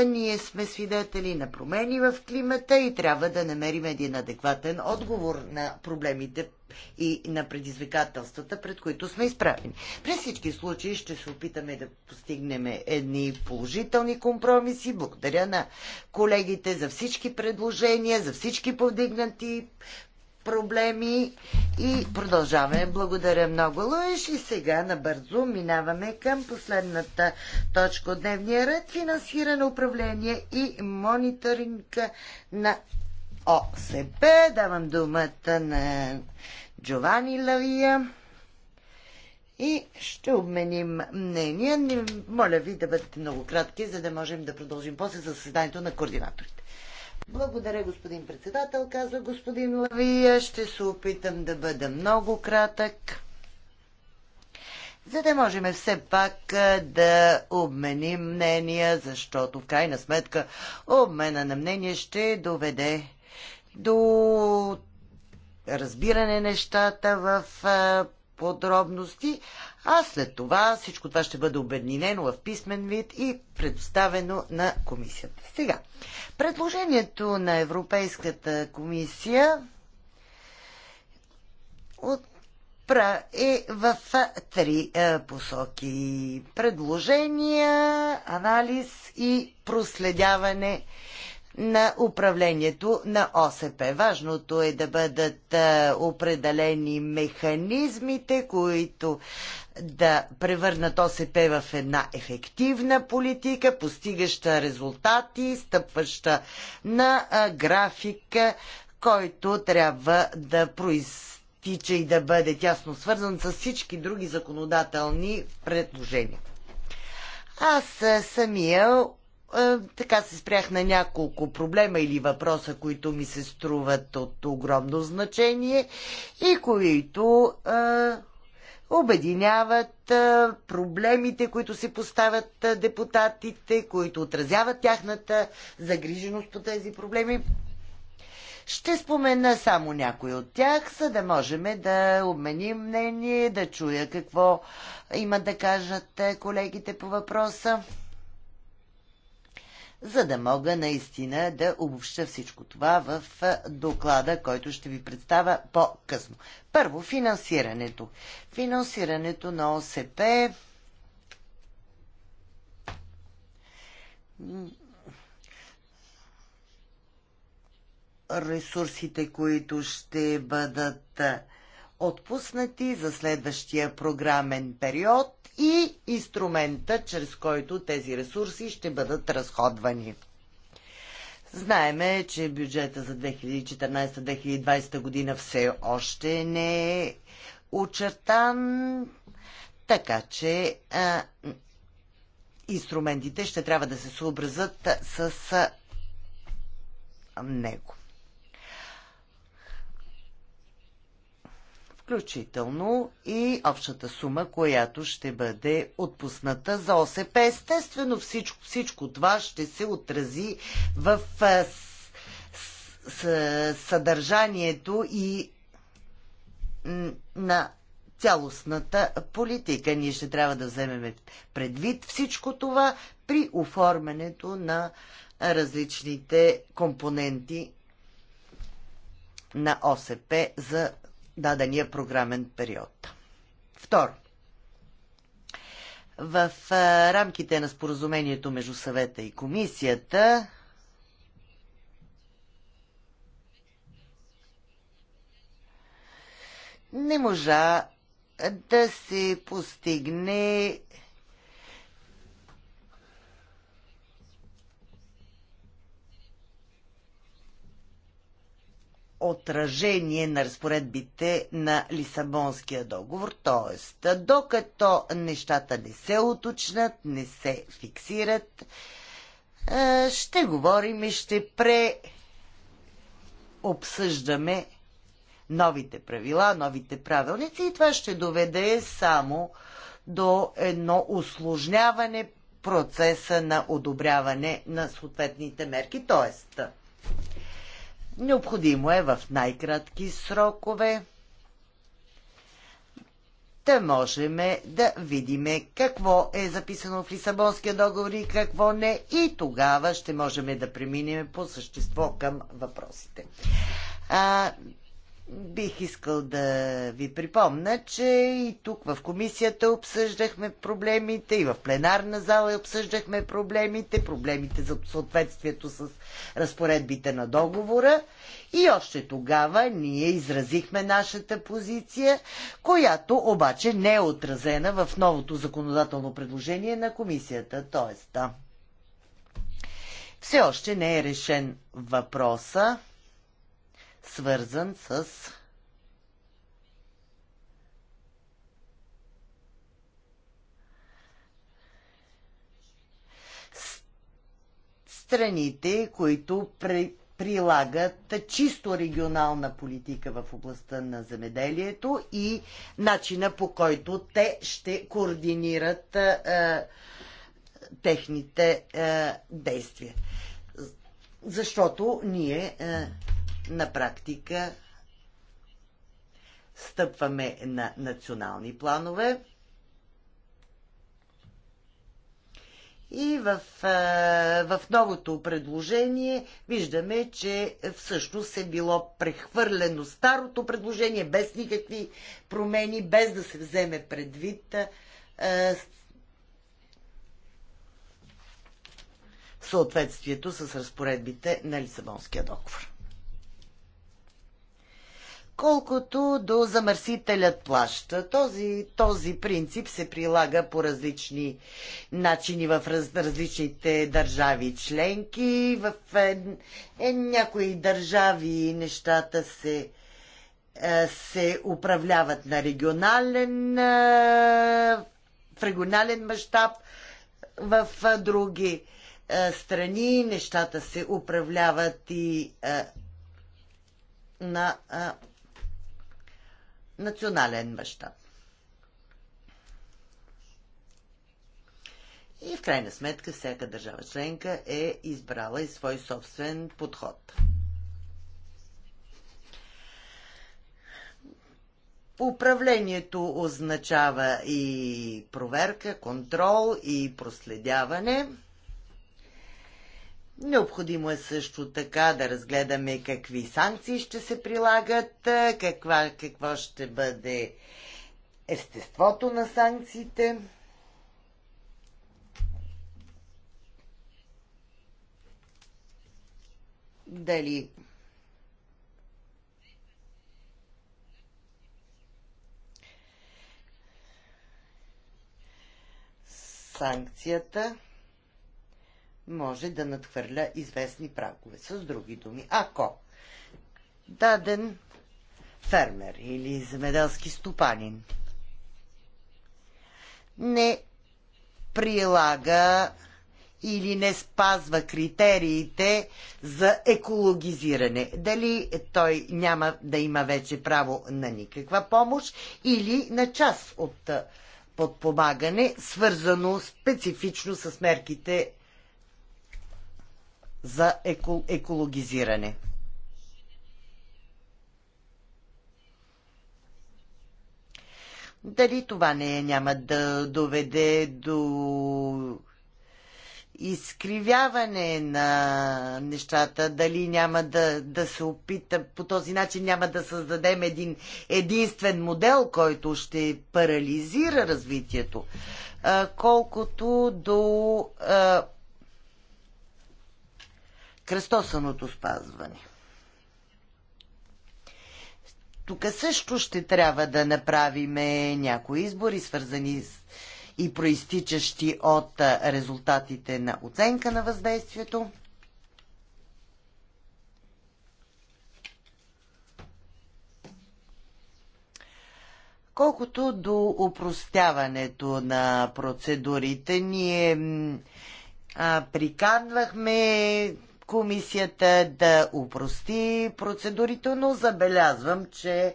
ние сме свидетели на промени в климата и трябва да намерим един адекватен отговор на проблемите и на предизвикателствата, пред които сме изправени. При всички случаи ще се опитаме да постигнем едни положителни компромиси. Благодаря на колегите за всички предложения, за всички повдигнати проблеми и продължаваме. Благодаря много, Луиш. И сега набързо минаваме към последната точка от дневния ред. Финансиране, управление и мониторинг на ОСП. Давам думата на Джовани Лавия и ще обменим мнение. Моля ви да бъдете много кратки, за да можем да продължим после заседанието на координаторите. Благодаря, господин председател, казва господин Лавия. Ще се опитам да бъда много кратък, за да можем все пак да обменим мнения, защото в крайна сметка обмена на мнение ще доведе до разбиране нещата в подробности, а след това всичко това ще бъде обеднено в писмен вид и предоставено на комисията. Сега, предложението на Европейската комисия от е в три е, посоки. Предложения, анализ и проследяване на управлението на ОСП. Важното е да бъдат определени механизмите, които да превърнат ОСП в една ефективна политика, постигаща резултати, стъпваща на графика, който трябва да проистича и да бъде тясно свързан с всички други законодателни предложения. Аз самия е, така се спрях на няколко проблема или въпроса, които ми се струват от огромно значение и които а, е, обединяват а, е, проблемите, които си поставят а, депутатите, които отразяват тяхната загриженост по тези проблеми. Ще спомена само някой от тях, за да можем да обменим мнение, да чуя какво има да кажат колегите по въпроса за да мога наистина да обобща всичко това в доклада, който ще ви представя по-късно. Първо, финансирането. Финансирането на ОСП ресурсите, които ще бъдат отпуснати за следващия програмен период и инструмента, чрез който тези ресурси ще бъдат разходвани. Знаеме, че бюджета за 2014-2020 година все още не е очертан, така че а, инструментите ще трябва да се съобразят с а, него. включително и общата сума, която ще бъде отпусната за ОСП. Естествено всичко, всичко това ще се отрази в с, с, съдържанието и на цялостната политика. Ние ще трябва да вземем предвид всичко това при оформянето на различните компоненти на ОСП за дадения програмен период. Второ. В рамките на споразумението между съвета и комисията не можа да се постигне отражение на разпоредбите на Лисабонския договор, т.е. докато нещата не се уточнат, не се фиксират, е, ще говорим и ще преобсъждаме новите правила, новите правилници и това ще доведе само до едно усложняване процеса на одобряване на съответните мерки. т.е. Необходимо е в най-кратки срокове да можем да видим какво е записано в Лисабонския договор и какво не. И тогава ще можем да преминем по същество към въпросите. А, Бих искал да ви припомня, че и тук в комисията обсъждахме проблемите, и в пленарна зала обсъждахме проблемите, проблемите за съответствието с разпоредбите на договора. И още тогава ние изразихме нашата позиция, която обаче не е отразена в новото законодателно предложение на комисията. Тоест, да. Все още не е решен въпроса свързан с страните, които при, прилагат чисто регионална политика в областта на земеделието и начина по който те ще координират а, техните а, действия. Защото ние на практика стъпваме на национални планове и в, в новото предложение виждаме, че всъщност е било прехвърлено старото предложение без никакви промени, без да се вземе предвид съответствието с разпоредбите на Лисабонския договор колкото до замърсителят плаща. Този, този принцип се прилага по различни начини в раз, различните държави членки. В е, е, някои държави нещата се, е, се управляват на регионален, е, в регионален мащаб, в е, други е, страни нещата се управляват и е, на. Е, национален мащаб. И в крайна сметка всяка държава членка е избрала и свой собствен подход. Управлението означава и проверка, контрол и проследяване – Необходимо е също така да разгледаме какви санкции ще се прилагат, каква, какво ще бъде естеството на санкциите. Дали санкцията може да надхвърля известни прагове. С други думи, ако даден фермер или земеделски стопанин не прилага или не спазва критериите за екологизиране. Дали той няма да има вече право на никаква помощ или на част от подпомагане, свързано специфично с мерките за еко, екологизиране. Дали това не е, няма да доведе до изкривяване на нещата, дали няма да, да се опита, по този начин няма да създадем един единствен модел, който ще парализира развитието. колкото до кръстосаното спазване. Тук също ще трябва да направиме някои избори, свързани с и проистичащи от резултатите на оценка на въздействието. Колкото до упростяването на процедурите, ние а, приканвахме комисията да упрости процедурите, но забелязвам, че е,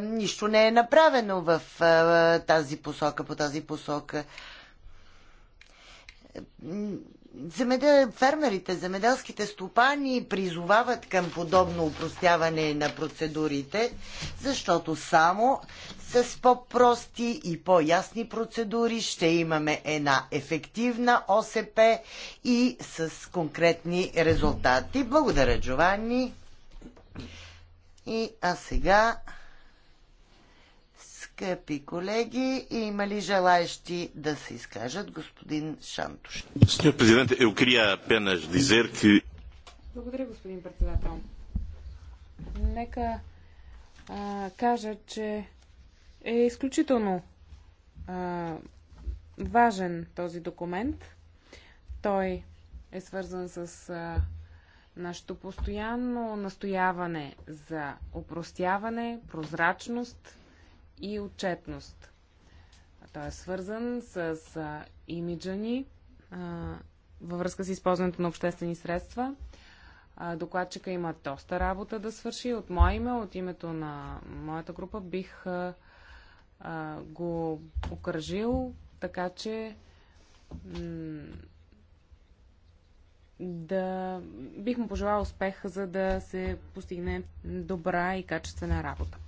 нищо не е направено в е, тази посока, по тази посока фермерите, земеделските стопани призовават към подобно упростяване на процедурите, защото само с по-прости и по-ясни процедури ще имаме една ефективна ОСП и с конкретни резултати. Благодаря, Джованни. И а сега Скъпи колеги, има ли желаещи да се изкажат господин Шантош?
Сеньор президент, eu queria apenas dizer que...
Благодаря, господин председател. Нека а, кажа, че е изключително а, важен този документ. Той е свързан с а, нашето постоянно настояване за опростяване, прозрачност и отчетност. Той е свързан с а, имиджа ни а, във връзка с използването на обществени средства. А, докладчика има доста работа да свърши. От мое име, от името на моята група бих а, а, го окръжил, така че да бих му пожелал успех, за да се постигне добра и качествена работа.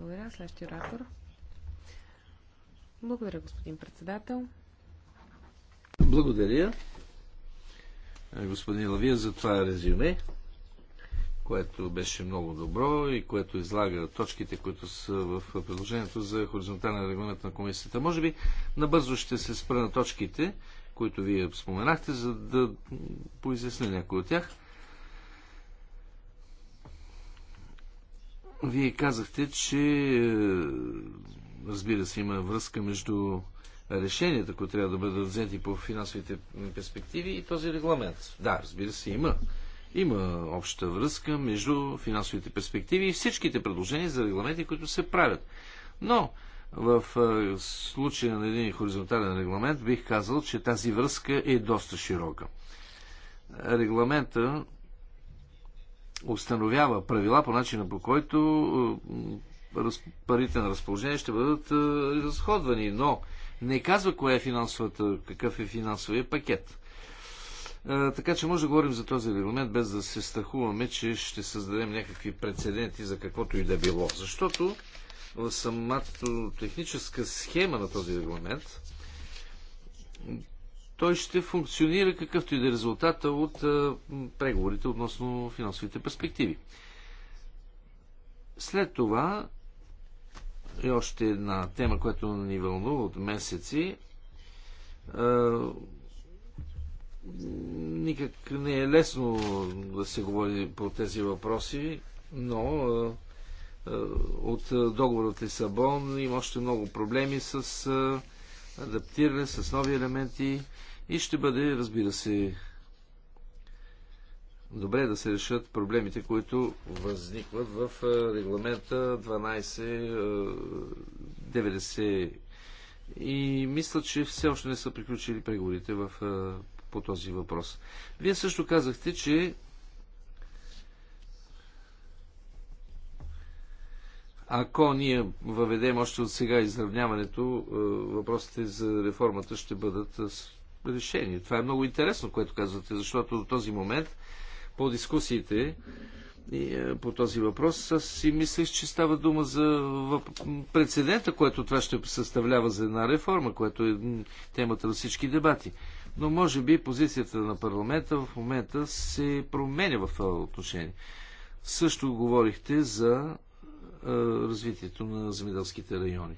Благодаря. Следващия оратор. Благодаря, господин председател.
Благодаря, господин Лавия, за това резюме, което беше много добро и което излага точките, които са в предложението за хоризонтален регламент на комисията. Може би набързо ще се спра на точките, които вие споменахте, за да поизясня някои от тях. Вие казахте, че е, разбира се има връзка между решенията, които трябва да бъдат взети по финансовите перспективи и този регламент. Да, разбира се, има. Има обща връзка между финансовите перспективи и всичките предложения за регламенти, които се правят. Но в е, случая на един хоризонтален регламент бих казал, че тази връзка е доста широка. Регламента установява правила по начина по който е, парите на разположение ще бъдат е, разходвани, но не казва кое е финансовата, какъв е финансовия пакет. Е, така че може да говорим за този регламент без да се страхуваме, че ще създадем някакви прецеденти за каквото и да било. Защото в самата техническа схема на този регламент той ще функционира какъвто и да е резултата от преговорите относно финансовите перспективи. След това е още една тема, която ни вълнува от месеци. Никак не е лесно да се говори по тези въпроси, но от договора от Лисабон има още много проблеми с адаптиране, с нови елементи и ще бъде, разбира се, добре да се решат проблемите, които възникват в е, регламента 1290. Е, И мисля, че все още не са приключили преговорите в, е, по този въпрос. Вие също казахте, че ако ние въведем още от сега изравняването, въпросите за реформата ще бъдат решение. Това е много интересно, което казвате, защото до този момент по дискусиите и, е, по този въпрос аз си мислех, че става дума за прецедента, което това ще съставлява за една реформа, което е темата на всички дебати. Но може би позицията на парламента в момента се променя в това отношение. Също говорихте за е, развитието на земеделските райони.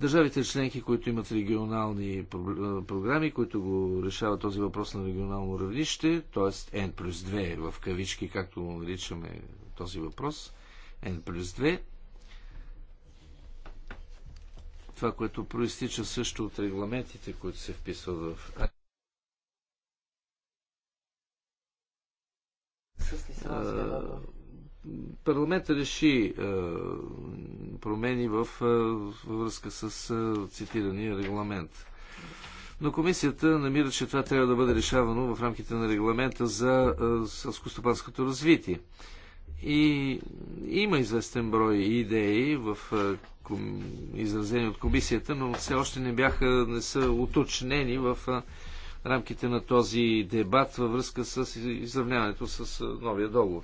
Държавите членки, които имат регионални програми, които го решават този въпрос на регионално равнище, т.е. N плюс 2 е в кавички, както наричаме този въпрос, N плюс 2, това, което проистича също от регламентите, които се вписват в парламент реши е, промени в е, връзка с е, цитирания регламент. Но комисията намира, че това трябва да бъде решавано в рамките на регламента за сълскостопанското развитие. И има известен брой идеи в изразени от комисията, но все още не бяха, не са уточнени в рамките на този дебат във връзка с изравняването с новия договор.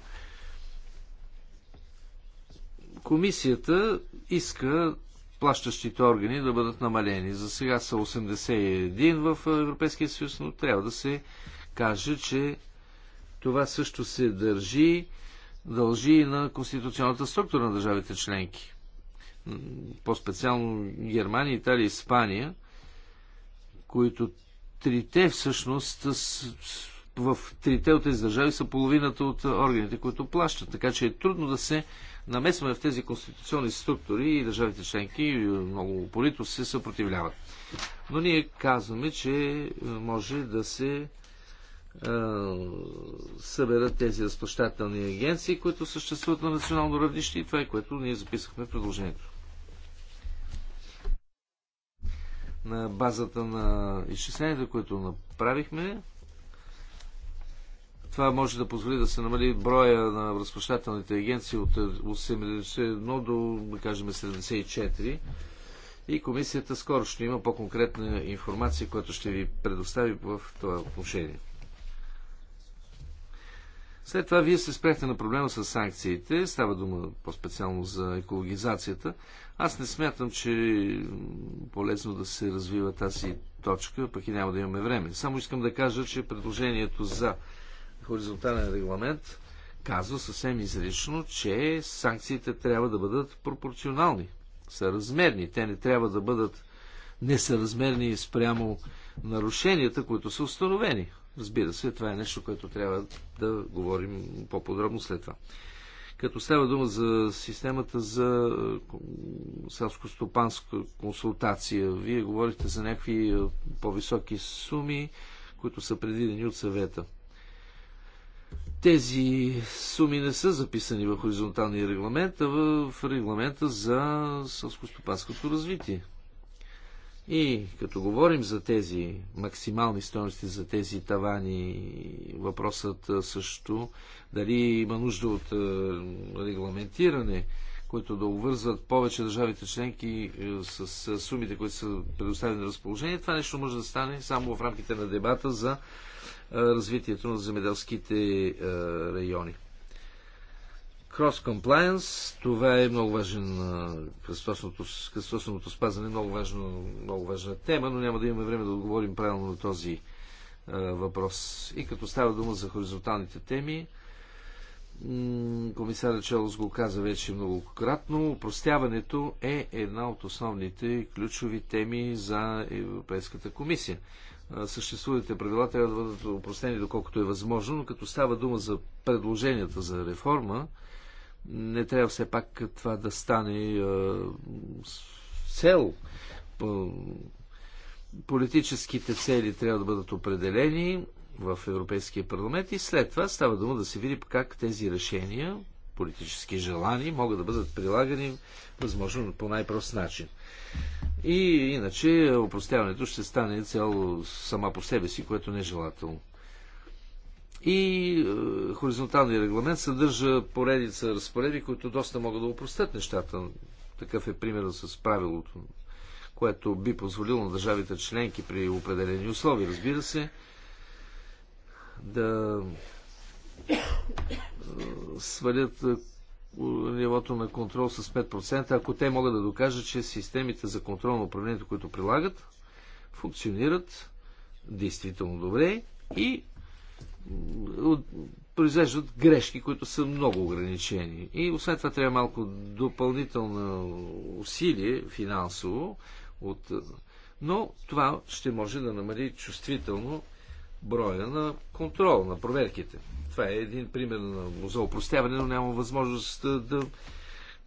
Комисията иска плащащите органи да бъдат намалени. За сега са 81 в Европейския съюз, но трябва да се каже, че това също се държи, дължи и на конституционната структура на държавите членки. По-специално Германия, Италия и Испания, които трите всъщност в трите от тези държави са половината от органите, които плащат. Така че е трудно да се намесваме в тези конституционни структури и държавите членки много полито, се съпротивляват. Но ние казваме, че е, може да се е, съберат тези разплащателни агенции, които съществуват на национално равнище и това е което ние записахме в предложението. На базата на изчисленията, които направихме, това може да позволи да се намали броя на разплащателните агенции от 81 до, да кажем, 74. И комисията скоро ще има по-конкретна информация, която ще ви предостави в това отношение. След това вие се спряхте на проблема с санкциите. Става дума по-специално за екологизацията. Аз не смятам, че е полезно да се развива тази точка, пък и няма да имаме време. Само искам да кажа, че предложението за хоризонтален регламент казва съвсем изрично, че санкциите трябва да бъдат пропорционални, съразмерни. Те не трябва да бъдат несъразмерни спрямо нарушенията, които са установени. Разбира се, това е нещо, което трябва да говорим по-подробно след това. Като става дума за системата за селско-стопанска консултация, вие говорите за някакви по-високи суми, които са предвидени от съвета. Тези суми не са записани в хоризонталния регламент, а в регламента за сълскостопанското развитие. И като говорим за тези максимални стоености, за тези тавани, въпросът също дали има нужда от регламентиране, които да обвързват повече държавите членки с сумите, които са предоставени на разположение, това нещо може да стане само в рамките на дебата за развитието на земеделските райони. Cross compliance, това е много важен, кръстосното спазване, много, важно, много важна тема, но няма да имаме време да отговорим правилно на този въпрос. И като става дума за хоризонталните теми, комисарът Челос го каза вече многократно, простяването е една от основните ключови теми за Европейската комисия съществувате правила трябва да бъдат упростени доколкото е възможно, но като става дума за предложенията за реформа, не трябва все пак това да стане цел. Политическите цели трябва да бъдат определени в Европейския парламент и след това става дума да се види как тези решения, политически желания, могат да бъдат прилагани възможно по най-прост начин. И иначе опростяването ще стане цяло сама по себе си, което не е желателно. И е, хоризонталния регламент съдържа поредица разпореди, които доста могат да опростят нещата. Такъв е примерът с правилото, което би позволило на държавите членки при определени условия, разбира се, да е, свалят е, нивото на контрол с 5%, ако те могат да докажат, че системите за контрол на управлението, които прилагат, функционират действително добре и произвеждат грешки, които са много ограничени. И освен това трябва малко допълнително усилие финансово, от... но това ще може да намали чувствително броя на контрол, на проверките. Това е един пример за упростяване, но няма възможност да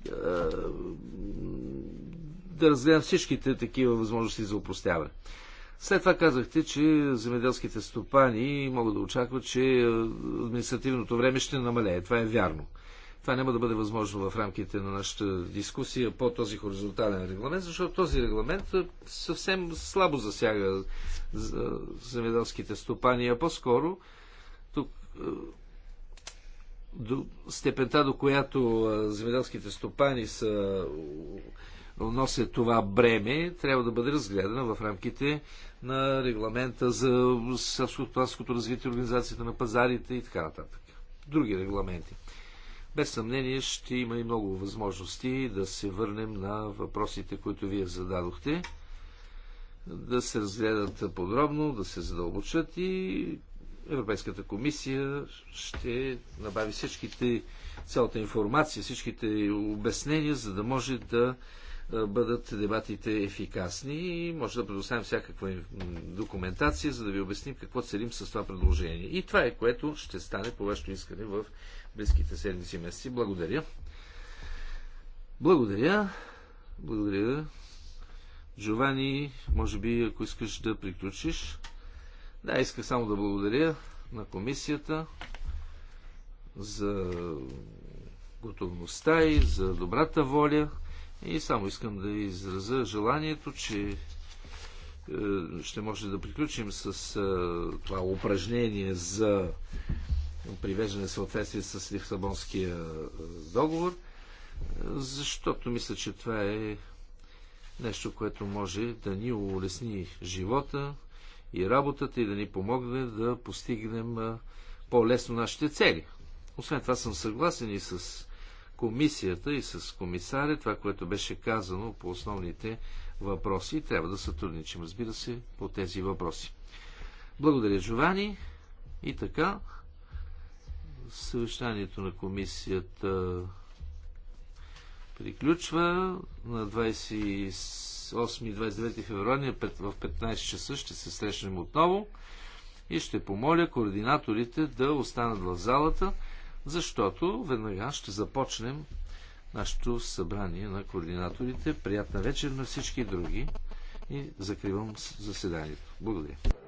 е, да разгледам всичките такива възможности за упростяване. След това казахте, че земеделските стопани могат да очакват, че е, административното време ще намалее. Това е вярно. Това няма да бъде възможно в рамките на нашата дискусия по този хоризонтален регламент, защото този регламент съвсем слабо засяга земеделските стопани, а по-скоро тук до степента, до която земеделските стопани са носят това бреме, трябва да бъде разгледана в рамките на регламента за селско развитие, организацията на пазарите и така нататък. Други регламенти. Без съмнение ще има и много възможности да се върнем на въпросите, които вие зададохте, да се разгледат подробно, да се задълбочат и Европейската комисия ще набави всичките, цялата информация, всичките обяснения, за да може да бъдат дебатите ефикасни и може да предоставим всякаква документация, за да ви обясним какво целим с това предложение. И това е което ще стане по вашето искане в близките седмици месеци. Благодаря. Благодаря. Благодаря. Джовани, може би, ако искаш да приключиш. Да, исках само да благодаря на комисията за готовността и за добрата воля. И само искам да изразя желанието, че е, ще може да приключим с е, това упражнение за привеждане в съответствие с Лисабонския договор, защото мисля, че това е нещо, което може да ни улесни живота и работата и да ни помогне да постигнем по-лесно нашите цели. Освен това съм съгласен и с комисията и с комисаря, това, което беше казано по основните въпроси трябва да сътрудничим, разбира се, по тези въпроси. Благодаря, Жовани. И така, Съвещанието на комисията приключва на 28-29 февруари в 15 часа ще се срещнем отново и ще помоля координаторите да останат в залата, защото веднага ще започнем нашето събрание на координаторите. Приятна вечер на всички други и закривам заседанието. Благодаря.